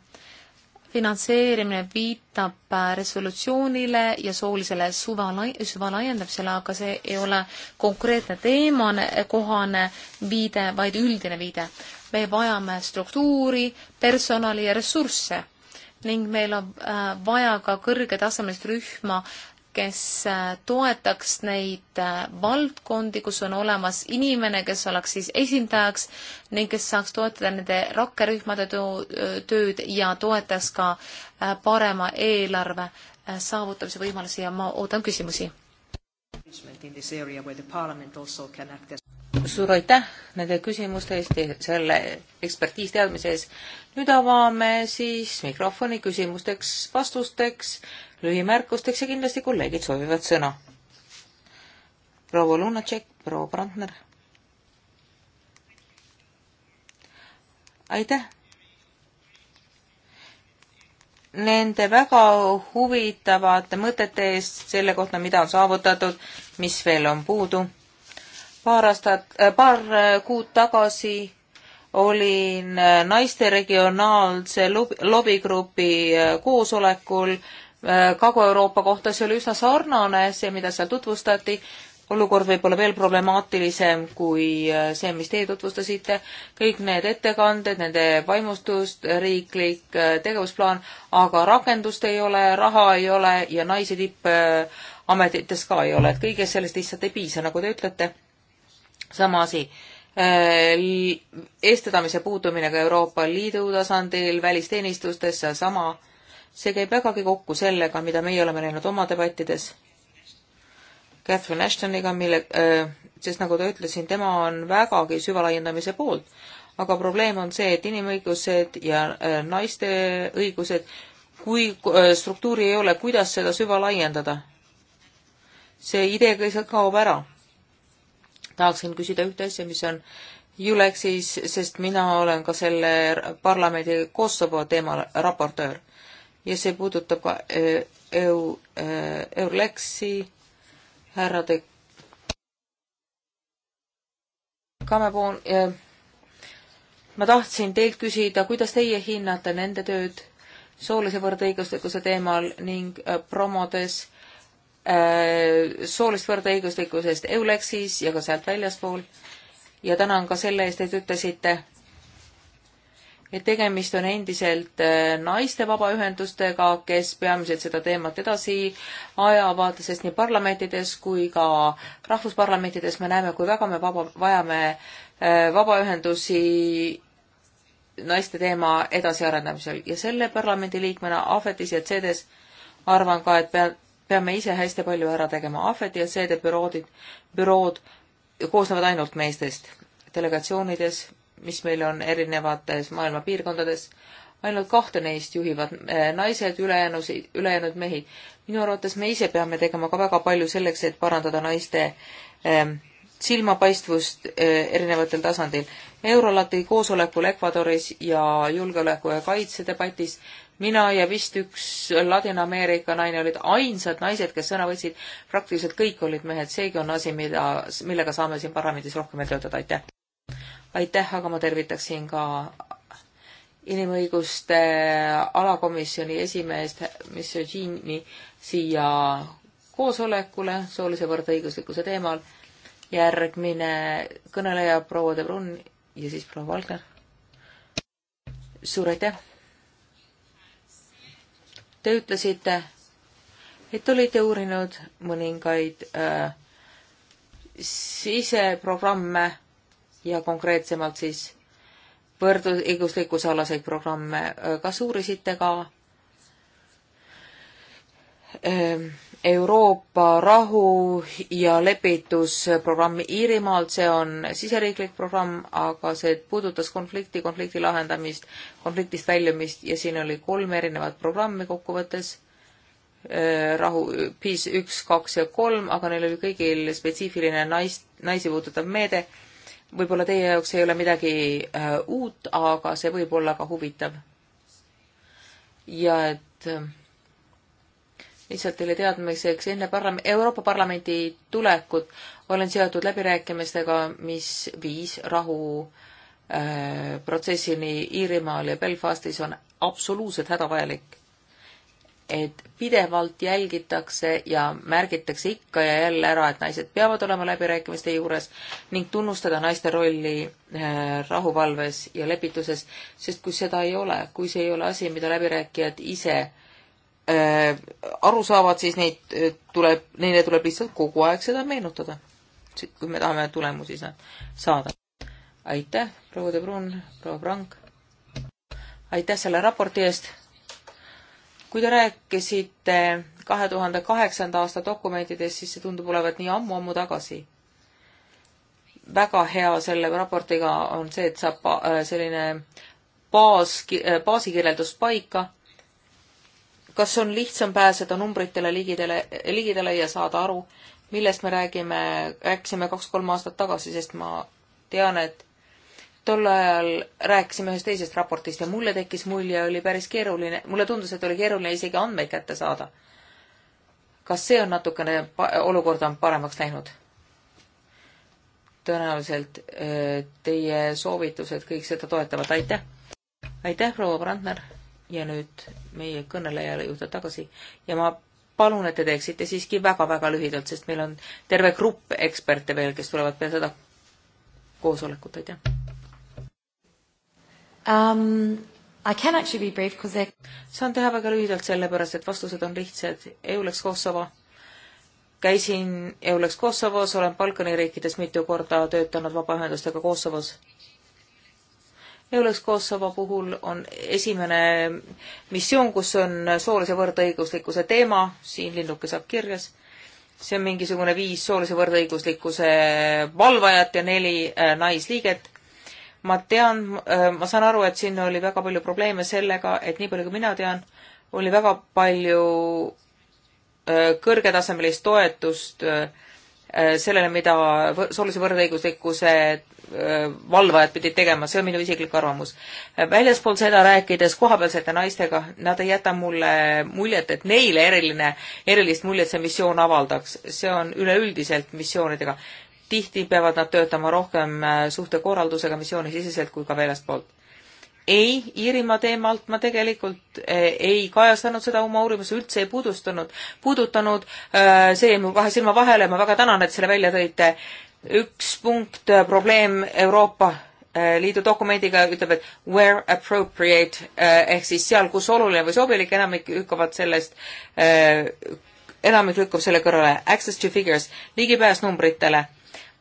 finantseerimine viitab äh, resolutsioonile ja soolisele suva, suva laiendamisele, aga see ei ole konkreetne teemane, kohane viide, vaid üldine viide. me vajame struktuuri, personali ja ressursse ning meil on äh, vaja ka kõrgetasemelist rühma äh, kes äh, toetaks neid äh, valdkondi, kus on olemas inimene, kes oleks siis esindajaks ning kes saaks toetada nende rakkerühmade äh, tööd ja toetaks ka parema eelarve saavutamise võimalusi ja ma ootan küsimusi. suur aitäh nende küsimuste eest ja selle ekspertiisteadmise ees. nüüd avame siis mikrofoni küsimusteks-vastusteks lühimärkusteks ja kindlasti kolleegid soovivad sõna. proua Lunatšek, proua Brandner. aitäh! Nende väga huvitavate mõtete eest selle kohta, mida on saavutatud, mis veel on puudu. paar aastat, äh, paar äh, kuud tagasi olin äh, naiste regionaalse lobigrupi koosolekul Äh, Kagu-Euroopa kohta, see oli üsna sarnane, see, mida seal tutvustati, olukord võib olla veel problemaatilisem kui äh, see, mis teie tutvustasite, kõik need ettekanded, nende vaimustus, riiklik äh, tegevusplaan, aga rakendust ei ole, raha ei ole ja naisi tippametites ka ei ole, et kõigest sellest lihtsalt ei piisa, nagu te ütlete. sama asi eestvedamise puudumine ka Euroopa Liidu tasandil, välisteenistustes, seesama äh, see käib vägagi kokku sellega, mida meie oleme näinud oma debattides Catherine Ashtoniga, mille äh,, sest nagu ta ütlesin, tema on vägagi süvalaiendamise poolt, aga probleem on see, et inimõigused ja äh, naiste õigused, kui äh, struktuuri ei ole, kuidas seda süvalaiendada? see idee lihtsalt kaob ära. tahaksin küsida ühte asja, mis on Julexis, sest mina olen ka selle parlamendi Kosovo teemal raportöör ja see puudutab ka äh, EU, äh, Eurleksi härrade Kamepool. Äh, ma tahtsin teilt küsida, kuidas teie hinnate nende tööd soolise võrdõiguslikkuse teemal ning promodes soolist võrdõiguslikkusest EULEX-is ja ka sealt väljaspool. ja tänan ka selle eest, et ütlesite, et tegemist on endiselt äh, naiste vabaühendustega, kes peamiselt seda teemat edasi ajavad, sest nii parlamentides kui ka rahvusparlamentides me näeme, kui väga me vaba, vajame äh, vabaühendusi naiste teema edasiarendamisel ja selle parlamendiliikmena Ahvetis ja CEDES arvan ka, et pea, peame ise hästi palju ära tegema. Ahveti ja CEDE büroodid, bürood koosnevad ainult meestest. delegatsioonides mis meil on erinevates maailma piirkondades, ainult kahte neist juhivad eh, naised, ülejäänus, ülejäänud mehi. minu arvates me ise peame tegema ka väga palju selleks, et parandada naiste eh, silmapaistvust eh, erinevatel tasandil. Eurolati koosolekul Ecuadoris ja julgeoleku ja kaitse debatis mina ja vist üks Ladina-Ameerika naine olid ainsad naised, kes sõna võtsid, praktiliselt kõik olid mehed, seegi on asi, mida, millega saame siin parlamendis rohkem veel töötada, aitäh! aitäh, aga ma tervitaksin ka inimõiguste alakomisjoni esimeest, mis Eugeni siia koosolekule soolise võrdõiguslikkuse teemal. järgmine kõneleja proua De Brun ja siis proua Valgner. suur aitäh! Te ütlesite, et olite uurinud mõningaid äh, siseprogramme ja konkreetsemalt siis võrdõiguslikkuse alaseid programme, kas uurisite ka ähm, Euroopa rahu- ja lepitusprogramm Iirimaalt, see on siseriiklik programm, aga see puudutas konflikti, konflikti lahendamist, konfliktist väljumist ja siin oli kolm erinevat programmi kokkuvõttes, äh, rahu, Peace üks, kaks ja kolm, aga neil oli kõigil spetsiifiline naist, naisi puudutav meede võib-olla teie jaoks ei ole midagi äh, uut, aga see võib olla ka huvitav. ja et äh, lihtsalt teile teadmiseks, enne parlam-, Euroopa Parlamendi tulekut olen seotud läbirääkimistega, mis viis rahu äh, protsessini Iirimaal ja Belfastis on absoluutselt hädavajalik et pidevalt jälgitakse ja märgitakse ikka ja jälle ära, et naised peavad olema läbirääkimiste juures ning tunnustada naiste rolli äh, rahuvalves ja lepituses, sest kui seda ei ole, kui see ei ole asi, mida läbirääkijad ise äh, aru saavad, siis neid äh, tuleb, neile tuleb lihtsalt kogu aeg seda meenutada, kui me tahame tulemusi saada. aitäh, proua De Brun, proua Frank! aitäh selle raporti eest! kui te rääkisite kahe tuhande kaheksanda aasta dokumentidest, siis see tundub olevat nii ammu-ammu tagasi. väga hea selle raportiga on see, et saab äh, selline baas, äh, baasikirjeldus paika. kas on lihtsam pääseda numbritele ligidele, ligidele ja saada aru, millest me räägime, rääkisime kaks-kolm aastat tagasi, sest ma tean, et tol ajal rääkisime ühest teisest raportist ja mulle tekkis mulje, oli päris keeruline, mulle tundus, et oli keeruline isegi andmeid kätte saada. kas see on natukene, olukord on paremaks läinud? tõenäoliselt äh, teie soovitused kõik seda toetavad, aitäh! aitäh, proua Brandner! ja nüüd meie kõnelejale juurde tagasi ja ma palun, et te teeksite siiski väga-väga lühidalt, sest meil on terve grupp eksperte veel, kes tulevad peale seda koosolekut, aitäh! um,? I can actually be brief because they saan teha väga lühidalt, sellepärast et vastused on lihtsad. EULEX Kosovo. käisin EULEX Kosovos, olen Balkani riikides mitu korda töötanud vabaühendustega Kosovos. EULEX Kosovo puhul on esimene missioon, kus on soolise võrdõiguslikkuse teema, siin linnuke saab kirjas see on mingisugune viis soolise võrdõiguslikkuse valvajat ja neli äh, naisliiget ma tean, äh, ma saan aru, et siin oli väga palju probleeme sellega, et nii palju, kui mina tean, oli väga palju äh, kõrgetasemelist toetust äh, sellele, mida soolise võrdõiguslikkuse valvajad pidid tegema, see on minu isiklik arvamus. väljaspool seda rääkides kohapealsete naistega, nad ei jäta mulle muljet, et neile eriline, erilist muljet see missioon avaldaks. see on üleüldiselt missioonidega tihti peavad nad töötama rohkem äh, suhtekorraldusega missioonisiseselt kui ka väljastpoolt. ei, Iirimaa teemalt ma tegelikult äh, ei kajastanud seda oma uurimusse, üldse ei puudustanud, puudutanud, äh, see jäi mul kahe silma vahele, ma väga tänan, et selle välja tõite. üks punkt, probleem Euroopa Liidu dokumendiga ütleb, et where appropriate ehk siis seal, kus oluline või sobilik, enamik lükkavad sellest enamik lükkub selle kõrvale. Access to figures, ligipääs numbritele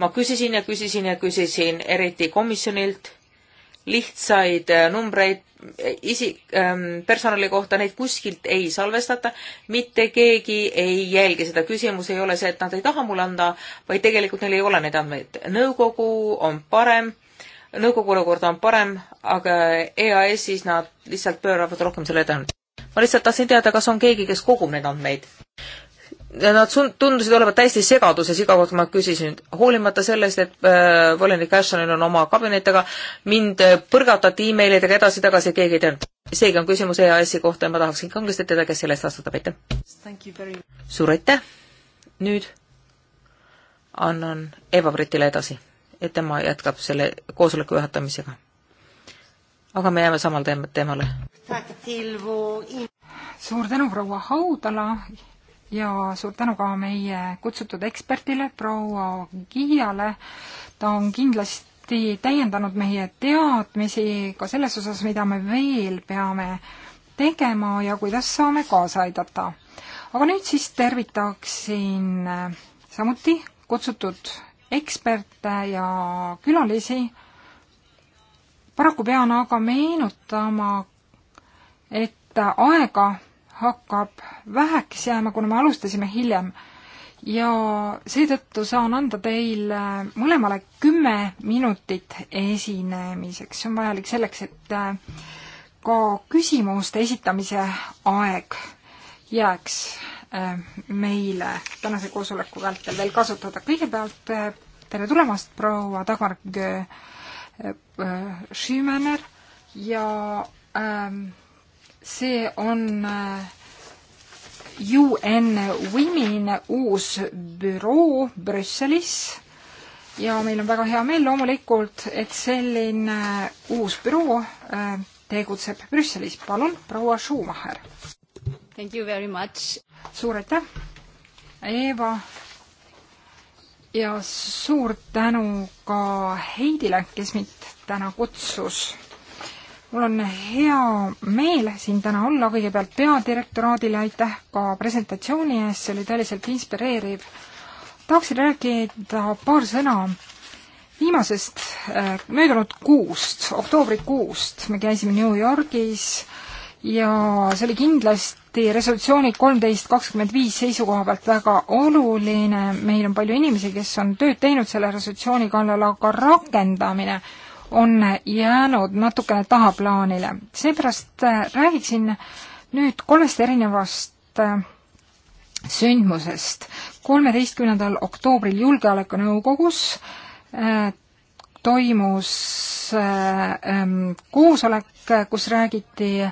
ma küsisin ja küsisin ja küsisin eriti komisjonilt lihtsaid äh, numbreid äh, isi-, ähm, personali kohta, neid kuskilt ei salvestata, mitte keegi ei jälgi seda, küsimus ei ole see, et nad ei taha mulle anda, vaid tegelikult neil ei ole neid andmeid. nõukogu on parem, nõukogu olukord on parem, aga EAS-is nad lihtsalt pööravad rohkem selle tähelepanu. ma lihtsalt tahtsin teada, kas on keegi, kes kogub neid andmeid Nad tundusid olevat täiesti segaduses iga kord, kui ma küsisin, hoolimata sellest, et äh, volinik Ashtonil on oma kabinetiga, mind äh, põrgatati emailidega edasi-tagasi ja keegi ei teadnud. seega on küsimus EAS-i kohta ja ma tahaksin kangesti teada, kes selle eest vastutab, aitäh! suur aitäh! nüüd annan Eva-Britile edasi, et tema jätkab selle koosoleku juhatamisega. aga me jääme samal teem-, teemale. suur tänu, proua Haudala ja suur tänu ka meie kutsutud ekspertile, proua Kiiale. ta on kindlasti täiendanud meie teadmisi ka selles osas, mida me veel peame tegema ja kuidas saame kaasa aidata. aga nüüd siis tervitaksin samuti kutsutud eksperte ja külalisi. paraku pean aga meenutama, et aega hakkab väheks jääma, kuna me alustasime hiljem. ja seetõttu saan anda teile mõlemale kümme minutit esinemiseks, see on vajalik selleks, et äh, ka küsimuste esitamise aeg jääks äh, meile tänase koosoleku vältel veel kasutada. kõigepealt äh, tere tulemast, proua Dagmar Schümener ja ähm, see on äh, UN Women uus büroo Brüsselis ja meil on väga hea meel loomulikult, et selline äh, uus büroo äh, tegutseb Brüsselis. palun, proua Schumacher. Thank you very much. suur aitäh, Eeva. ja suur tänu ka Heidile, kes mind täna kutsus mul on hea meel siin täna olla, kõigepealt peadirektoraadile aitäh ka presentatsiooni eest, see oli tõeliselt inspireeriv. tahaksin rääkida paar sõna viimasest äh, möödunud kuust, oktoobrikuust, me käisime New Yorgis ja see oli kindlasti resolutsiooni kolmteist kakskümmend viis seisukoha pealt väga oluline, meil on palju inimesi, kes on tööd teinud selle resolutsiooni kallal, aga rakendamine äh, on jäänud natukene tahaplaanile. seepärast äh, räägiksin nüüd kolmest erinevast äh, sündmusest. kolmeteistkümnendal oktoobril Julgeolekunõukogus äh, toimus ähm, koosolek, kus räägiti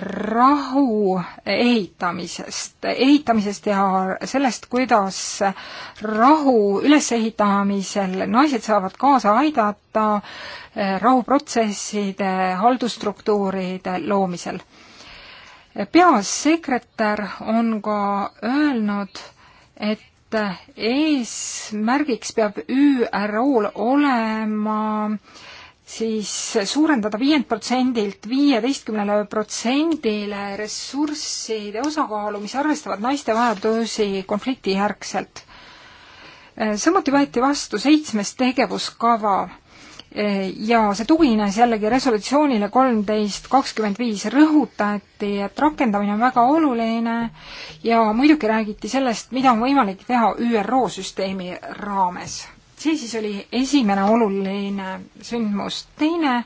rahu ehitamisest, ehitamisest ja sellest, kuidas rahu ülesehitamisel naised saavad kaasa aidata eh, rahuprotsesside, haldusstruktuuride loomisel. peasekretär on ka öelnud, et eesmärgiks peab ÜRO-l olema äh, siis suurendada viiend protsendilt viieteistkümnele protsendile ressursside osakaalu, mis arvestavad naiste vajadusi konfliktijärgselt. samuti võeti vastu seitsmes tegevuskava ja see tugines jällegi resolutsioonile kolmteist kakskümmend viis, rõhutati, et rakendamine on väga oluline ja muidugi räägiti sellest, mida on võimalik teha ÜRO süsteemi raames see siis oli esimene oluline sündmus. teine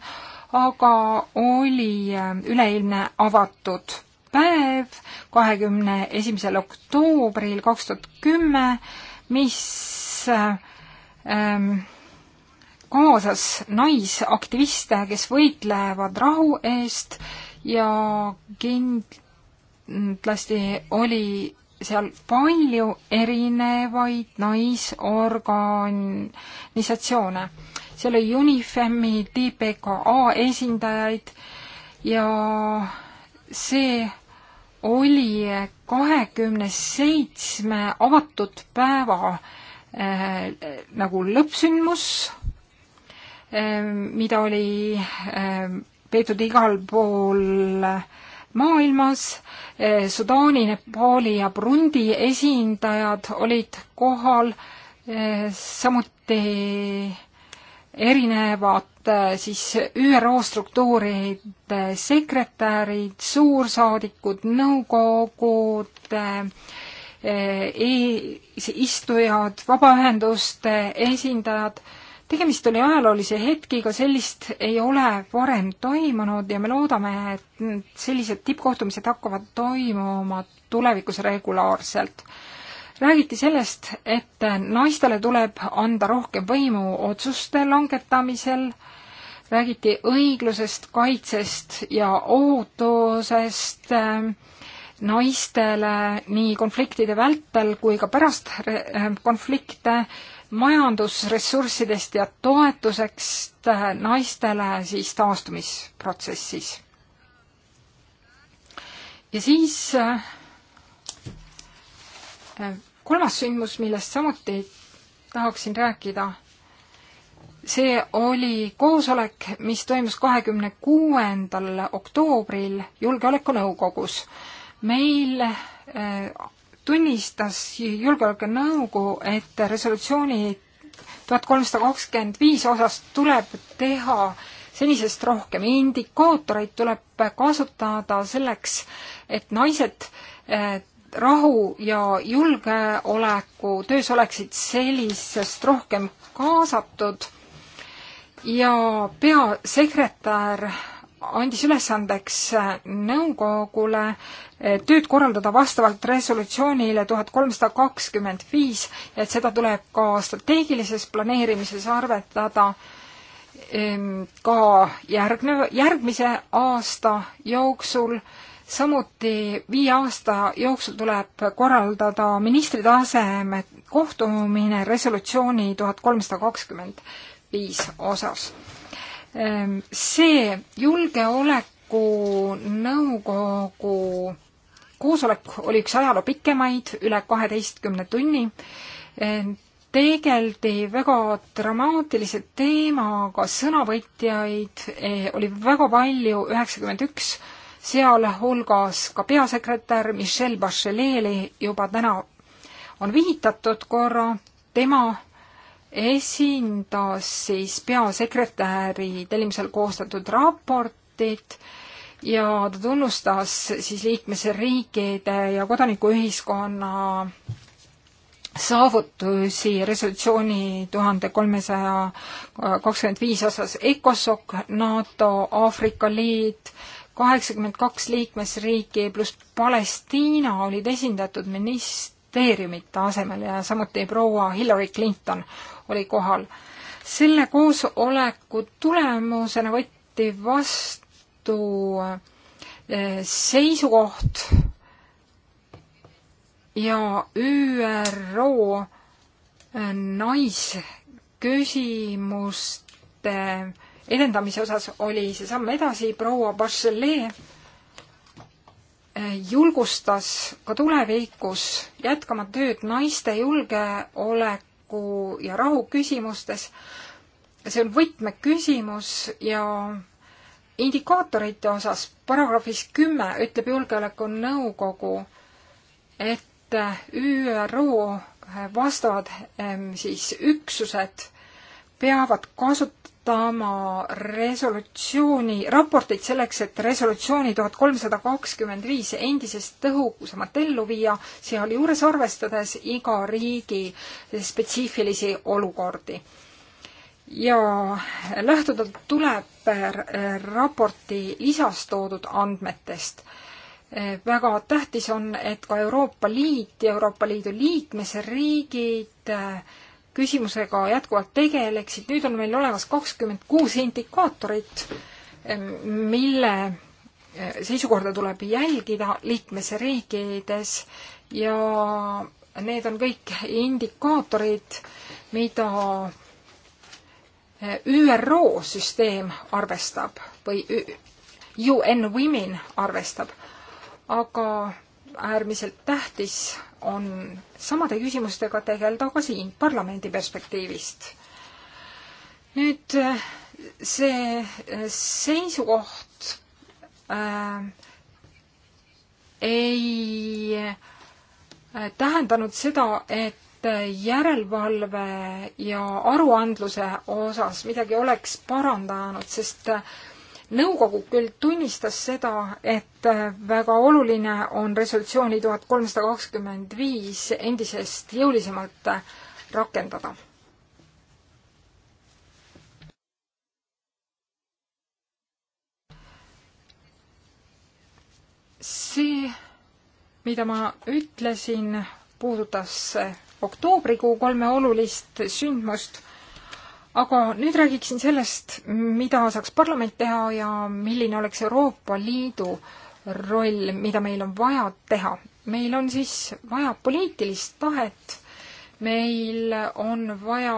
aga oli äh, üleeilne avatud päev, kahekümne esimesel oktoobril kaks tuhat kümme, mis äh, ähm, kaasas naisaktiviste, kes võitlevad rahu eest ja kindlasti oli seal palju erinevaid naisorganisatsioone. seal oli UNIFEM-i, TPKA esindajaid ja see oli kahekümne seitsme avatud päeva äh, nagu lõppsündmus äh,, mida oli äh, peetud igal pool äh, maailmas. Eh, Sudaani, Nepaali ja Burundi esindajad olid kohal, eh, samuti erinevad eh, siis ÜRO struktuuride sekretärid, suursaadikud, nõukogud, istujad, vabaühenduste esindajad tegemist oli ajaloolise hetkiga, sellist ei ole varem toimunud ja me loodame, et sellised tippkohtumised hakkavad toimuma tulevikus regulaarselt. räägiti sellest, et naistele tuleb anda rohkem võimu otsuste langetamisel, räägiti õiglusest, kaitsest ja ootusest ähm, naistele nii konfliktide vältel kui ka pärast äh, konflikte majandusressurssidest ja toetuseks naistele siis taastumisprotsessis. ja siis äh, äh, kolmas sündmus, millest samuti tahaksin rääkida, see oli koosolek, mis toimus kahekümne kuuendal oktoobril Julgeolekunõukogus. meil äh, tunnistas Julgeolekunõukogu, et resolutsiooni tuhat kolmsada kakskümmend viis osas tuleb teha senisest rohkem, indikaatoreid tuleb kasutada selleks, et naised rahu ja julgeoleku töös oleksid senisest rohkem kaasatud ja peasekretär andis ülesandeks äh, nõukogule äh, tööd korraldada vastavalt resolutsioonile tuhat kolmsada kakskümmend viis ja et seda tuleb ka strateegilises planeerimises arvetada ehm, ka järgne, järgmise aasta jooksul samuti viie aasta jooksul tuleb korraldada ministri taseme kohtumine resolutsiooni tuhat kolmsada kakskümmend viis osas. Ehm, see julgeolekunõukogu koosolek oli üks ajaloo pikemaid, üle kaheteistkümne tunni. Ehm, tegeldi väga dramaatilise teemaga, sõnavõtjaid eh, oli väga palju, üheksakümmend üks, sealhulgas ka peasekretär Michelle Bachelet'le juba täna on vihitatud korra, tema esindas siis peasekretäri tellimusel koostatud raportit ja ta tunnustas siis liikmesriikide ja kodanikuühiskonna saavutusi resolutsiooni tuhande kolmesaja kakskümmend viis osas ECOSOC, NATO, Aafrika Liit, kaheksakümmend kaks liikmesriiki pluss Palestiina olid esindatud minist-, kriteeriumite asemel ja samuti proua Hillary Clinton oli kohal. selle koosoleku tulemusena võeti vastu eh, seisukoht ja ÜRO eh, naisküsimuste edendamise osas oli see samm edasi, proua Bachelet julgustas ka tulevikus jätkama tööd naiste julgeoleku ja rahu küsimustes. see on võtmeküsimus ja indikaatorite osas paragrahvis kümme ütleb Julgeolekunõukogu, et ÜRO vastavad ehm, siis üksused peavad kasu-, koostama resolutsiooni, raportit selleks, et resolutsiooni tuhat kolmsada kakskümmend viis endisest tõhusamalt ellu viia, sealjuures arvestades iga riigi spetsiifilisi olukordi. ja lähtuda tuleb raporti lisas toodud andmetest väga tähtis on, et ka Euroopa Liit ja Euroopa Liidu liikmesriigid küsimusega jätkuvalt tegeleksid, nüüd on meil olemas kakskümmend kuus indikaatorit, mille e, seisukorda tuleb jälgida liikmesriikides ja need on kõik indikaatorid, mida e, ÜRO süsteem arvestab või UN Women arvestab, aga äärmiselt tähtis on samade küsimustega tegeleda ka siin parlamendi perspektiivist. nüüd äh, see äh, seisukoht äh, ei äh, tähendanud seda, et järelevalve ja aruandluse osas midagi oleks parandanud, sest äh, nõukogu küll tunnistas seda, et äh, väga oluline on resolutsiooni tuhat kolmsada kakskümmend viis endisest jõulisemalt äh, rakendada. see, mida ma ütlesin, puudutas äh, oktoobrikuu kolme olulist sündmust aga nüüd räägiksin sellest, mida saaks parlament teha ja milline oleks Euroopa Liidu roll, mida meil on vaja teha. meil on siis vaja poliitilist tahet, meil on vaja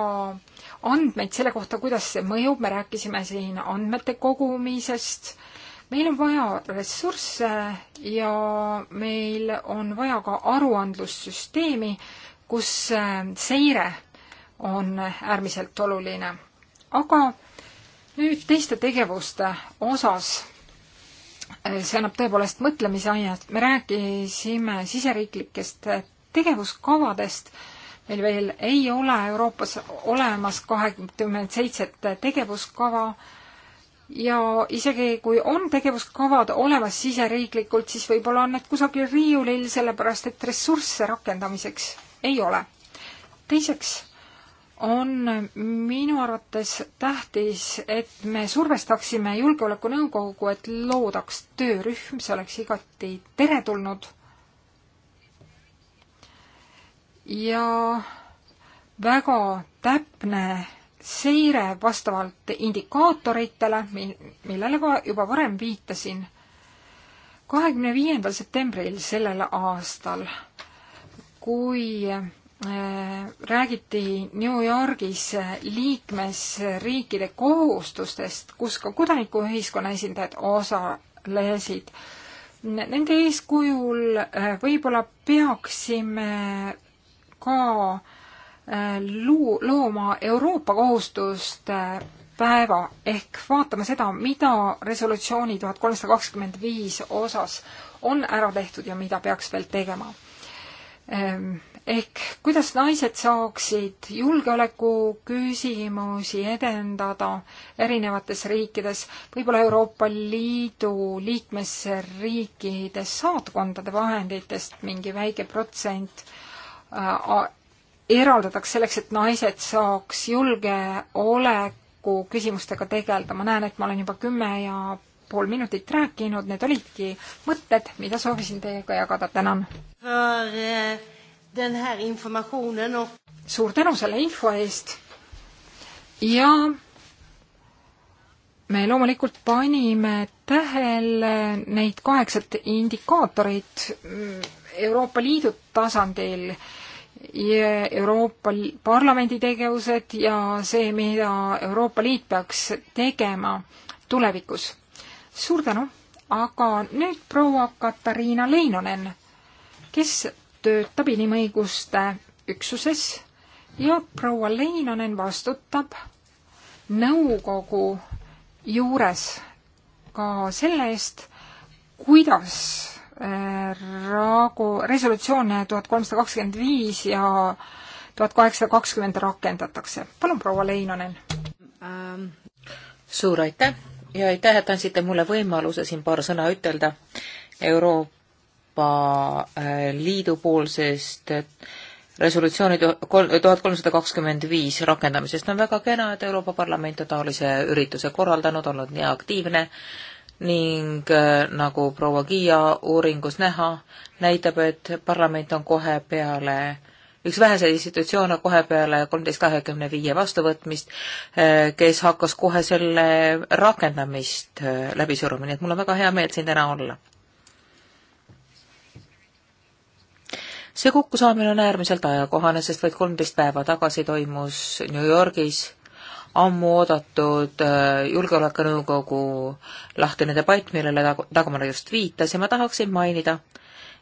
andmeid selle kohta, kuidas see mõjub, me rääkisime siin andmete kogumisest, meil on vaja ressursse ja meil on vaja ka aruandlussüsteemi, kus seire on äärmiselt oluline. aga nüüd teiste tegevuste osas, eh, see annab tõepoolest mõtlemise ainet, me rääkisime siseriiklikest tegevuskavadest, meil veel ei ole Euroopas olemas kahekümmend seitset tegevuskava ja isegi kui on tegevuskavad olemas siseriiklikult, siis võib-olla on need kusagil riiulil, sellepärast et ressursse rakendamiseks ei ole. teiseks on minu arvates tähtis, et me survestaksime Julgeolekunõukogu, et loodaks töörühm, see oleks igati teretulnud. ja väga täpne seire vastavalt indikaatoritele, millele ka juba varem viitasin, kahekümne viiendal septembril sellel aastal, kui Äh, räägiti New Yorgis äh, liikmesriikide kohustustest, kus ka kodanikuühiskonna esindajad osalesid. Nende eeskujul äh, võib-olla peaksime ka luu-, looma Euroopa kohustuste päeva ehk vaatama seda, mida resolutsiooni tuhat kolmsada kakskümmend viis osas on ära tehtud ja mida peaks veel tegema ehm, ehk kuidas naised saaksid julgeoleku küsimusi edendada erinevates riikides, võib-olla Euroopa Liidu liikmesriikide saatkondade vahenditest mingi väike protsent äh, eraldatakse selleks, et naised saaks julgeoleku küsimustega tegeleda, ma näen, et ma olen juba kümme ja pool minutit rääkinud, need olidki mõtted, mida soovisin teiega jagada, tänan äh, den här informationen och... suur tänu selle info eest ja me loomulikult panime tähele neid kaheksat indikaatorit mm, Euroopa Liidu tasandil, Euroopa Parlamendi tegevused ja see, mida Euroopa Liit peaks tegema tulevikus. suur tänu, aga nüüd proua Katariina Leinonen, kes töötab inimõiguste üksuses ja proua Leinonen vastutab nõukogu juures ka selle eest, kuidas äh, raagu, resolutsioon tuhat kolmsada kakskümmend viis ja tuhat kaheksasada kakskümmend rakendatakse. palun, proua Leinonen ähm.. suur aitäh ja aitäh, et andsite mulle võimaluse siin paar sõna ütelda Euroopa Euroopa äh, Liidu poolsest äh, resolutsiooni tuhat kolmsada kakskümmend viis rakendamisest on väga kena, et Euroopa Parlament on taolise ürituse korraldanud, olnud nii aktiivne ning äh, nagu proua Kiia uuringus näha, näitab, et parlament on kohe peale üks väheseid institutsioone kohe peale kolmteist kahekümne viie vastuvõtmist, kes hakkas kohe selle rakendamist läbi suruma, nii et mul on väga hea meel siin täna olla see kokkusaamine on äärmiselt ajakohane, sest vaid kolmteist päeva tagasi toimus New Yorgis ammu oodatud äh, Julgeolekunõukogu lahtine debatt, millele Dagmar just viitas ja ma tahaksin mainida,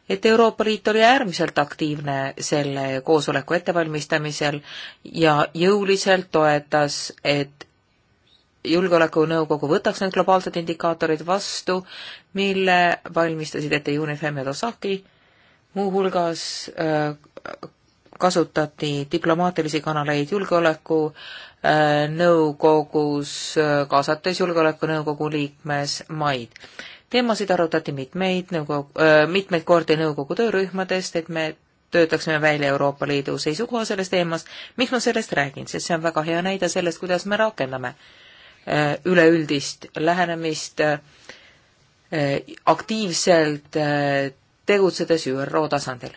et Euroopa Liit oli äärmiselt aktiivne selle koosoleku ettevalmistamisel ja jõuliselt toetas, et julgeolekunõukogu võtaks need globaalsed indikaatorid vastu, mille valmistasid ette UNIFEM ja Dosaki muuhulgas äh, kasutati diplomaatilisi kanaleid julgeoleku äh, nõukogus, äh, kaasates Julgeolekunõukogu liikmesmaid. teemasid arutati mitmeid nõukogu, mitmeid kordi nõukogu töörühmadest, et me töötaksime välja Euroopa Liidu seisukoha selles teemas. miks ma sellest räägin, sest see on väga hea näide sellest, kuidas me rakendame üleüldist lähenemist aktiivselt tegutsedes ÜRO tasandil.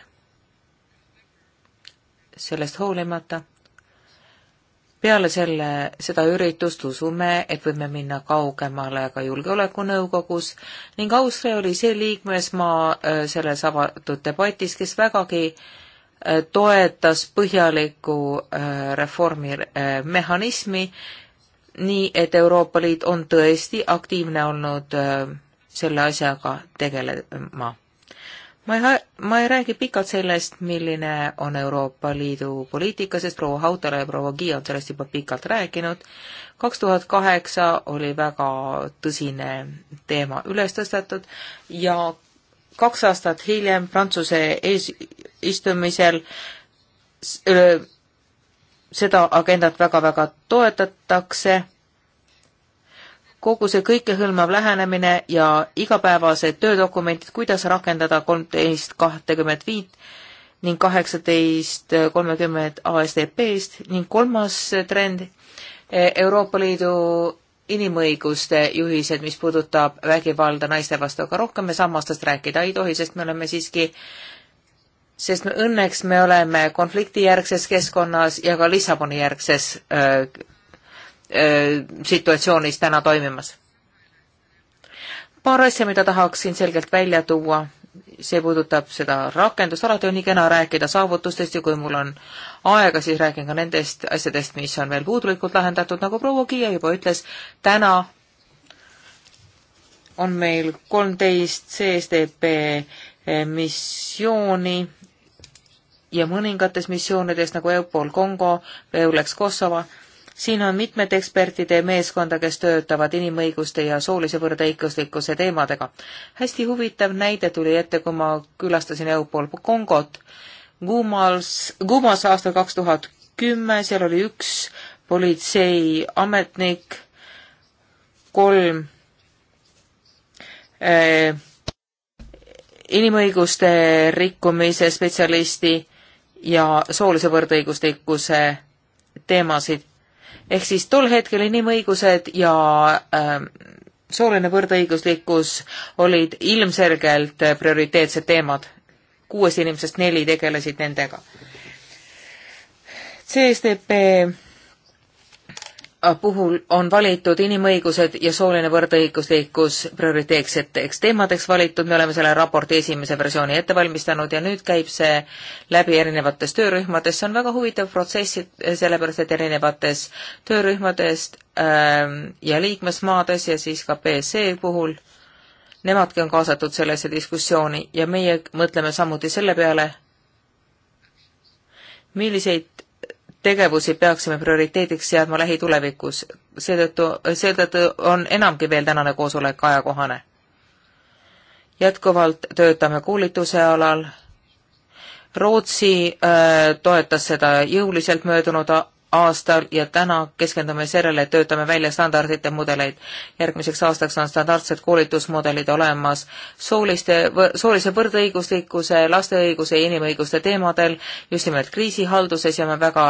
sellest hoolimata peale selle, seda üritust usume, et võime minna kaugemale ka Julgeolekunõukogus ning Austria oli see liikmesmaa äh, selles avatud debatis, kes vägagi äh, toetas põhjalikku äh, reformimehhanismi, nii et Euroopa Liit on tõesti aktiivne olnud selle asjaga tegelema ma ei, ma ei räägi pikalt sellest, milline on Euroopa Liidu poliitika, sest proua Hautala ja proua Gi on sellest juba pikalt rääkinud. kaks tuhat kaheksa oli väga tõsine teema üles tõstetud ja kaks aastat hiljem Prantsuse eesistumisel seda agendat väga-väga toetatakse kogu see kõikehõlmav lähenemine ja igapäevased töödokumendid, kuidas rakendada kolmteist kahtekümmet viit ning kaheksateist kolmekümmend ASDP-st ning kolmas trend eh, Euroopa Liidu inimõiguste juhised, mis puudutab vägivalda naiste vastu, aga rohkem me sammastest rääkida ei tohi, sest me oleme siiski sest me õnneks me oleme konfliktijärgses keskkonnas ja ka Lissaboni järgses öö, eh, Äh, situatsioonis täna toimimas. paar asja, mida tahaksin selgelt välja tuua, see puudutab seda rakendust, alati on nii kena rääkida saavutustest ja kui mul on aega, siis räägin ka nendest asjadest, mis on veel puudulikult lahendatud, nagu proua Kiia juba ütles, täna on meil kolmteist CSDP eh, missiooni ja mõningates missioonides nagu EUPOL Kongo, EULEX Kosovo siin on mitmed ekspertide meeskonda, kes töötavad inimõiguste ja soolise võrdõiguslikkuse teemadega. hästi huvitav näide tuli ette, kui ma külastasin EUPOL Kongot. Gumas, Gumas aastal kaks tuhat kümme, seal oli üks politseiametnik, kolm äh, inimõiguste rikkumise spetsialisti ja soolise võrdõiguslikkuse teemasid ehk siis tol hetkel inimõigused ja ähm, sooline võrdõiguslikkus olid ilmselgelt äh, prioriteetsed teemad. kuuest inimesest neli tegelesid nendega. CSDP puhul on valitud inimõigused ja sooline võrdõiguslikkus prioriteetseteks teemadeks valitud, me oleme selle raporti esimese versiooni ette valmistanud ja nüüd käib see läbi erinevates töörühmades, see on väga huvitav protsess, sellepärast et erinevates töörühmadest ähm, ja liikmesmaades ja siis ka BSE puhul, nemadki on kaasatud sellesse diskussiooni ja meie mõtleme samuti selle peale, milliseid tegevusi peaksime prioriteediks seadma lähitulevikus. seetõttu, seetõttu on enamgi veel tänane koosolek ajakohane. jätkuvalt töötame koolituse alal. Rootsi äh, toetas seda jõuliselt möödunud aastal ja täna keskendume sellele, et töötame välja standardite mudeleid. järgmiseks aastaks on standardsed koolitusmudelid olemas sooliste, soolise võrdõiguslikkuse, laste õiguse ja inimõiguste teemadel, just nimelt kriisihalduses ja me väga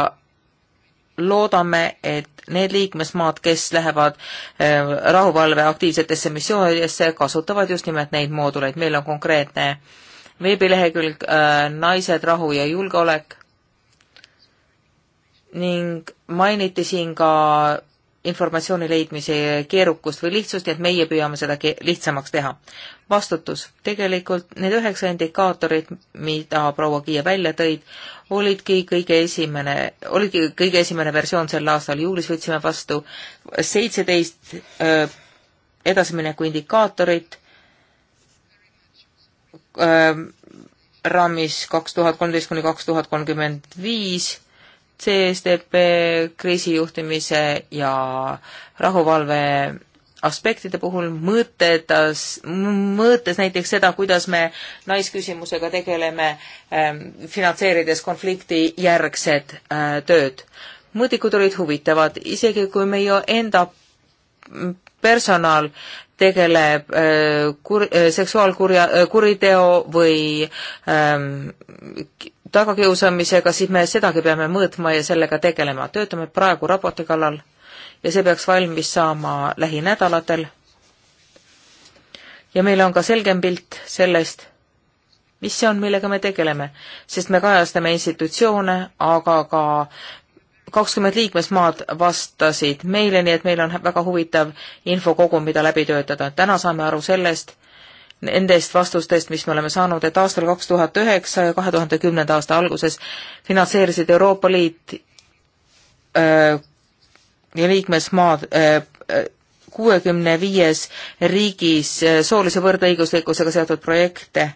loodame, et need liikmesmaad, kes lähevad äh, rahuvalve aktiivsetesse missioonidesse, kasutavad just nimelt neid mooduleid. meil on konkreetne veebilehekülg äh, Naised, rahu ja julgeolek ning mainiti siin ka informatsiooni leidmise keerukust või lihtsust, nii et meie püüame seda lihtsamaks teha. vastutus. tegelikult need üheksa indikaatorit, mida proua Kiie välja tõid, olidki kõige esimene, oligi kõige esimene versioon sel aastal, juulis võtsime vastu seitseteist edasimineku indikaatorit raamis kaks tuhat kolmteist kuni kaks tuhat kolmkümmend viis CSDP kriisijuhtimise ja rahuvalve aspektide puhul mõõtetas, mõõtes näiteks seda, kuidas me naisküsimusega tegeleme ähm,, finantseerides konflikti järgset äh, tööd. mõõdikud olid huvitavad, isegi kui meie enda personal tegeleb äh, kur-, äh, seksuaalkurja äh,, kuriteo või ähm, tagakiusamisega, siis me sedagi peame mõõtma ja sellega tegelema. töötame praegu raporti kallal ja see peaks valmis saama lähinädalatel. ja meil on ka selgem pilt sellest, mis see on, millega me tegeleme, sest me kajastame institutsioone, aga ka kakskümmend liikmesmaad vastasid meile, nii et meil on väga huvitav infokogum, mida läbi töötada. täna saame aru sellest, nendest vastustest, mis me oleme saanud, et aastal kaks tuhat üheksa ja kahe tuhande kümnenda aasta alguses finantseerisid Euroopa Liit äh, ja liikmesmaad äh, kuuekümne äh, viies riigis äh, soolise võrdõiguslikkusega seotud projekte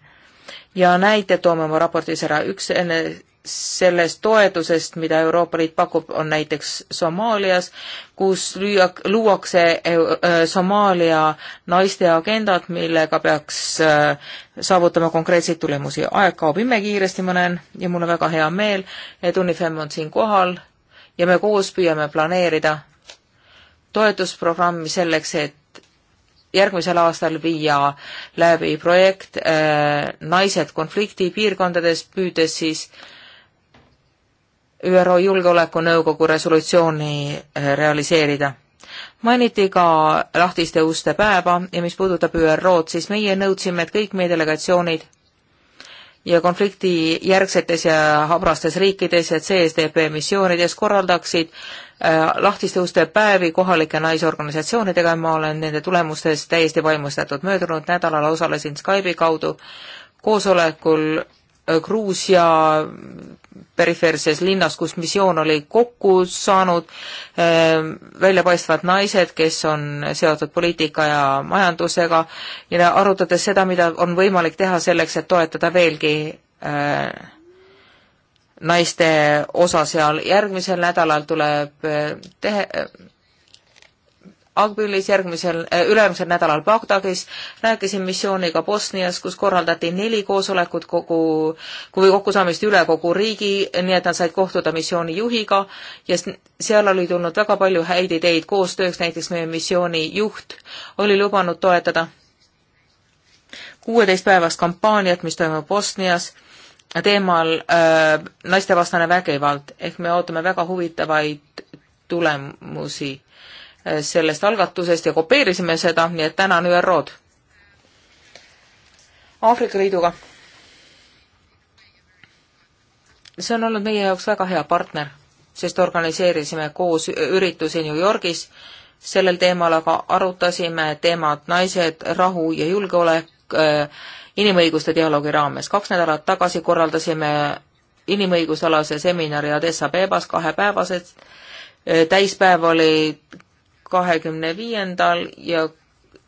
ja näite toome oma raportis ära. üks enne sellest toetusest, mida Euroopa Liit pakub, on näiteks Somaalias, kus lüüak-, luuakse äh, Somaalia naiste agendat, millega peaks äh, saavutama konkreetseid tulemusi. aeg kaob imekiiresti, ma näen, ja mul on väga hea meel, et UNIFEM on siin kohal ja me koos püüame planeerida toetusprogrammi selleks, et järgmisel aastal viia läbi projekt äh, Naised konfliktipiirkondades, püüdes siis äh, ÜRO Julgeolekunõukogu resolutsiooni eh, realiseerida. mainiti ka lahtiste uste päeva ja mis puudutab ÜRO-d, siis meie nõudsime, et kõik meie delegatsioonid ja konflikti järgsetes ja habrastes riikides, et CSDP missioonides korraldaksid eh, lahtiste uste päevi kohalike naisorganisatsioonidega ja ma olen nende tulemustest täiesti vaimustatud. möödunud nädalal osalesin Skype'i kaudu koosolekul Gruusia perifeerses linnas, kus missioon oli kokku saanud, ehm, väljapaistvad naised, kes on seotud poliitika ja majandusega ja arutades seda, mida on võimalik teha selleks, et toetada veelgi ehm, naiste osa seal. järgmisel nädalal tuleb eh, tehe, Agbilis, järgmisel, äh, ülemisel nädalal Bagdadis, rääkisin missiooniga Bosnias, kus korraldati neli koosolekut kogu, kui kokkusaamist üle kogu riigi, nii et nad said kohtuda missiooni juhiga ja seal oli tulnud väga palju häid ideid koostööks, näiteks meie missiooni juht oli lubanud toetada kuueteistpäevast kampaaniat, mis toimub Bosnias teemal äh, naistevastane vägivald ehk me ootame väga huvitavaid tulemusi sellest algatusest ja kopeerisime seda, nii et tänan ÜRO-d. Aafrika Liiduga. see on olnud meie jaoks väga hea partner, sest organiseerisime koos üritusi New Yorgis sellel teemal, aga arutasime teemat naised, rahu ja julgeolek äh, inimõiguste dialoogi raames. kaks nädalat tagasi korraldasime inimõigusalase seminari Adessa Bebas kahepäevased, äh, täispäev oli kahekümne viiendal ja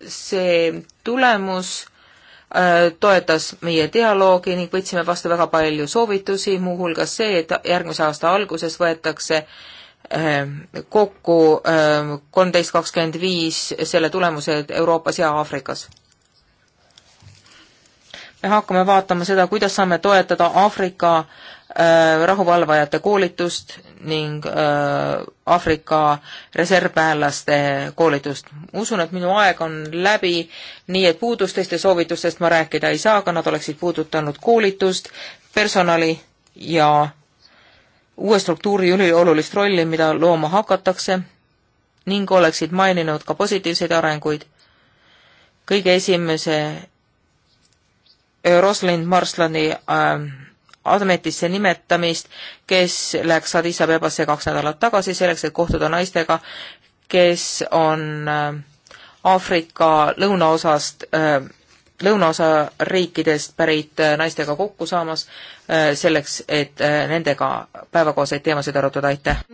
see tulemus äh, toetas meie dialoogi ning võtsime vastu väga palju soovitusi, muuhulgas see, et järgmise aasta alguses võetakse äh, kokku äh, kolmteist kakskümmend viis selle tulemused Euroopas ja Aafrikas. me hakkame vaatama seda, kuidas saame toetada Aafrika äh, Äh, rahuvalvajate koolitust ning äh, Aafrika reservväelaste koolitust. usun, et minu aeg on läbi, nii et puudustest ja soovitustest ma rääkida ei saa, aga nad oleksid puudutanud koolitust, personali ja uue struktuuri üliolulist rolli, mida looma hakatakse ning oleksid maininud ka positiivseid arenguid. kõige esimese Rosalind Marslani äh, ametisse nimetamist, kes läks Addis Abebasse kaks nädalat tagasi selleks, et kohtuda naistega, kes on äh, Aafrika lõunaosast, äh, lõunaosa riikidest pärit äh, naistega kokku saamas, selleks, et nendega päevakohaseid teemasid arutada, aitäh!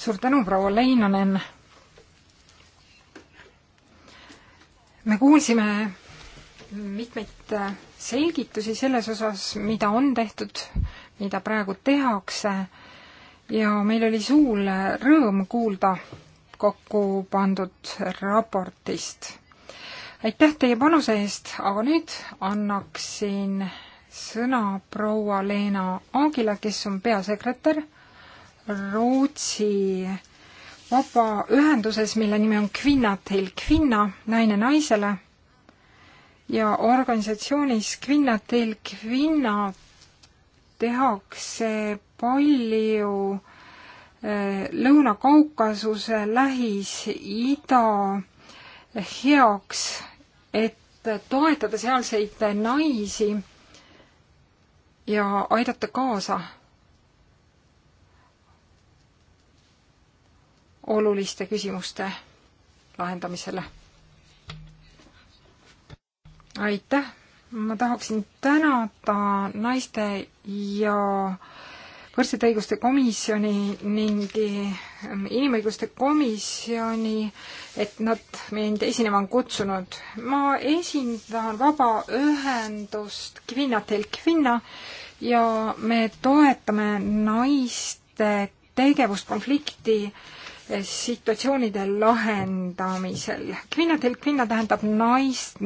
suur tänu, proua Leinonen! me kuulsime mitmeid selgitusi selles osas, mida on tehtud, mida praegu tehakse ja meil oli suur rõõm kuulda kokku pandud raportist. aitäh teie panuse eest, aga nüüd annaksin sõna proua Leena Aagile, kes on peasekretär Rootsi vabaühenduses, mille nimi on Kvinnatil Kvinna, naine naisele ja organisatsioonis Kvinnatel Kvinna tehakse palju eh, Lõuna-Kaukasuse, Lähis-Ida heaks, et toetada sealseid naisi ja aidata kaasa oluliste küsimuste lahendamisele aitäh, ma tahaksin tänada naiste ja võrdsete õiguste komisjoni ning inimõiguste komisjoni, et nad mind esinema on kutsunud. ma esindan vabaühendust Kvinna tel Kvinna ja me toetame naiste tegevust konflikti äh, situatsioonide lahendamisel. kvinnatel kvinna tähendab naist,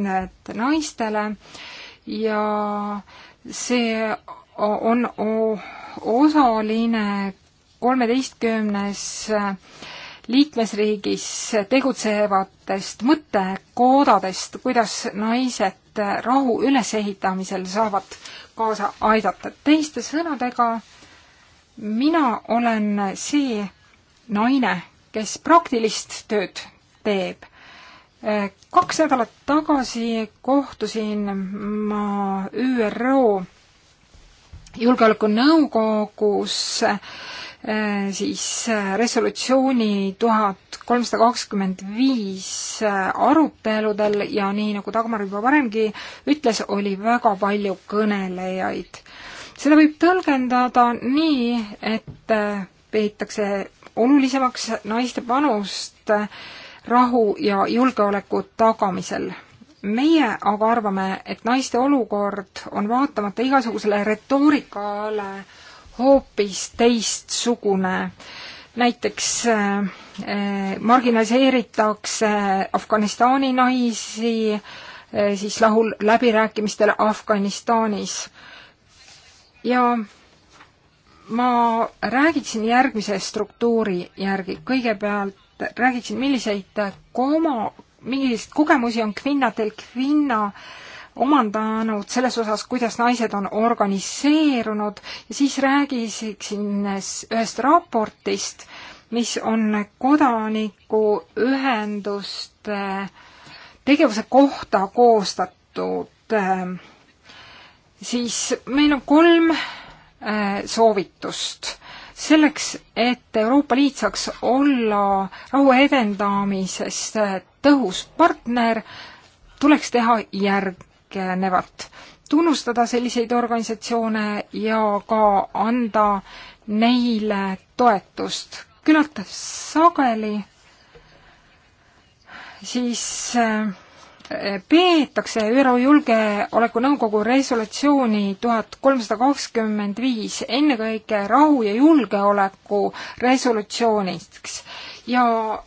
naistele ja see on osaline kolmeteistkümnes liikmesriigis tegutsevatest mõttekoodadest, kuidas naised rahu ülesehitamisel saavad kaasa aidata. teiste sõnadega, mina olen see naine, kes praktilist tööd teeb. kaks nädalat tagasi kohtusin ma ÜRO julgeolekunõukogus eh, siis eh, resolutsiooni tuhat kolmsada kakskümmend viis eh, aruteludel ja nii, nagu Dagmar juba varemgi ütles, oli väga palju kõnelejaid. seda võib tõlgendada nii, et peetakse olulisemaks naiste panust rahu ja julgeoleku tagamisel. meie aga arvame, et naiste olukord on vaatamata igasugusele retoorikale hoopis teistsugune. näiteks äh, marginaliseeritakse Afganistani naisi äh, siis lahul läbirääkimistel Afganistanis ja äh, ma räägiksin järgmise struktuuri järgi, kõigepealt räägiksin, milliseid koma, milliseid kogemusi on Kvinnatel Kvinna omandanud selles osas, kuidas naised on organiseerunud ja siis räägiksin ühest raportist, mis on kodanikuühenduste tegevuse kohta koostatud. siis meil on kolm Äh, soovitust. selleks, et Euroopa Liit saaks olla rahu edendamises äh, tõhus partner, tuleks teha järgnevat. tunnustada selliseid organisatsioone ja ka anda neile toetust. küllalt sageli siis äh, peetakse ÜRO Julgeolekunõukogu resolutsiooni tuhat kolmsada kakskümmend viis ennekõike rahu ja julgeoleku resolutsiooniks ja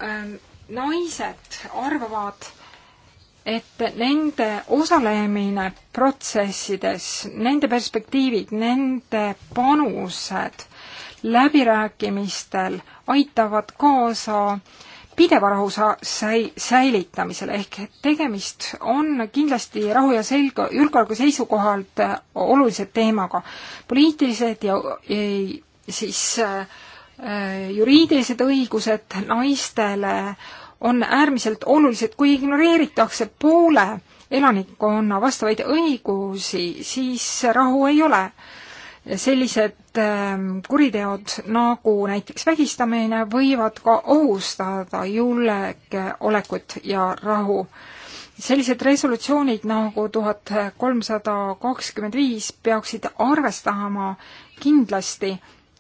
ähm, naised arvavad, et nende osalemine protsessides, nende perspektiivid, nende panused läbirääkimistel aitavad kaasa äh, pideva rahu sa-, säi-, säilitamisele, ehk et tegemist on kindlasti rahu ja selg-, julgeoleku seisukohalt äh, olulise teemaga. poliitilised ja, ja siis äh, äh, juriidilised õigused naistele on äärmiselt olulised, kui ignoreeritakse poole elanikkonna vastavaid õigusi, siis rahu ei ole äh, sellised ähm, kuriteod nagu näiteks vägistamine võivad ka ohustada julgeolekut ja rahu. sellised resolutsioonid nagu tuhat kolmsada kakskümmend viis peaksid arvestama kindlasti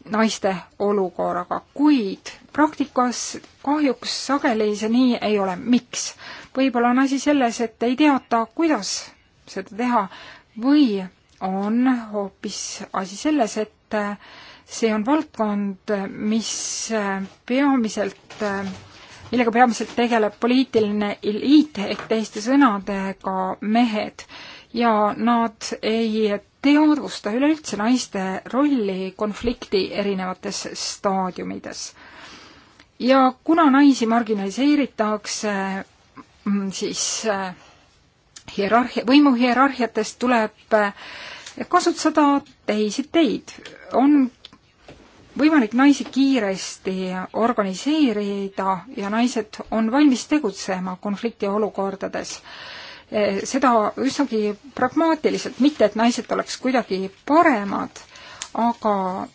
naiste olukorraga, kuid praktikas kahjuks sageli see nii ei ole. miks? võib-olla on asi selles, et ei teata, kuidas seda teha või on hoopis asi selles, et äh, see on valdkond, mis äh, peamiselt, äh, millega peamiselt tegeleb poliitiline eliit ehk teiste sõnadega mehed ja nad ei teadvusta üleüldse naiste rolli konflikti erinevates staadiumides. ja kuna naisi marginaliseeritakse, mm, siis äh, hierarhia, võimuhierarhiatest tuleb eh, kasutada teisi teid. on võimalik naisi kiiresti organiseerida ja naised on valmis tegutsema konfliktiolukordades. Eh, seda üsnagi pragmaatiliselt, mitte et naised oleks kuidagi paremad, aga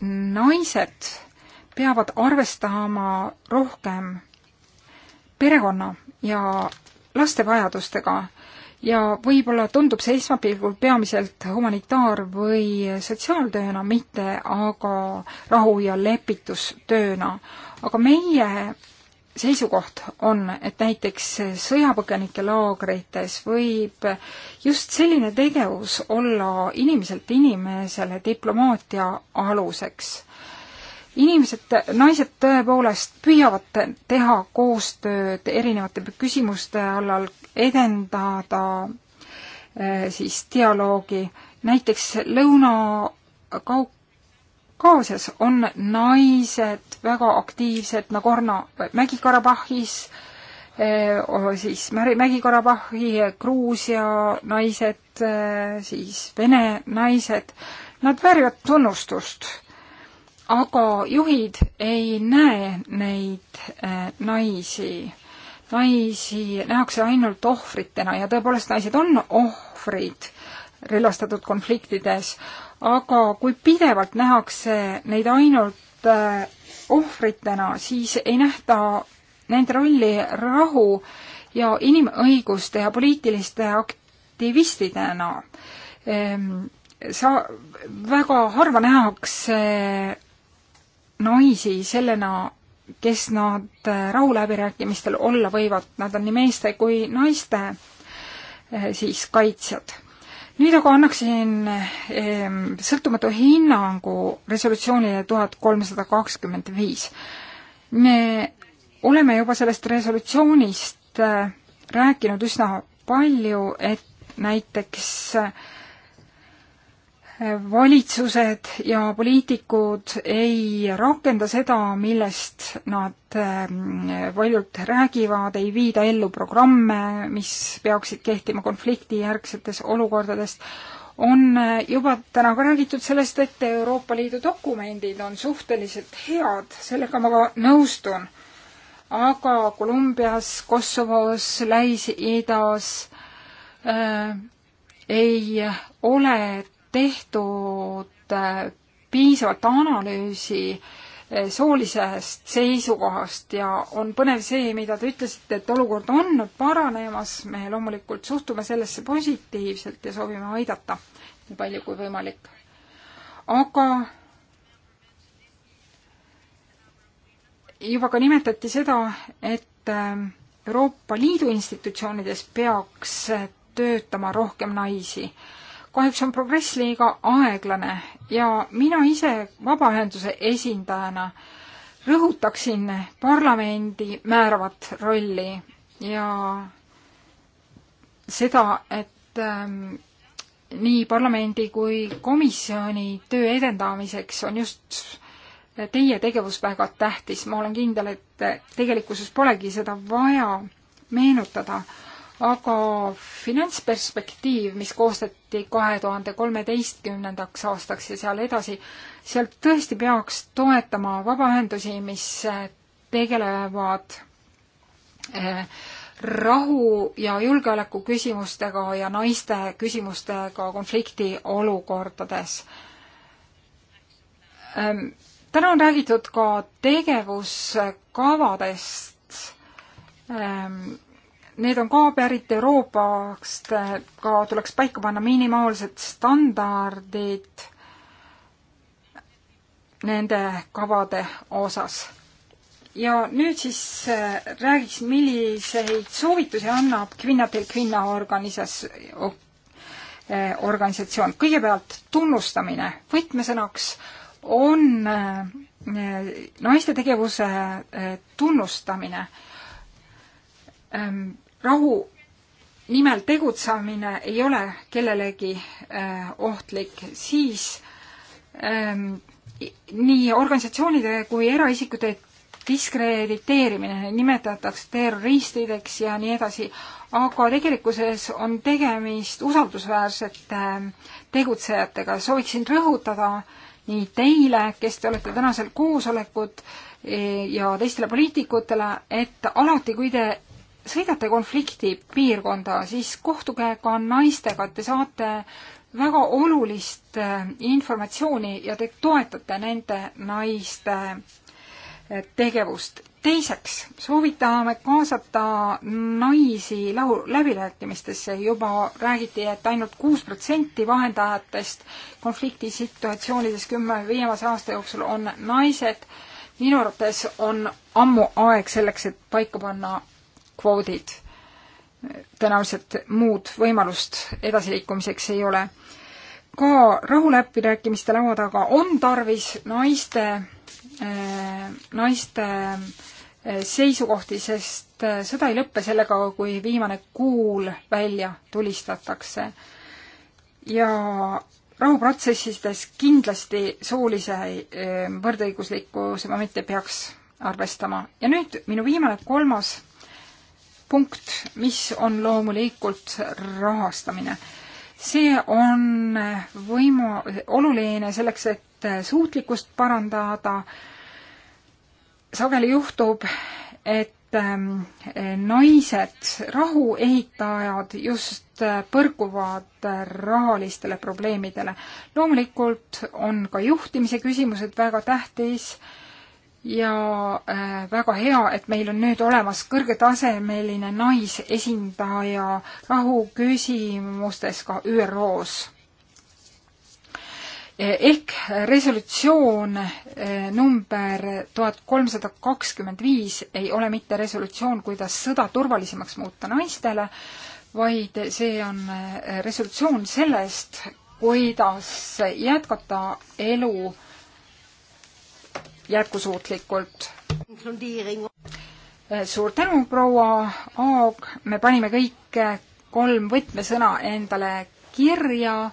naised peavad arvestama rohkem perekonna ja laste vajadustega ja võib-olla tundub see esmapilgul peamiselt humanitaar- või sotsiaaltööna, mitte aga rahu- ja lepitustööna. aga meie seisukoht on, et näiteks sõjapõgenike laagrites võib just selline tegevus olla inimeselt inimesele diplomaatia aluseks. inimesed, naised tõepoolest püüavad teha koostööd erinevate küsimuste allal, edendada eh, siis dialoogi. näiteks Lõuna-Kaukaasias on naised väga aktiivsed Nagorno-Mägi-Karabahhis, eh, siis Mägi-Karabahhi, Gruusia naised, eh, siis Vene naised, nad väärivad tunnustust aga juhid ei näe neid naisi naisi nähakse ainult ohvritena ja tõepoolest naised on ohvrid relvastatud konfliktides, aga kui pidevalt nähakse neid ainult äh, ohvritena, siis ei nähta nende rolli rahu ja inimõiguste ja poliitiliste aktivistidena. Ehm, sa, väga harva nähakse naisi sellena, kes nad äh, rahuläbirääkimistel olla võivad, nad on nii meeste kui naiste äh, siis kaitsjad. nüüd aga annaksin ähm, sõltumatu hinnangu resolutsioonile tuhat kolmsada kakskümmend viis. me oleme juba sellest resolutsioonist äh, rääkinud üsna palju, et näiteks äh, valitsused ja poliitikud ei rakenda seda, millest nad paljult ähm, räägivad, ei viida ellu programme, mis peaksid kehtima konfliktijärgsetes olukordades, on äh, juba täna ka räägitud sellest, et Euroopa Liidu dokumendid on suhteliselt head, sellega ma ka nõustun. aga Kolumbias, Kosovos, Lähis-Idas äh, ei ole tehtud äh, piisavalt analüüsi äh, soolisest seisukohast ja on põnev see, mida te ütlesite, et olukord on paranemas, me loomulikult suhtume sellesse positiivselt ja soovime aidata nii palju kui võimalik. aga juba ka nimetati seda, et äh, Euroopa Liidu institutsioonides peaks töötama rohkem naisi kahjuks on progress liiga aeglane ja mina ise vabaühenduse esindajana rõhutaksin parlamendi määravat rolli ja seda, et ähm, nii parlamendi kui komisjoni töö edendamiseks on just teie tegevus väga tähtis, ma olen kindel, et tegelikkuses polegi seda vaja meenutada aga finantsperspektiiv, mis koostati kahe tuhande kolmeteistkümnendaks aastaks ja seal edasi, sealt tõesti peaks toetama vabaühendusi, mis eh, tegelevad eh, rahu ja julgeoleku küsimustega ja naiste küsimustega konfliktiolukordades. Ehm, täna on räägitud ka tegevuskavadest ehm, need on ka pärit Euroopast, ka tuleks paika panna minimaalsed standardid nende kavade osas. ja nüüd siis äh, räägiks, milliseid soovitusi annab Kvinna del Kvinna organisas-, äh, organisatsioon. kõigepealt tunnustamine. võtmesõnaks on äh, naiste tegevuse tunnustamine rahu nimel tegutsemine ei ole kellelegi äh, ohtlik, siis ähm, nii organisatsioonide kui eraisikute diskrediteerimine nimetatakse terroristideks ja nii edasi, aga tegelikkuses on tegemist usaldusväärsete äh, tegutsejatega. sooviksin rõhutada nii teile, kes te olete tänasel koosolekut ja teistele poliitikutele, et alati, kui te sõidate konflikti piirkonda, siis kohtuge ka naistega, te saate väga olulist äh, informatsiooni ja te toetate nende naiste äh, tegevust. teiseks soovitame kaasata naisi lahu-, läbirääkimistesse, juba räägiti, et ainult kuus protsenti vahendajatest konfliktisituatsioonides kümme viimase aasta jooksul on naised, minu arvates on ammu aeg selleks, et paika panna kvoodid. tõenäoliselt muud võimalust edasiliikumiseks ei ole. ka rahuläbirääkimiste laua taga on tarvis naiste, äh, naiste äh, seisukohti, sest äh, sõda ei lõppe sellega, kui viimane kuul välja tulistatakse. ja rahuprotsessides kindlasti soolise võrdõiguslikkuse momente peaks arvestama. ja nüüd minu viimane, kolmas punkt, mis on loomulikult rahastamine. see on võimu, oluline selleks, et suutlikkust parandada. sageli juhtub, et ähm, naised, rahuehitajad just äh, põrkuvad äh, rahalistele probleemidele. loomulikult on ka juhtimise küsimused väga tähtis ja äh, väga hea, et meil on nüüd olemas kõrgetasemeline naisesindaja rahuküsimustes ka ÜRO-s. Eh, ehk resolutsioon eh, number tuhat kolmsada kakskümmend viis ei ole mitte resolutsioon, kuidas sõda turvalisemaks muuta naistele, vaid see on eh, resolutsioon sellest, kuidas jätkata elu jätkusuutlikult. Äh, suur tänu, proua Aog, me panime kõik kolm võtmesõna endale kirja.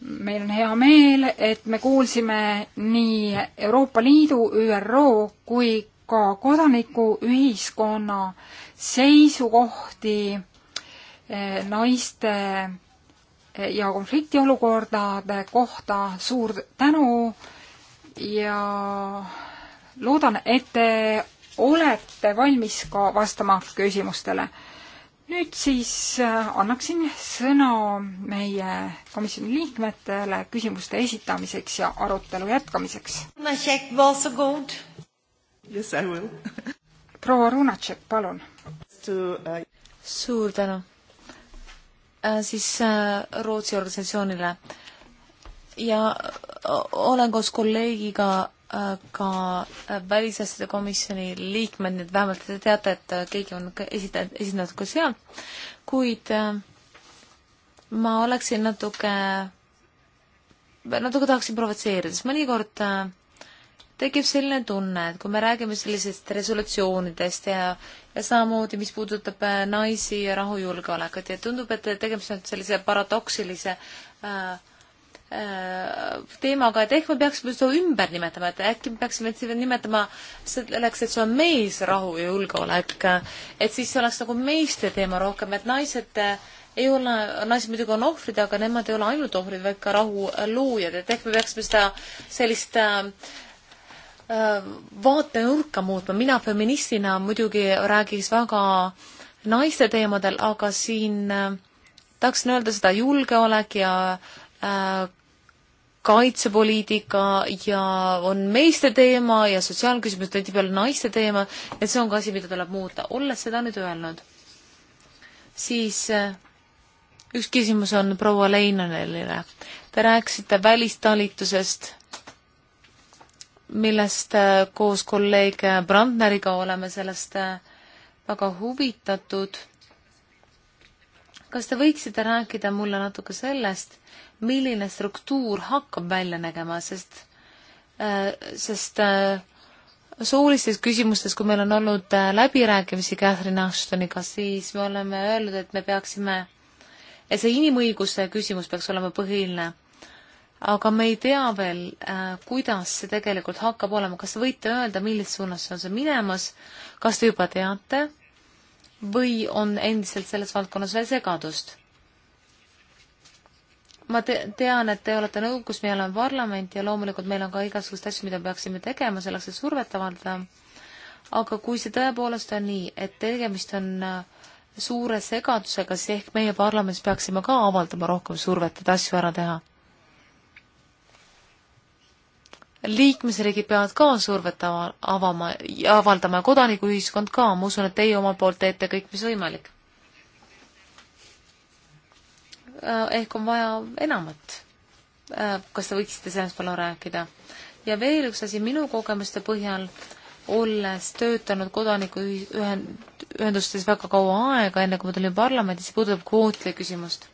meil on hea meel, et me kuulsime nii Euroopa Liidu, ÜRO kui ka kodanikuühiskonna seisukohti äh, naiste äh, ja konfliktiolukordade kohta. suur tänu ja loodan, et te olete valmis ka vastama küsimustele. nüüd siis äh, annaksin sõna meie komisjoni liikmetele küsimuste esitamiseks ja arutelu jätkamiseks. Yes, (laughs) proua Runatšek, palun. Uh, suur tänu äh,. siis äh, Rootsi organisatsioonile äh, ja olen koos kolleegiga ka välisasjade komisjoni liikmed, nii et vähemalt te teate, et keegi on esitatud, esindatud ka seal, kuid ma oleksin natuke, natuke tahaksin provotseerida, sest mõnikord tekib selline tunne, et kui me räägime sellisest resolutsioonidest ja, ja samamoodi, mis puudutab naisi ja rahujulgeolekut ja tundub, et tegemist on sellise paradoksilise äh, Äh, teemaga, et ehk me peaksime seda ümber nimetama, et äkki me peaksime seda nimetama selleks, et see on mees rahu ja julgeolek. et siis see oleks nagu meeste teema rohkem, et naised äh, ei ole, naised muidugi on ohvrid, aga nemad ei ole ainult ohvrid, vaid ka rahu loojad, et ehk me peaksime seda sellist äh, äh, vaatenurka muutma, mina feministina muidugi räägiks väga naiste teemadel, aga siin äh, tahaksin öelda seda julgeolek ja äh, Äh, kaitsepoliitika ja on meeste teema ja sotsiaalküsimused tihtipeale naiste teema, et see on ka asi, mida tuleb muuta. olles seda nüüd öelnud, siis äh, üks küsimus on proua Leinonenile. Te rääkisite välistalitusest, millest äh, koos kolleeg Brandneriga oleme sellest väga huvitatud. kas te võiksite rääkida mulle natuke sellest, milline struktuur hakkab välja nägema, sest, äh, sest äh, soolistes küsimustes, kui meil on olnud äh, läbirääkimisi Catherine Ashtoniga, siis me oleme öelnud, et me peaksime, et see inimõiguste küsimus peaks olema põhiline. aga me ei tea veel, kuidas see tegelikult hakkab olema, kas te võite öelda, millises suunas on see minemas, kas te juba teate või on endiselt selles valdkonnas veel segadust? ma te tean, et te olete nõukogus, meil on parlament ja loomulikult meil on ka igasuguseid asju, mida peaksime tegema selleks, et survet avaldada. aga kui see tõepoolest on nii, et tegemist on äh, suure segadusega, siis ehk meie parlamendis peaksime ka avaldama rohkem survet, et asju ära teha. liikmesriigid peavad ka survet avama, avaldama ja kodanikuühiskond ka, ma usun, et teie omalt poolt teete kõik, mis võimalik Äh, ehk on vaja enamat. Äh, kas te võiksite sellest palun rääkida? ja veel üks asi minu kogemuste põhjal, olles töötanud kodanikuühendustes väga kaua aega, enne kui ma tulin parlamendisse, puudutab kvootide küsimust.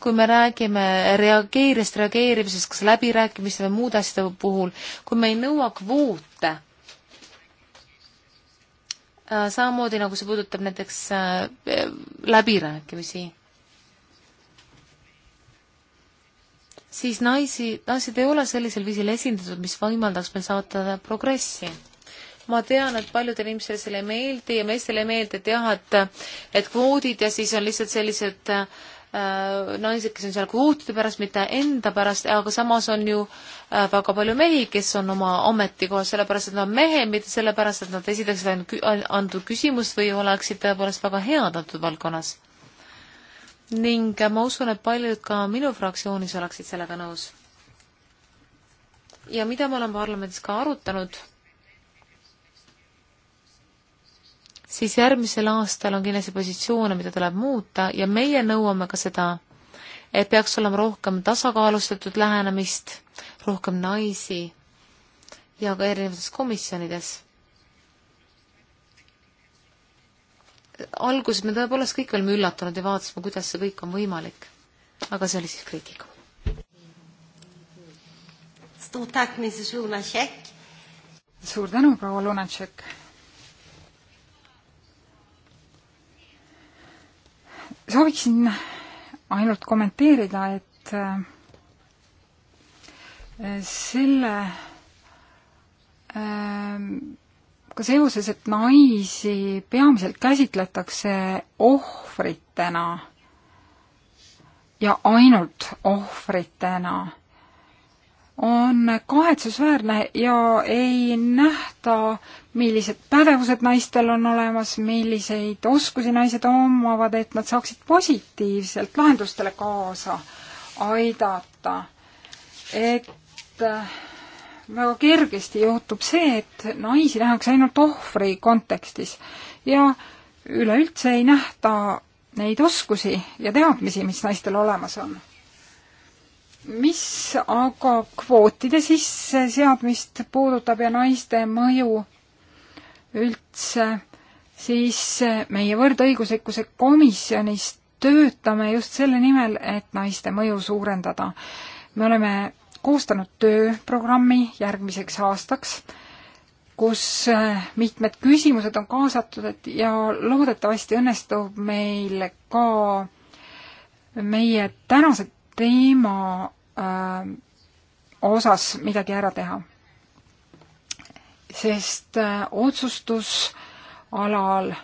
kui me räägime reageerijast, reageerimisest, kas läbirääkimiste või muude asjade puhul, kui me ei nõua kvoote Äh, samamoodi nagu see puudutab näiteks äh, läbirääkimisi, siis naisi, naised ei ole sellisel viisil esindatud, mis võimaldaks meil saavutada progressi ma tean, et paljudele inimestele selle ei meeldi ja meestele ei meeldi, et jah, et, et kvoodid ja siis on lihtsalt sellised äh, Äh, naised, kes on seal kvootide pärast, mitte enda pärast, aga samas on ju äh, väga palju mehi, kes on oma ametikohas sellepärast, et nad on mehed, mitte sellepärast, et nad esitaksid ainult antud küsimust või oleksid tõepoolest väga head antud valdkonnas. ning äh, ma usun, et paljud ka minu fraktsioonis oleksid sellega nõus. ja mida ma olen parlamendis ka arutanud siis järgmisel aastal on kindlasti positsioone, mida tuleb muuta ja meie nõuame ka seda, et peaks olema rohkem tasakaalustatud lähenemist, rohkem naisi ja ka erinevates komisjonides. alguses me tõepoolest kõik olime üllatunud ja vaatasime, kuidas see kõik on võimalik. aga see oli siis kriitika. suur tänu, proua Lunatšek! sooviksin ainult kommenteerida, et äh, selle ähm, ka seoses, et naisi peamiselt käsitletakse ohvritena ja ainult ohvritena on kahetsusväärne ja ei nähta, millised pädevused naistel on olemas, milliseid oskusi naised omavad, et nad saaksid positiivselt lahendustele kaasa aidata. et äh, väga kergesti juhtub see, et naisi nähakse ainult ohvri kontekstis ja üleüldse ei nähta neid oskusi ja teadmisi, mis naistel olemas on mis aga kvootide sisseseadmist puudutab ja naiste mõju üldse, siis meie võrdõiguslikkuse komisjonis töötame just selle nimel, et naiste mõju suurendada. me oleme koostanud tööprogrammi järgmiseks aastaks, kus mitmed küsimused on kaasatud, et ja loodetavasti õnnestub meil ka meie tänase teema Äh, osas midagi ära teha. sest äh, otsustusalal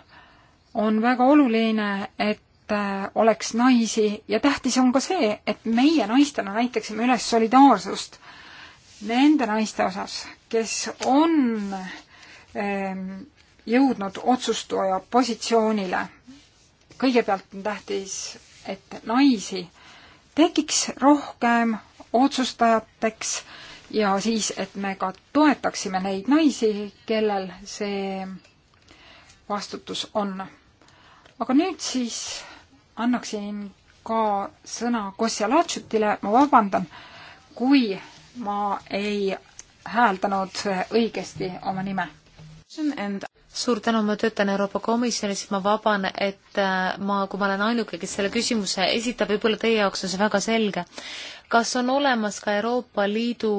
on väga oluline, et äh, oleks naisi ja tähtis on ka see, et meie naistena näitaksime üles solidaarsust nende naiste osas, kes on ähm, jõudnud otsustaja positsioonile. kõigepealt on tähtis, et naisi tekiks rohkem otsustajateks ja siis, et me ka toetaksime neid naisi, kellel see vastutus on. aga nüüd siis annaksin ka sõna Kosja Latsutile, ma vabandan, kui ma ei hääldanud õigesti oma nime. suur tänu, ma töötan Euroopa Komisjonis, ma vaban, et äh, ma, kui ma olen ainuke, kes selle küsimuse esitab, võib-olla teie jaoks on see väga selge kas on olemas ka Euroopa Liidu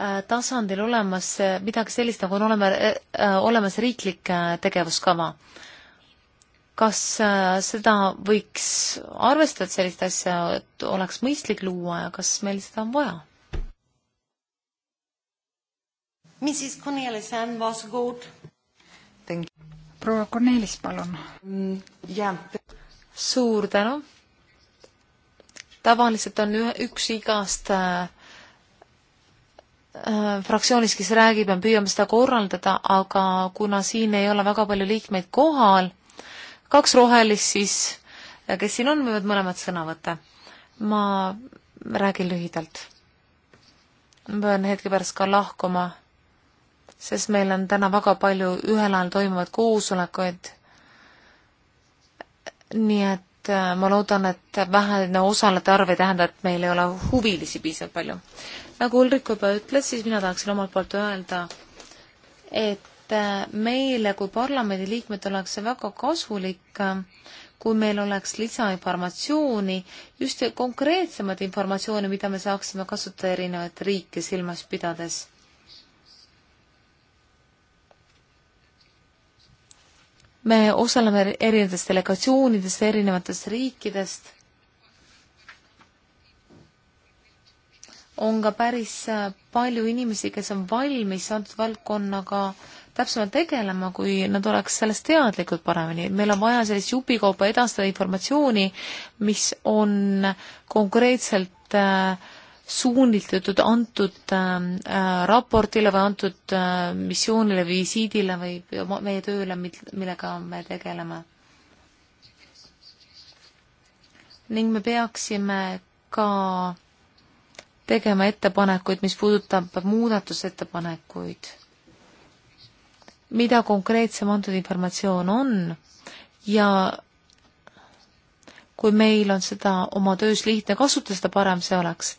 äh, tasandil olemas äh, midagi sellist, nagu on olema, äh, olemas riiklik tegevuskava? kas seda võiks arvestada, et sellist asja et oleks mõistlik luua ja kas meil seda on vaja? Mrs Cornelissen, was good? proua Cornelis, palun mm,. Yeah. suur tänu tavaliselt on ühe, üks igast äh, äh fraktsioonis, kes räägib, me püüame seda korraldada, aga kuna siin ei ole väga palju liikmeid kohal, kaks rohelist siis, äh, kes siin on, võivad mõlemad sõna võtta. ma räägin lühidalt. ma pean hetke pärast ka lahkuma, sest meil on täna väga palju ühel ajal toimuvaid koosolekuid. nii et et äh, ma loodan, et vähene osalejate arv ei tähenda, et meil ei ole huvilisi piisavalt palju. nagu Ulrik juba ütles, siis mina tahaksin omalt poolt öelda, et äh, meile kui parlamendiliikmetele oleks see väga kasulik, äh, kui meil oleks lisainformatsiooni, just konkreetsemat informatsiooni, mida me saaksime kasutada erinevaid riike silmas pidades me osaleme erinevatest delegatsioonidest, erinevatest riikidest. on ka päris äh, palju inimesi, kes on valmis antud valdkonnaga täpsemalt tegelema, kui nad oleks sellest teadlikud paremini. meil on vaja sellist jupikaupa edastada informatsiooni, mis on konkreetselt äh, suunitletud antud ähm, äh, raportile või antud äh, missioonile, visiidile või meie tööle, millega me tegeleme. ning me peaksime ka tegema ettepanekuid, mis puudutab muudatusettepanekuid. mida konkreetsem antud informatsioon on ja kui meil on seda oma töös lihtne kasutada, seda parem see oleks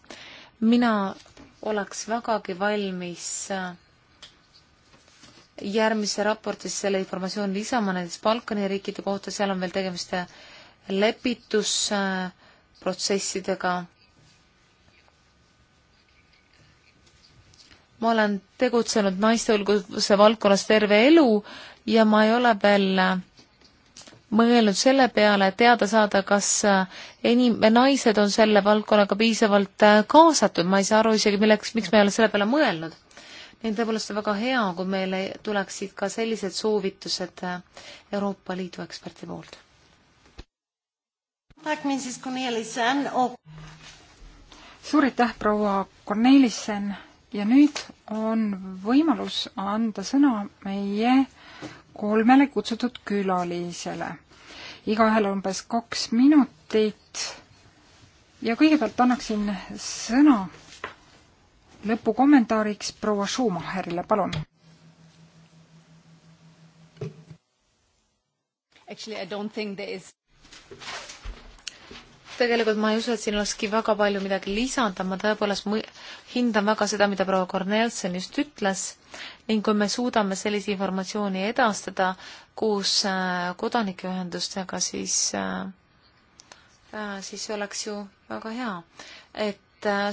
mina oleks vägagi valmis äh, järgmise raportis selle informatsiooni lisama näiteks Balkani riikide kohta, seal on veel tegemist äh, lepitusprotsessidega. ma olen tegutsenud naiste hulguse valdkonnas terve elu ja ma ei ole veel äh, mõelnud selle peale, et teada saada, kas äh, enim-, naised on selle valdkonnaga piisavalt äh, kaasatud, ma ei saa aru isegi, milleks, miks me ei ole selle peale mõelnud. nii et tõepoolest on väga hea, kui meile tuleksid ka sellised soovitused äh, Euroopa Liidu eksperti poolt. suur aitäh, proua Kornelissen ja nüüd on võimalus anda sõna meie kolmele kutsutud külalisele. igaühel umbes kaks minutit ja kõigepealt annaksin sõna lõpukommentaariks proua Schumacherile, palun. Actually I don't think there is tegelikult ma ei usu, et siin olekski väga palju midagi lisada, ma tõepoolest hindan väga seda, mida proua Kornelsen just ütles ning kui me suudame sellise informatsiooni edastada koos äh, kodanikeühendustega, siis, äh, äh, siis oleks ju väga hea. et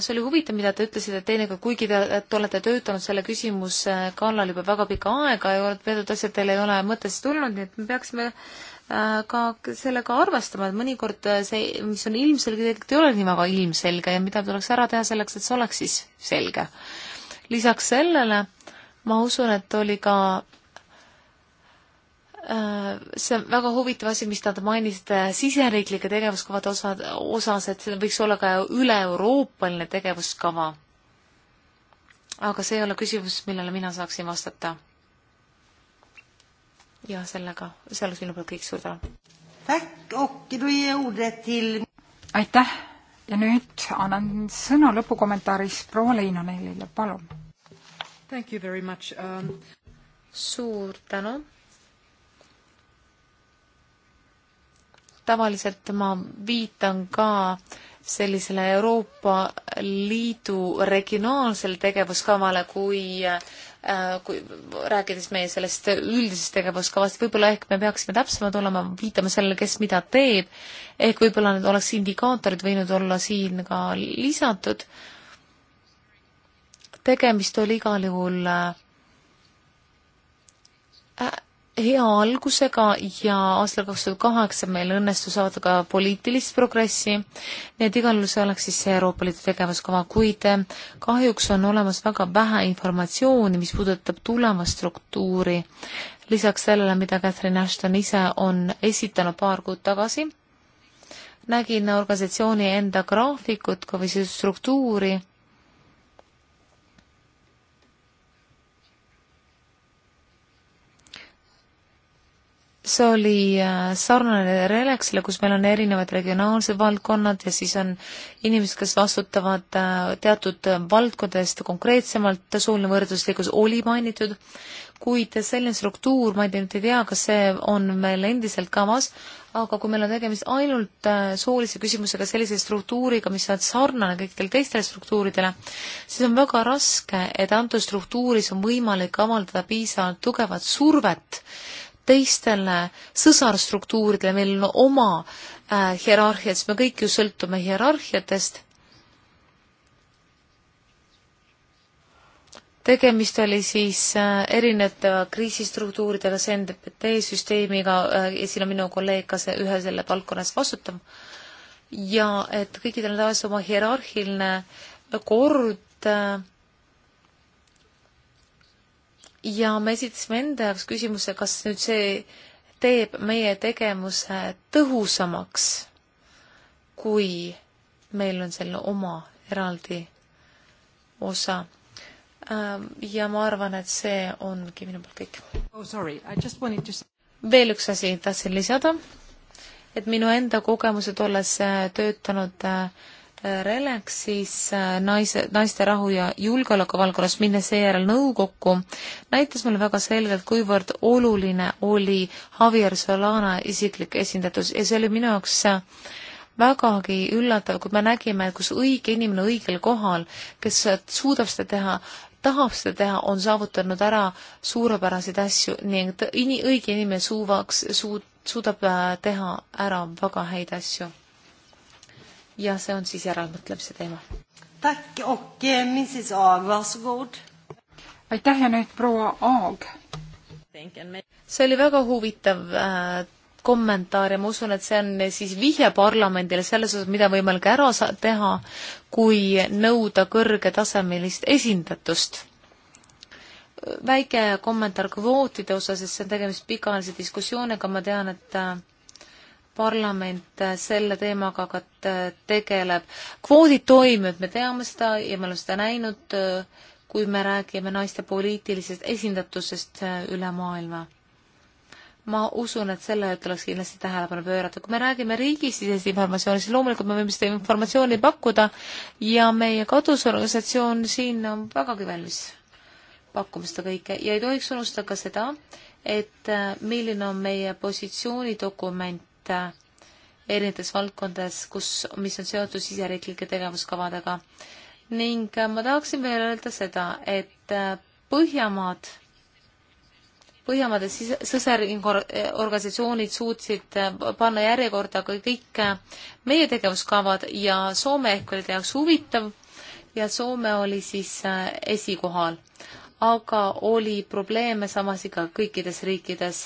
see oli huvitav, mida te ütlesite teinekord, kuigi te, te olete töötanud selle küsimuse kallal juba väga pikka aega ja teatud asjad teil ei ole mõttesse tulnud, nii et me peaksime Äh, ka sellega arvestama, et mõnikord äh, see, mis on ilmselge, tegelikult ei ole nii väga ilmselge ja mida tuleks ära teha selleks, et see oleks siis selge. lisaks sellele ma usun, et oli ka äh, see on väga huvitav asi, mis te mainisite siseriiklike tegevuskavade osad, osas, et see võiks olla ka üle-euroopaline tegevuskava. aga see ei ole küsimus, millele mina saaksin vastata ja sellega, see oleks minu poolt kõik, suur tänu! aitäh ja nüüd annan sõna lõpukommentaaris proua Leino-Neelile, palun! Um... suur tänu! tavaliselt ma viitan ka sellisele Euroopa Liidu regionaalsele tegevuskavale kui äh, Äh, kui rääkides meie sellest üldisest tegevuskavast, võib-olla ehk me peaksime täpsemad olema, viitama sellele, kes mida teeb, ehk võib-olla need oleks indikaatorid võinud olla siin ka lisatud. tegemist oli igal juhul äh, hea algusega ja aastal kaks tuhat kaheksa meil õnnestus saada ka poliitilist progressi, nii et igal juhul see oleks siis see Euroopa Liidu tegevuskava, kuid eh, kahjuks on olemas väga vähe informatsiooni, mis puudutab tulevast struktuuri, lisaks sellele, mida Catherine Ashton ise on esitanud paar kuud tagasi, nägin organisatsiooni enda graafikut või siis struktuuri see oli äh, sarnane Relaxile, kus meil on erinevad regionaalsed valdkonnad ja siis on inimesed, kes vastutavad äh, teatud valdkondadest konkreetsemalt, suuline võrdluslikkus oli mainitud, kuid selline struktuur, ma ei tea, nüüd ei tea, kas see on meil endiselt kavas, aga kui meil on tegemist ainult äh, soolise küsimusega, sellise struktuuriga, mis on sarnane kõikidele teistele struktuuridele, siis on väga raske, et antud struktuuris on võimalik avaldada piisavalt tugevat survet teistele sõsarstruktuuridele, meil on oma äh, hierarhiad, sest me kõik ju sõltume hierarhiatest. tegemist oli siis äh, erinevate kriisistruktuuridega, see NDPT süsteemiga äh,, siin on minu kolleeg ka see ühe selle valdkonna eest vastutav, ja et kõikidel on taas oma hierarhiline kord äh, ja me esitasime enda jaoks küsimuse, kas nüüd see teeb meie tegevuse tõhusamaks, kui meil on selle oma eraldi osa. Ähm, ja ma arvan, et see ongi minu poolt kõik oh,. To... veel üks asi tahtsin lisada, et minu enda kogemused, olles äh, töötanud äh, Relaxis äh, naise, naiste rahu ja julgeoleku valdkonnas, minnes seejärel nõukokku, näitas mulle väga selgelt, kuivõrd oluline oli Javier Solana isiklik esindatus ja see oli minu jaoks äh, vägagi üllatav, kui me nägime, kus õige inimene õigel kohal, kes äh, suudab seda teha, tahab seda teha, on saavutanud ära suurepäraseid asju ning õige inimene suuvaks, suud-, suudab teha ära väga häid asju ja see on siis järelmõtlemise teema. Eh, aitäh ja nüüd proua Aag. see oli väga huvitav äh, kommentaar ja ma usun, et see on siis vihje parlamendile selles osas, mida võimalik ära teha, kui nõuda kõrgetasemelist esindatust. väike kommentaar kvootide osas, sest see on tegemist pikaajalise diskussiooniga, ma tean, et äh, parlament selle teemaga ka tegeleb. kvoodid toimivad, me teame seda ja me oleme seda näinud, kui me räägime naiste poliitilisest esindatusest üle maailma. ma usun, et sellele tuleks kindlasti tähelepanu pöörata. kui me räägime riigisisesest informatsioonist, siis loomulikult me võime seda informatsiooni pakkuda ja meie kadusorganisatsioon siin on vägagi valmis pakkuma seda kõike ja ei tohiks unustada ka seda, et milline on meie positsioonidokument et äh, erinevates valdkondades, kus, mis on seotud siseriiklike tegevuskavadega. ning äh, ma tahaksin veel öelda seda, et äh, Põhjamaad, Põhjamaade sõsarorganisatsioonid suutsid panna järjekorda ka kõik meie tegevuskavad ja Soome ehk oli ta jaoks huvitav ja Soome oli siis esikohal. aga oli probleeme samas ikka kõikides riikides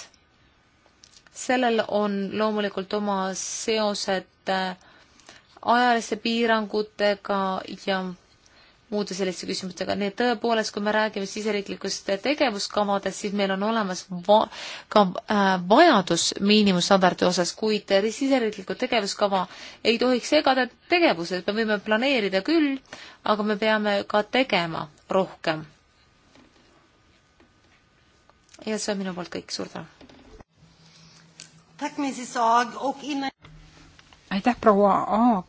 sellel on loomulikult oma seosed äh, ajaliste piirangutega ja muude selliste küsimustega. nii et tõepoolest, kui me räägime siseriiklikust tegevuskavadest, siis meil on olemas va ka äh, vajadus miinimumstandardi osas, kuid siseriiklikku tegevuskava ei tohiks segada tegevused, me võime planeerida küll, aga me peame ka tegema rohkem. ja see on minu poolt kõik, suur tänu! aitäh, proua Aag!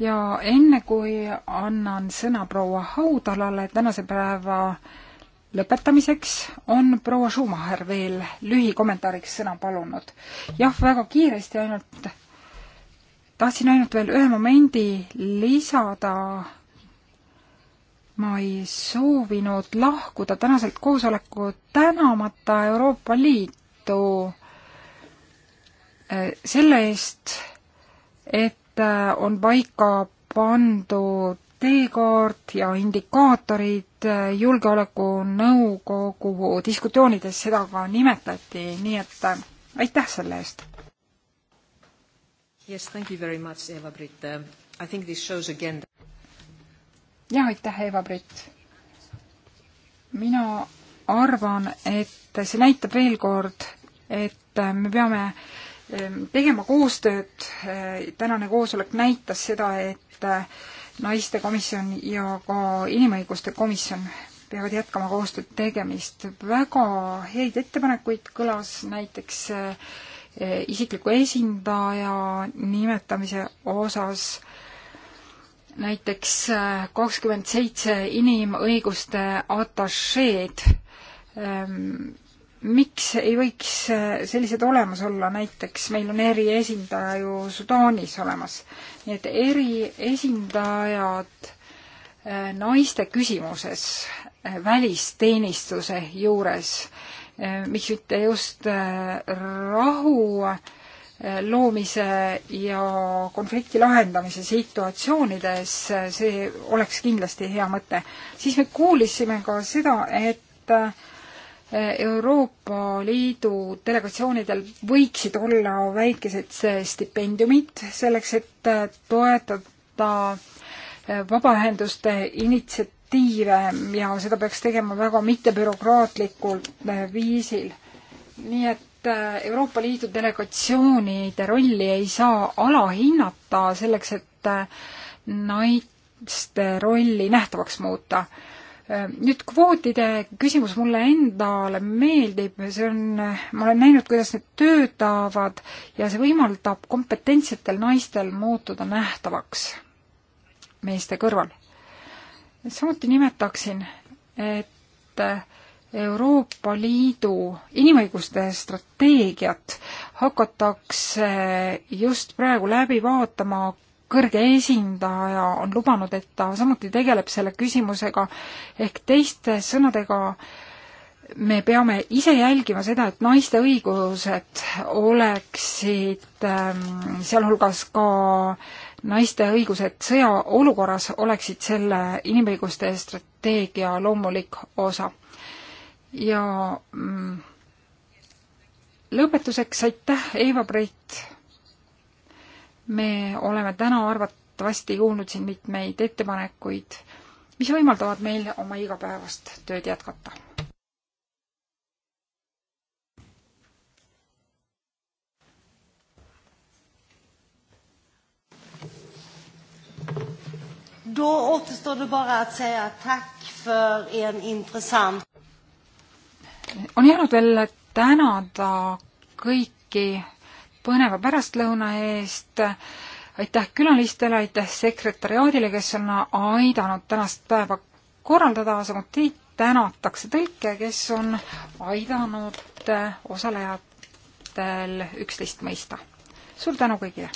ja enne, kui annan sõna proua Haudalale tänase päeva lõpetamiseks, on proua Schumacher veel lühikommentaariks sõna palunud. jah, väga kiiresti ainult, tahtsin ainult veel ühe momendi lisada ma ei soovinud lahkuda tänaselt koosolekut tänamata Euroopa Liitu selle eest, et äh, on paika pandud teekaart ja indikaatorid äh, Julgeolekunõukogu diskussioonides seda ka nimetati, nii et äh, aitäh selle eest! Yes, thank you very much, Eva-Britt. Uh, I think this shows again jah, aitäh, Eva-Britt! mina arvan, et see näitab veel kord, et me peame äh, Ehm, tegema koostööd. Eh, tänane koosolek näitas seda, et eh, naistekomisjon ja ka inimõiguste komisjon peavad jätkama koostööd tegemist. väga häid ettepanekuid kõlas näiteks eh, isikliku esindaja nimetamise osas näiteks kakskümmend seitse inimõiguste atašeed ehm, miks ei võiks äh, sellised olemas olla, näiteks meil on eriesindaja ju Sudaanis olemas, nii et eriesindajad äh, naiste küsimuses äh, välisteenistuse juures, miks mitte just rahu loomise ja konflikti lahendamise situatsioonides, see oleks kindlasti hea mõte. siis me kuulisime ka seda, et Euroopa Liidu delegatsioonidel võiksid olla väikesed stipendiumid selleks, et äh, toetada äh, vabaühenduste initsiatiive ja seda peaks tegema väga mittebürokraatlikul äh, viisil. nii et Euroopa Liidu delegatsioonide rolli ei saa alahinnata selleks, et naiste rolli nähtavaks muuta nüüd kvootide küsimus mulle endale meeldib, see on, ma olen näinud, kuidas need töötavad ja see võimaldab kompetentsetel naistel muutuda nähtavaks meeste kõrval. samuti nimetaksin, et Euroopa Liidu inimõiguste strateegiat hakatakse just praegu läbi vaatama kõrge esindaja on lubanud, et ta samuti tegeleb selle küsimusega, ehk teiste sõnadega me peame ise jälgima seda, et naiste õigused oleksid ähm, sealhulgas ka naiste õigused sõjaolukorras oleksid selle inimõiguste strateegia loomulik osa. ja mm, lõpetuseks aitäh, Eva-Breit me oleme täna arvatavasti kuulnud siin mitmeid ettepanekuid, mis võimaldavad meil oma igapäevast tööd jätkata. Då återstår det bara att säga tack för en intressant... On jäänud veel tänada kõiki põneva pärastlõuna eest. aitäh külalistele, aitäh sekretäriaadile, kes on aidanud tänast päeva korraldada, samuti tänatakse tõlke, kes on aidanud osalejatel üksteist mõista. suur tänu kõigile!